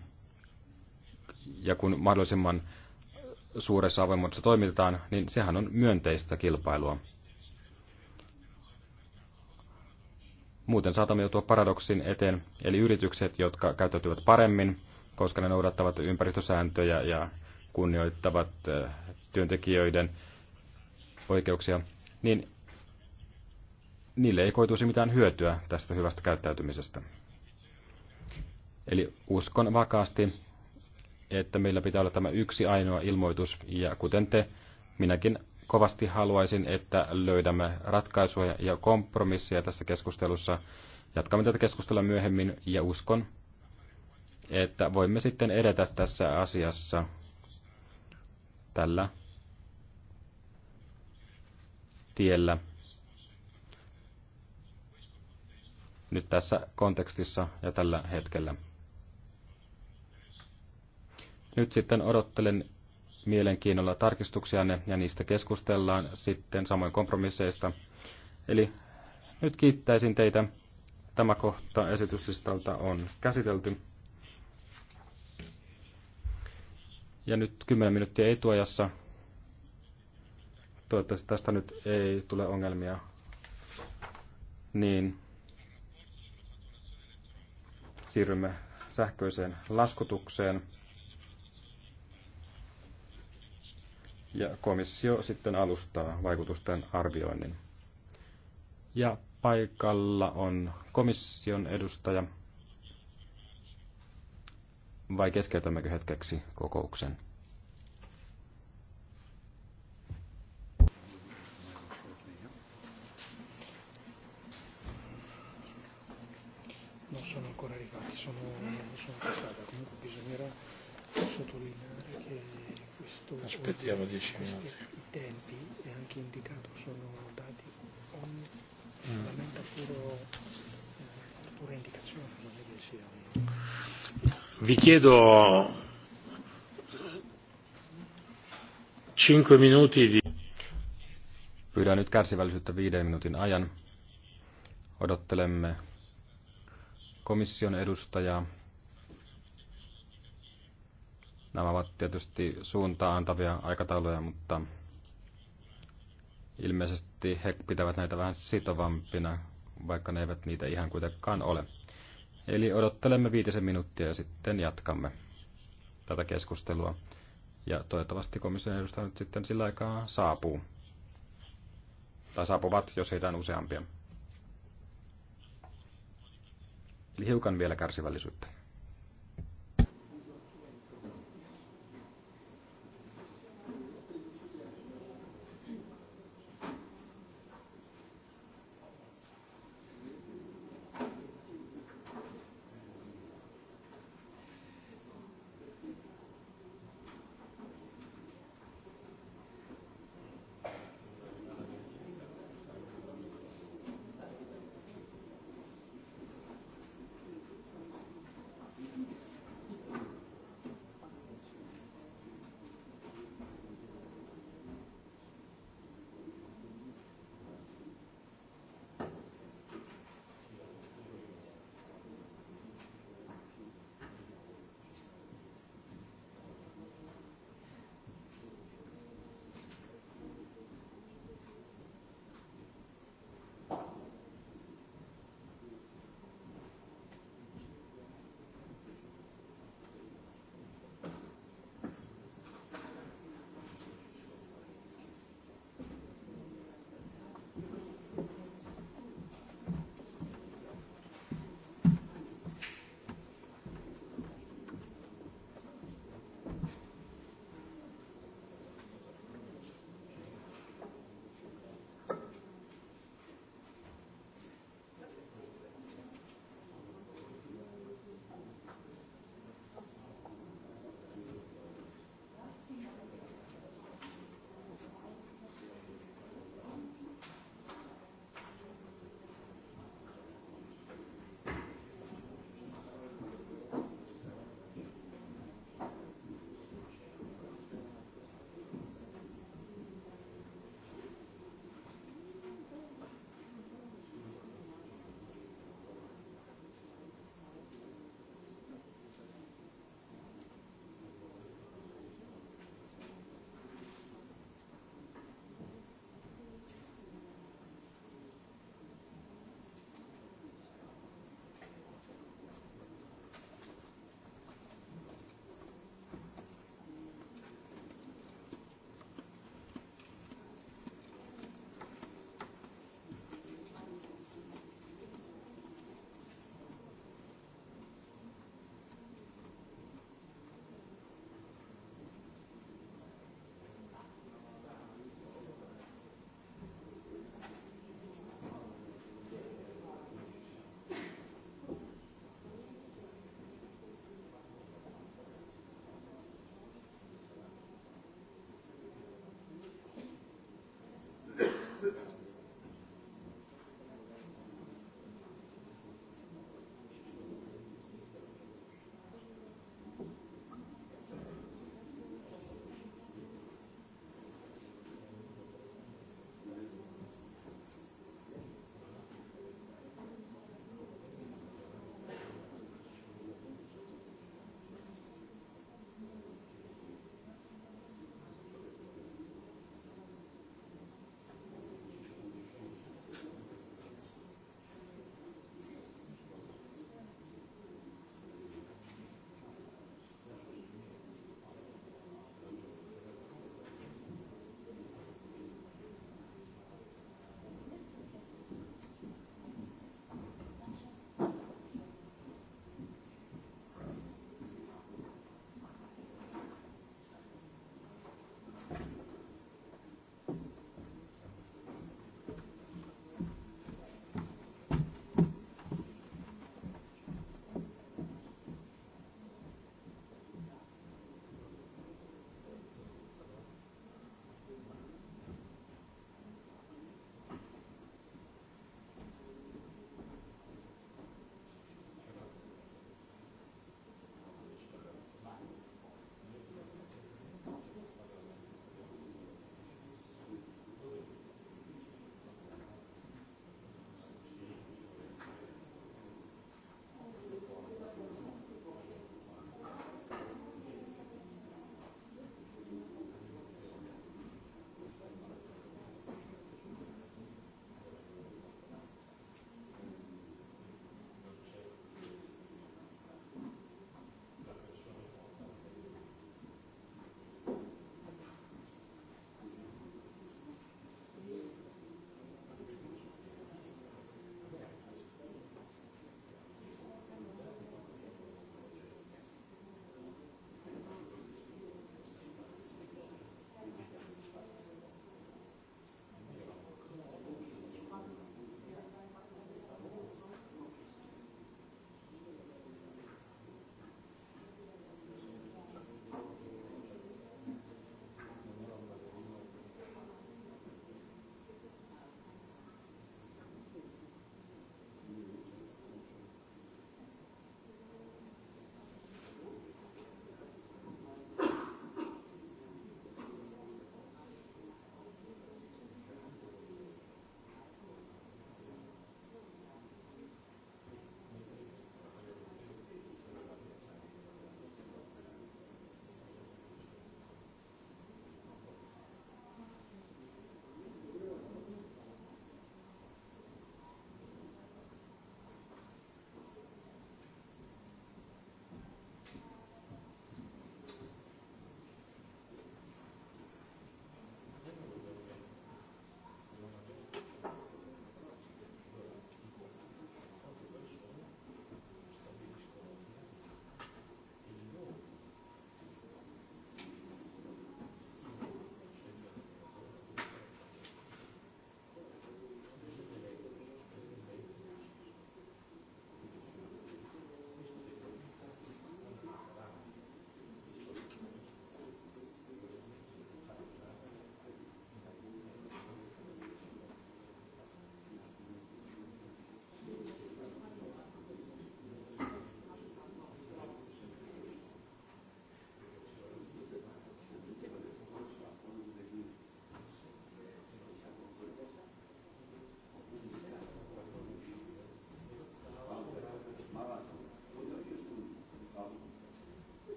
ja kun mahdollisimman suuressa avoimuudessa toimitaan, niin sehän on myönteistä kilpailua. Muuten saatamme joutua paradoksin eteen, eli yritykset, jotka käyttäytyvät paremmin, koska ne noudattavat ympäristösääntöjä ja kunnioittavat työntekijöiden oikeuksia, niin niille ei koituisi mitään hyötyä tästä hyvästä käyttäytymisestä. Eli uskon vakaasti, että meillä pitää olla tämä yksi ainoa ilmoitus, ja kuten te, minäkin kovasti haluaisin, että löydämme ratkaisuja ja kompromisseja tässä keskustelussa. Jatkamme tätä keskustelua myöhemmin ja uskon, että voimme sitten edetä tässä asiassa tällä tiellä. Nyt tässä kontekstissa ja tällä hetkellä. Nyt sitten odottelen mielenkiinnolla tarkistuksianne ja niistä keskustellaan sitten samoin kompromisseista. Eli nyt kiittäisin teitä. Tämä kohta esityslistalta on käsitelty. Ja nyt 10 minuuttia etuajassa. Toivottavasti tästä nyt ei tule ongelmia. Niin siirrymme sähköiseen laskutukseen. ja komissio sitten alustaa vaikutusten arvioinnin. Ja paikalla on komission edustaja. Vai keskeytämmekö hetkeksi kokouksen? Non sono ancora arrivati, sono, sono passata, comunque bisognerà sottolineare. Aspettiamo dieci minuti. I tempi è anche indicato sono dati ogni, solamente mm. a puro, a eh, pura indicazione, non è che sia. Vi chiedo cinque minuti di... Pyydän nyt kärsivällisyyttä viiden minuutin ajan. Odottelemme komission edustajaa. Nämä ovat tietysti suuntaa antavia aikatauluja, mutta ilmeisesti he pitävät näitä vähän sitovampina, vaikka ne eivät niitä ihan kuitenkaan ole. Eli odottelemme viitisen minuuttia ja sitten jatkamme tätä keskustelua. Ja toivottavasti komission edustaja nyt sitten sillä aikaa saapuu. Tai saapuvat, jos heitä on useampia. Eli hiukan vielä kärsivällisyyttä.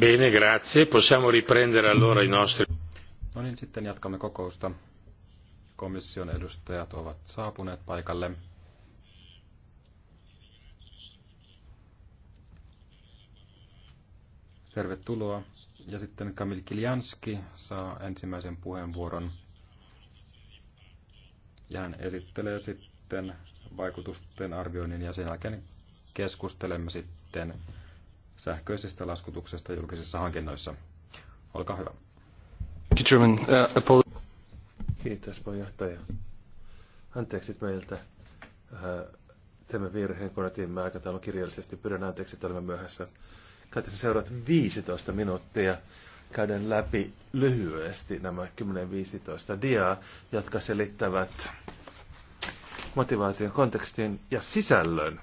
Bene, grazie. Possiamo riprendere allora i nostri... No niin, sitten jatkamme kokousta. Komission edustajat ovat saapuneet paikalle. Tervetuloa. Ja sitten Kamil Kiljanski saa ensimmäisen puheenvuoron. Ja hän esittelee sitten vaikutusten arvioinnin ja sen jälkeen keskustelemme sitten sähköisestä laskutuksesta julkisissa hankinnoissa. Olkaa hyvä. Uh, Kiitos, puheenjohtaja. Anteeksi meiltä. Uh, teemme virheen, kun otimme aikataulun kirjallisesti. Pyydän anteeksi, että olemme myöhässä. Käytämme seuraavat 15 minuuttia. Käydään läpi lyhyesti nämä 10-15 diaa, jotka selittävät motivaation, kontekstin ja sisällön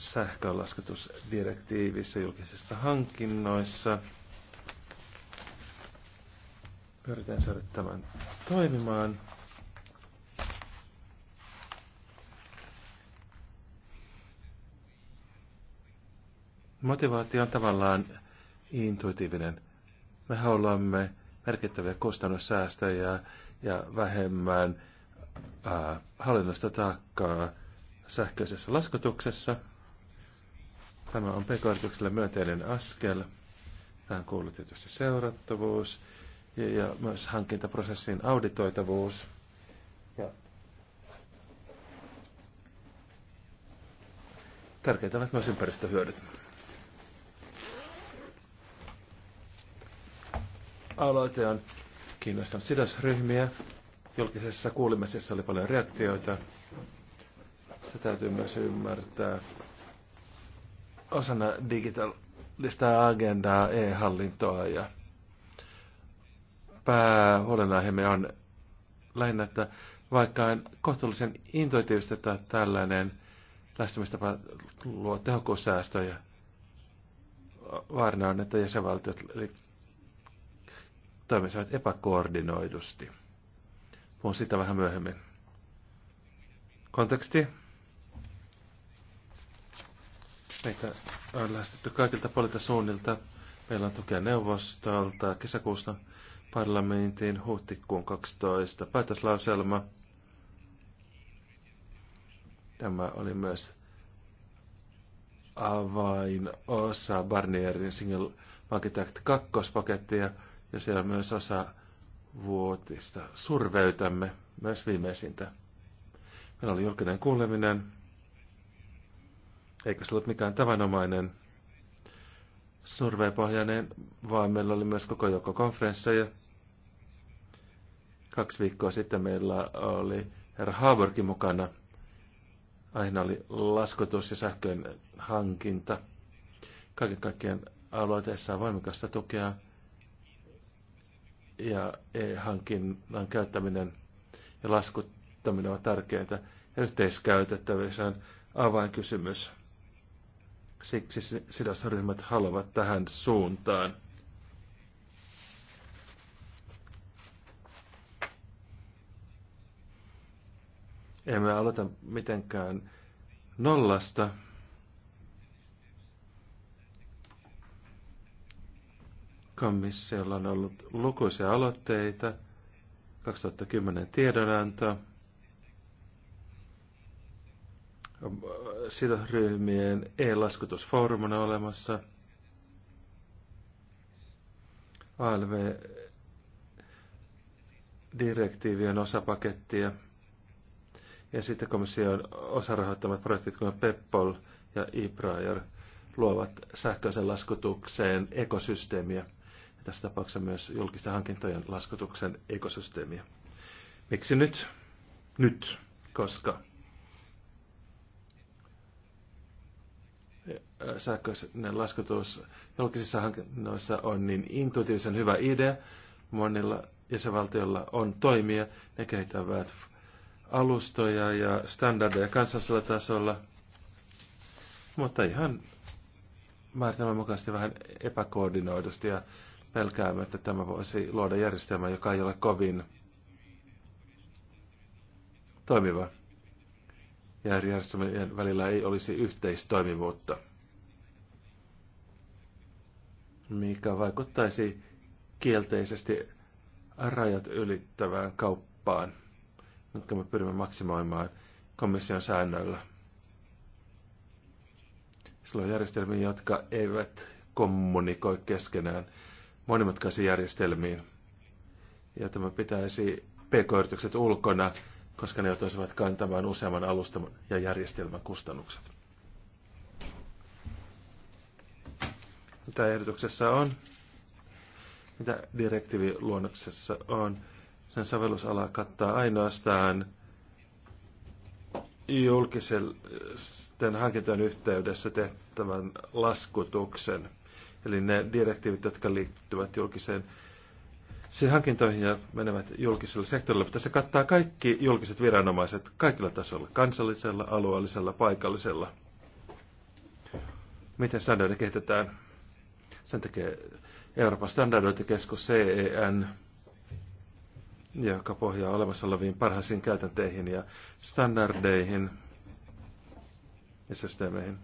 sähkölaskutusdirektiivissä julkisissa hankinnoissa. Yritän saada tämän toimimaan. Motivaatio on tavallaan intuitiivinen. Me haluamme merkittäviä kustannussäästöjä ja vähemmän hallinnosta taakkaa sähköisessä laskutuksessa – Tämä on pk myönteinen askel. Tähän kuuluu tietysti seurattavuus ja, ja myös hankintaprosessin auditoitavuus. Ja tärkeitä ovat myös ympäristöhyödyt. Aloite on kiinnostanut sidosryhmiä. Julkisessa kuulemisessa oli paljon reaktioita. Sitä täytyy myös ymmärtää osana digitaalista agendaa e-hallintoa ja päähuolenaiheemme on lähinnä, että vaikka on kohtuullisen intuitiivista, että tällainen lähestymistapa luo tehokkuussäästöjä, vaarina on, että jäsenvaltiot toimisivat epäkoordinoidusti. Puhun sitä vähän myöhemmin. Konteksti. Meitä on lähestytty kaikilta puolilta suunnilta. Meillä on tukea neuvostolta kesäkuusta parlamentin huhtikuun 12 päätöslauselma. Tämä oli myös avain osa Barnierin Single Market Act 2-pakettia, ja se on myös osa vuotista surveytämme, myös viimeisintä. Meillä oli julkinen kuuleminen eikä se ollut mikään tavanomainen surveipohjainen, vaan meillä oli myös koko joukko konferensseja. Kaksi viikkoa sitten meillä oli herra Haberkin mukana. Aina oli laskutus ja sähkön hankinta. Kaiken kaikkien aloitteessa on voimakasta tukea ja e-hankinnan käyttäminen ja laskuttaminen on tärkeää Ja yhteiskäytettävyys on avainkysymys. Siksi sidosryhmät haluavat tähän suuntaan. Emme aloita mitenkään nollasta. Komissiolla on ollut lukuisia aloitteita. 2010 tiedonanto, sidosryhmien e-laskutusfoorumina olemassa. ALV-direktiivien osapakettia. Ja sitten komission osarahoittamat projektit kuten Peppol ja eBrier, luovat sähköisen laskutukseen ekosysteemiä. Ja tässä tapauksessa myös julkisten hankintojen laskutuksen ekosysteemiä. Miksi nyt? Nyt, koska sähköinen laskutus julkisissa hankinnoissa on niin intuitiivisen hyvä idea. Monilla jäsenvaltioilla on toimia. Ne kehittävät alustoja ja standardeja kansallisella tasolla, mutta ihan määritelmän mukaisesti vähän epäkoordinoidusti ja pelkäämme, että tämä voisi luoda järjestelmä, joka ei ole kovin toimiva ja eri järjestelmien välillä ei olisi yhteistoimivuutta, mikä vaikuttaisi kielteisesti rajat ylittävään kauppaan, jonka me pyrimme maksimoimaan komission säännöillä. Sillä on järjestelmiä, jotka eivät kommunikoi keskenään monimutkaisiin järjestelmiin. Ja tämä pitäisi pk-yritykset ulkona koska ne joutuisivat kantamaan useamman alustan ja järjestelmän kustannukset. Mitä ehdotuksessa on? Mitä direktiiviluonnoksessa on? Sen sovellusala kattaa ainoastaan julkisten hankintojen yhteydessä tehtävän laskutuksen. Eli ne direktiivit, jotka liittyvät julkiseen siis hankintoihin ja menevät julkiselle sektorille. Tässä kattaa kaikki julkiset viranomaiset kaikilla tasolla, kansallisella, alueellisella, paikallisella. Miten standardeja kehitetään? Sen tekee Euroopan standardointikeskus CEN, joka pohjaa olemassa oleviin parhaisiin käytänteihin ja standardeihin ja systeemeihin.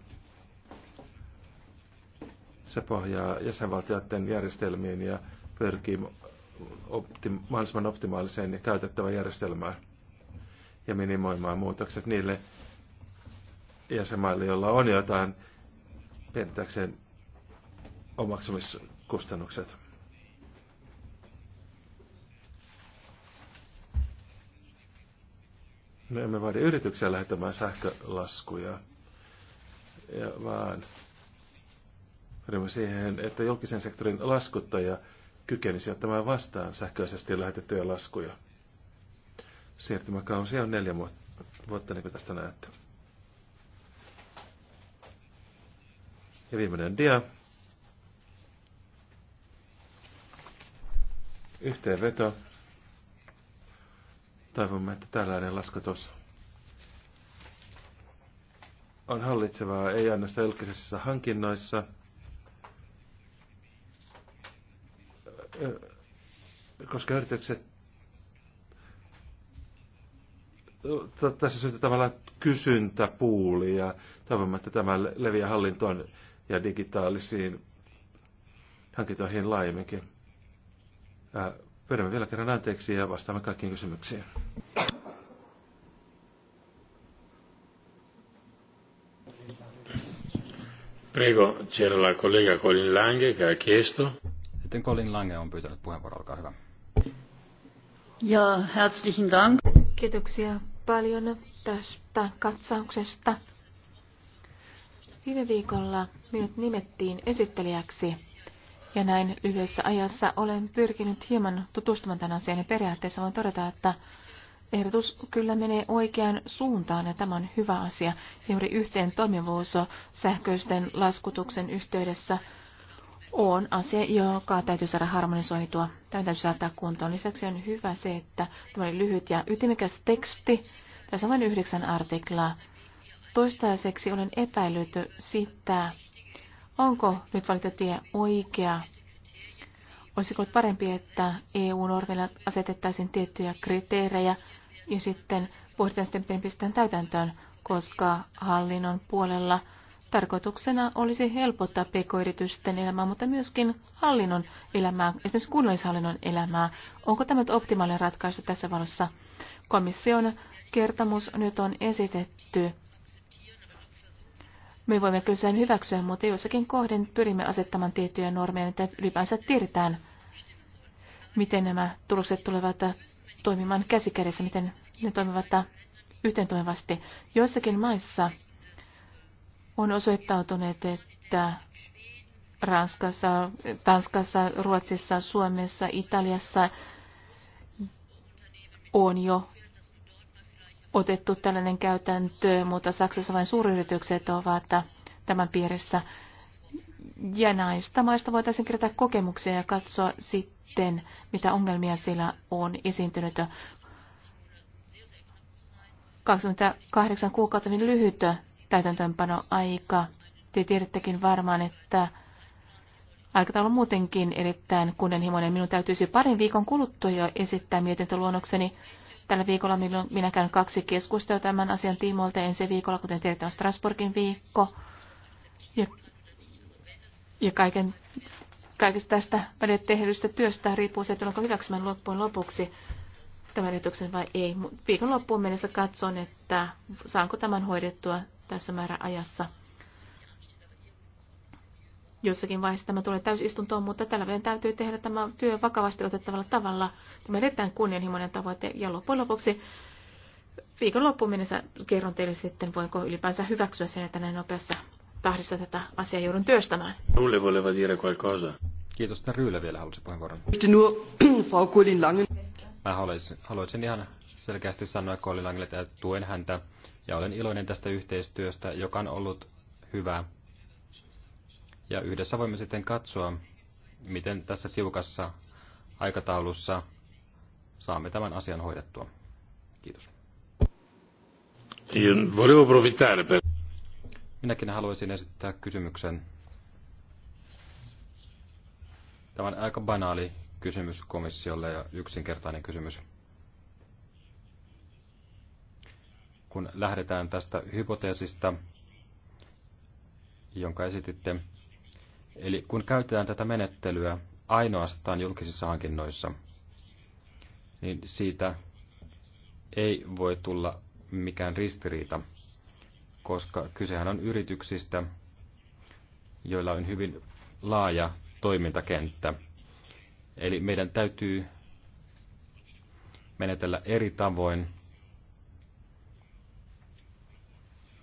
Se pohjaa jäsenvaltioiden järjestelmiin ja pyrkii optim, mahdollisimman optimaaliseen ja käytettävään järjestelmään ja minimoimaan muutokset niille jäsenmaille, joilla on jotain pienentääkseen omaksumiskustannukset. Me emme vaadi yrityksiä lähettämään sähkölaskuja, ja vaan pyrimme siihen, että julkisen sektorin laskuttaja – kykenisi ottamaan vastaan sähköisesti lähetettyjä laskuja. Siirtymäkausi on neljä vuotta, niin kuin tästä näette. Ja viimeinen dia. Yhteenveto. Toivomme, että tällainen laskutus on hallitsevaa ei ainoastaan julkisissa hankinnoissa – koska yritykset tässä syntyy tavallaan kysyntäpuuli ja toivomme, että tämä leviää hallintoon ja digitaalisiin hankintoihin laajemminkin. Pyydämme vielä kerran anteeksi ja vastaamme kaikkiin kysymyksiin. Prego, c'era la collega Colin Lange che ha chiesto. Sitten Colin Lange on pyytänyt puheenvuoroa, olkaa hyvä. Ja herzlichen Dank. Kiitoksia paljon tästä katsauksesta. Viime viikolla minut nimettiin esittelijäksi ja näin lyhyessä ajassa olen pyrkinyt hieman tutustumaan tämän asian ja periaatteessa voin todeta, että ehdotus kyllä menee oikeaan suuntaan ja tämä on hyvä asia. Juuri yhteen toimivuus sähköisten laskutuksen yhteydessä on asia, joka täytyy saada harmonisoitua. Tämä täytyy saattaa kuntoon. Lisäksi on hyvä se, että tämä oli lyhyt ja ytimekäs teksti. Tässä on vain yhdeksän artiklaa. Toistaiseksi olen epäillyt sitä, onko nyt valittu tie oikea. Olisiko ollut parempi, että EU-normilla asetettaisiin tiettyjä kriteerejä ja sitten pohditaan sitten, miten pistetään täytäntöön, koska hallinnon puolella – Tarkoituksena olisi helpottaa pk-yritysten elämää, mutta myöskin hallinnon elämää, esimerkiksi kunnallishallinnon elämää. Onko tämä nyt optimaalinen ratkaisu tässä valossa? Komission kertomus nyt on esitetty. Me voimme kyllä sen hyväksyä, mutta jossakin kohden pyrimme asettamaan tiettyjä normeja, että ylipäänsä tiedetään, miten nämä tulokset tulevat toimimaan käsikädessä, miten ne toimivat toimivasti. Joissakin maissa on osoittautunut, että Ranskassa, Tanskassa, Ruotsissa, Suomessa, Italiassa on jo otettu tällainen käytäntö, mutta Saksassa vain suuryritykset ovat tämän piirissä. Ja näistä maista voitaisiin kerätä kokemuksia ja katsoa sitten, mitä ongelmia siellä on esiintynyt. 28 kuukautta niin lyhyt täytäntöönpanoaika. Te tiedättekin varmaan, että aikataulu muutenkin erittäin kunnianhimoinen. Minun täytyisi parin viikon kuluttua jo esittää mietintöluonnokseni. Tällä viikolla minä käyn kaksi keskustelua tämän asian tiimoilta. Ensi viikolla, kuten tiedätte, on Strasbourgin viikko. Ja, ja kaiken, kaikesta tästä tehdystä työstä riippuu se, että onko hyväksymään loppuun lopuksi tämän yrityksen vai ei. viikon loppuun mennessä katson, että saanko tämän hoidettua tässä ajassa. Jossakin vaiheessa tämä tulee täysistuntoon, mutta tällä meidän täytyy tehdä tämä työ vakavasti otettavalla tavalla. Tämä erittäin kunnianhimoinen tavoite ja loppujen lopuksi loppuun mennessä kerron teille sitten, voinko ylipäänsä hyväksyä sen, että näin nopeassa tahdissa tätä asiaa joudun työstämään. Rulle voleva dire qualcosa. Kiitos, että Ryylä vielä halusi puheenvuoron. Mä haluaisin, haluaisin ihan selkeästi sanoa Colin että tuen häntä ja olen iloinen tästä yhteistyöstä, joka on ollut hyvä. Ja yhdessä voimme sitten katsoa, miten tässä tiukassa aikataulussa saamme tämän asian hoidettua. Kiitos. Minäkin haluaisin esittää kysymyksen. Tämä on aika banaali kysymys komissiolle ja yksinkertainen kysymys. kun lähdetään tästä hypoteesista, jonka esititte. Eli kun käytetään tätä menettelyä ainoastaan julkisissa hankinnoissa, niin siitä ei voi tulla mikään ristiriita, koska kysehän on yrityksistä, joilla on hyvin laaja toimintakenttä. Eli meidän täytyy menetellä eri tavoin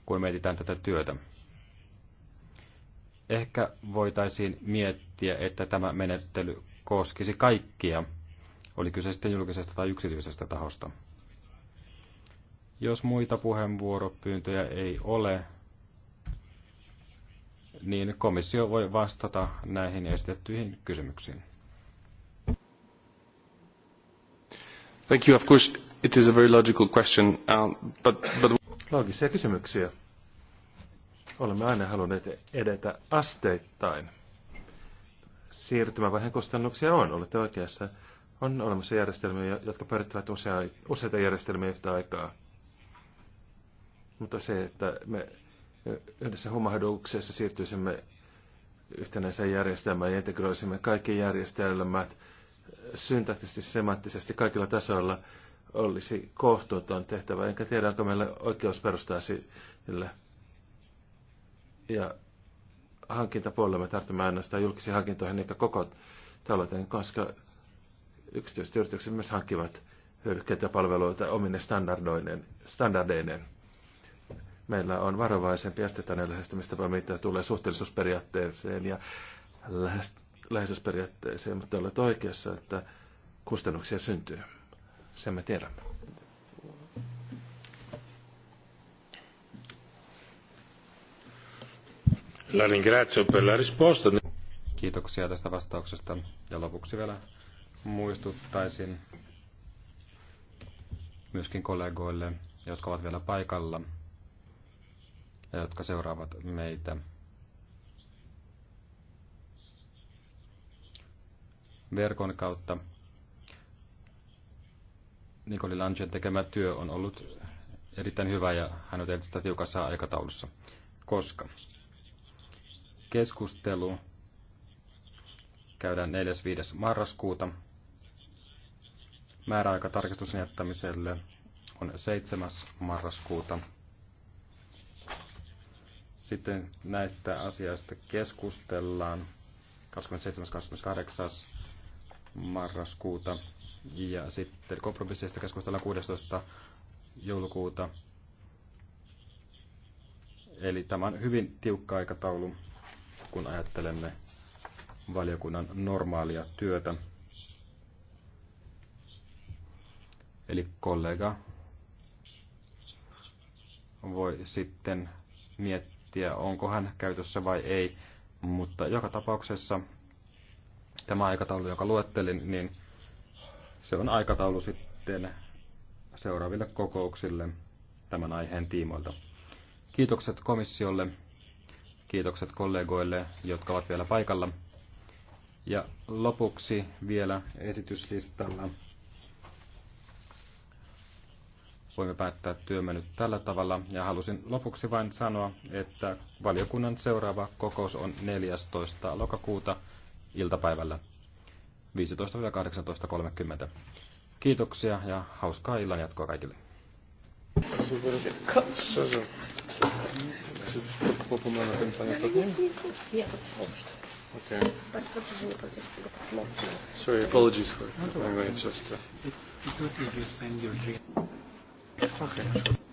kun mietitään tätä työtä. Ehkä voitaisiin miettiä, että tämä menettely koskisi kaikkia, oli kyse sitten julkisesta tai yksityisestä tahosta. Jos muita puheenvuoropyyntöjä ei ole, niin komissio voi vastata näihin esitettyihin kysymyksiin. Thank you. Of course, it is a very logical question, uh, but, but loogisia kysymyksiä. Olemme aina halunneet edetä asteittain. Siirtymävaiheen kustannuksia on, olette oikeassa. On olemassa järjestelmiä, jotka pyörittävät useita järjestelmiä yhtä aikaa. Mutta se, että me yhdessä humahduksessa siirtyisimme yhtenäiseen järjestelmään ja integroisimme kaikki järjestelmät syntaktisesti, semanttisesti kaikilla tasoilla – olisi kohtuuton tehtävä, enkä tiedä, onko meillä oikeus perustaa sille. Ja hankintapuolella me tartumme ainoastaan julkisiin hankintoihin eikä koko talouteen, koska yksityiset yritykset myös hankkivat hyödykkeitä palveluita omine standardeineen. Meillä on varovaisempi astetainen lähestymistapa, mitä tulee suhteellisuusperiaatteeseen ja läheisyysperiaatteeseen, mutta olet oikeassa, että kustannuksia syntyy. Sen me tiedämme. La ringrazio per la risposta. Kiitoksia tästä vastauksesta. Ja lopuksi vielä muistuttaisin myöskin kollegoille, jotka ovat vielä paikalla ja jotka seuraavat meitä. Verkon kautta Nikoli Langen tekemä työ on ollut erittäin hyvä ja hän on tehnyt sitä tiukassa aikataulussa. Koska keskustelu käydään 4.5. marraskuuta. Määräaika tarkistuksen jättämiselle on 7. marraskuuta. Sitten näistä asioista keskustellaan 27.28. marraskuuta ja sitten kompromisseista keskustellaan 16. joulukuuta. Eli tämä on hyvin tiukka aikataulu, kun ajattelemme valiokunnan normaalia työtä. Eli kollega voi sitten miettiä, onko hän käytössä vai ei. Mutta joka tapauksessa tämä aikataulu, jonka luettelin, niin se on aikataulu sitten seuraaville kokouksille tämän aiheen tiimoilta. Kiitokset komissiolle, kiitokset kollegoille, jotka ovat vielä paikalla. Ja lopuksi vielä esityslistalla voimme päättää työmme nyt tällä tavalla. Ja halusin lopuksi vain sanoa, että valiokunnan seuraava kokous on 14. lokakuuta iltapäivällä. 15-18.30. Kiitoksia ja hauskaa illan jatkoa kaikille. Okay. Sorry, apologies for just. Uh... It, it would you send your dream. Okay.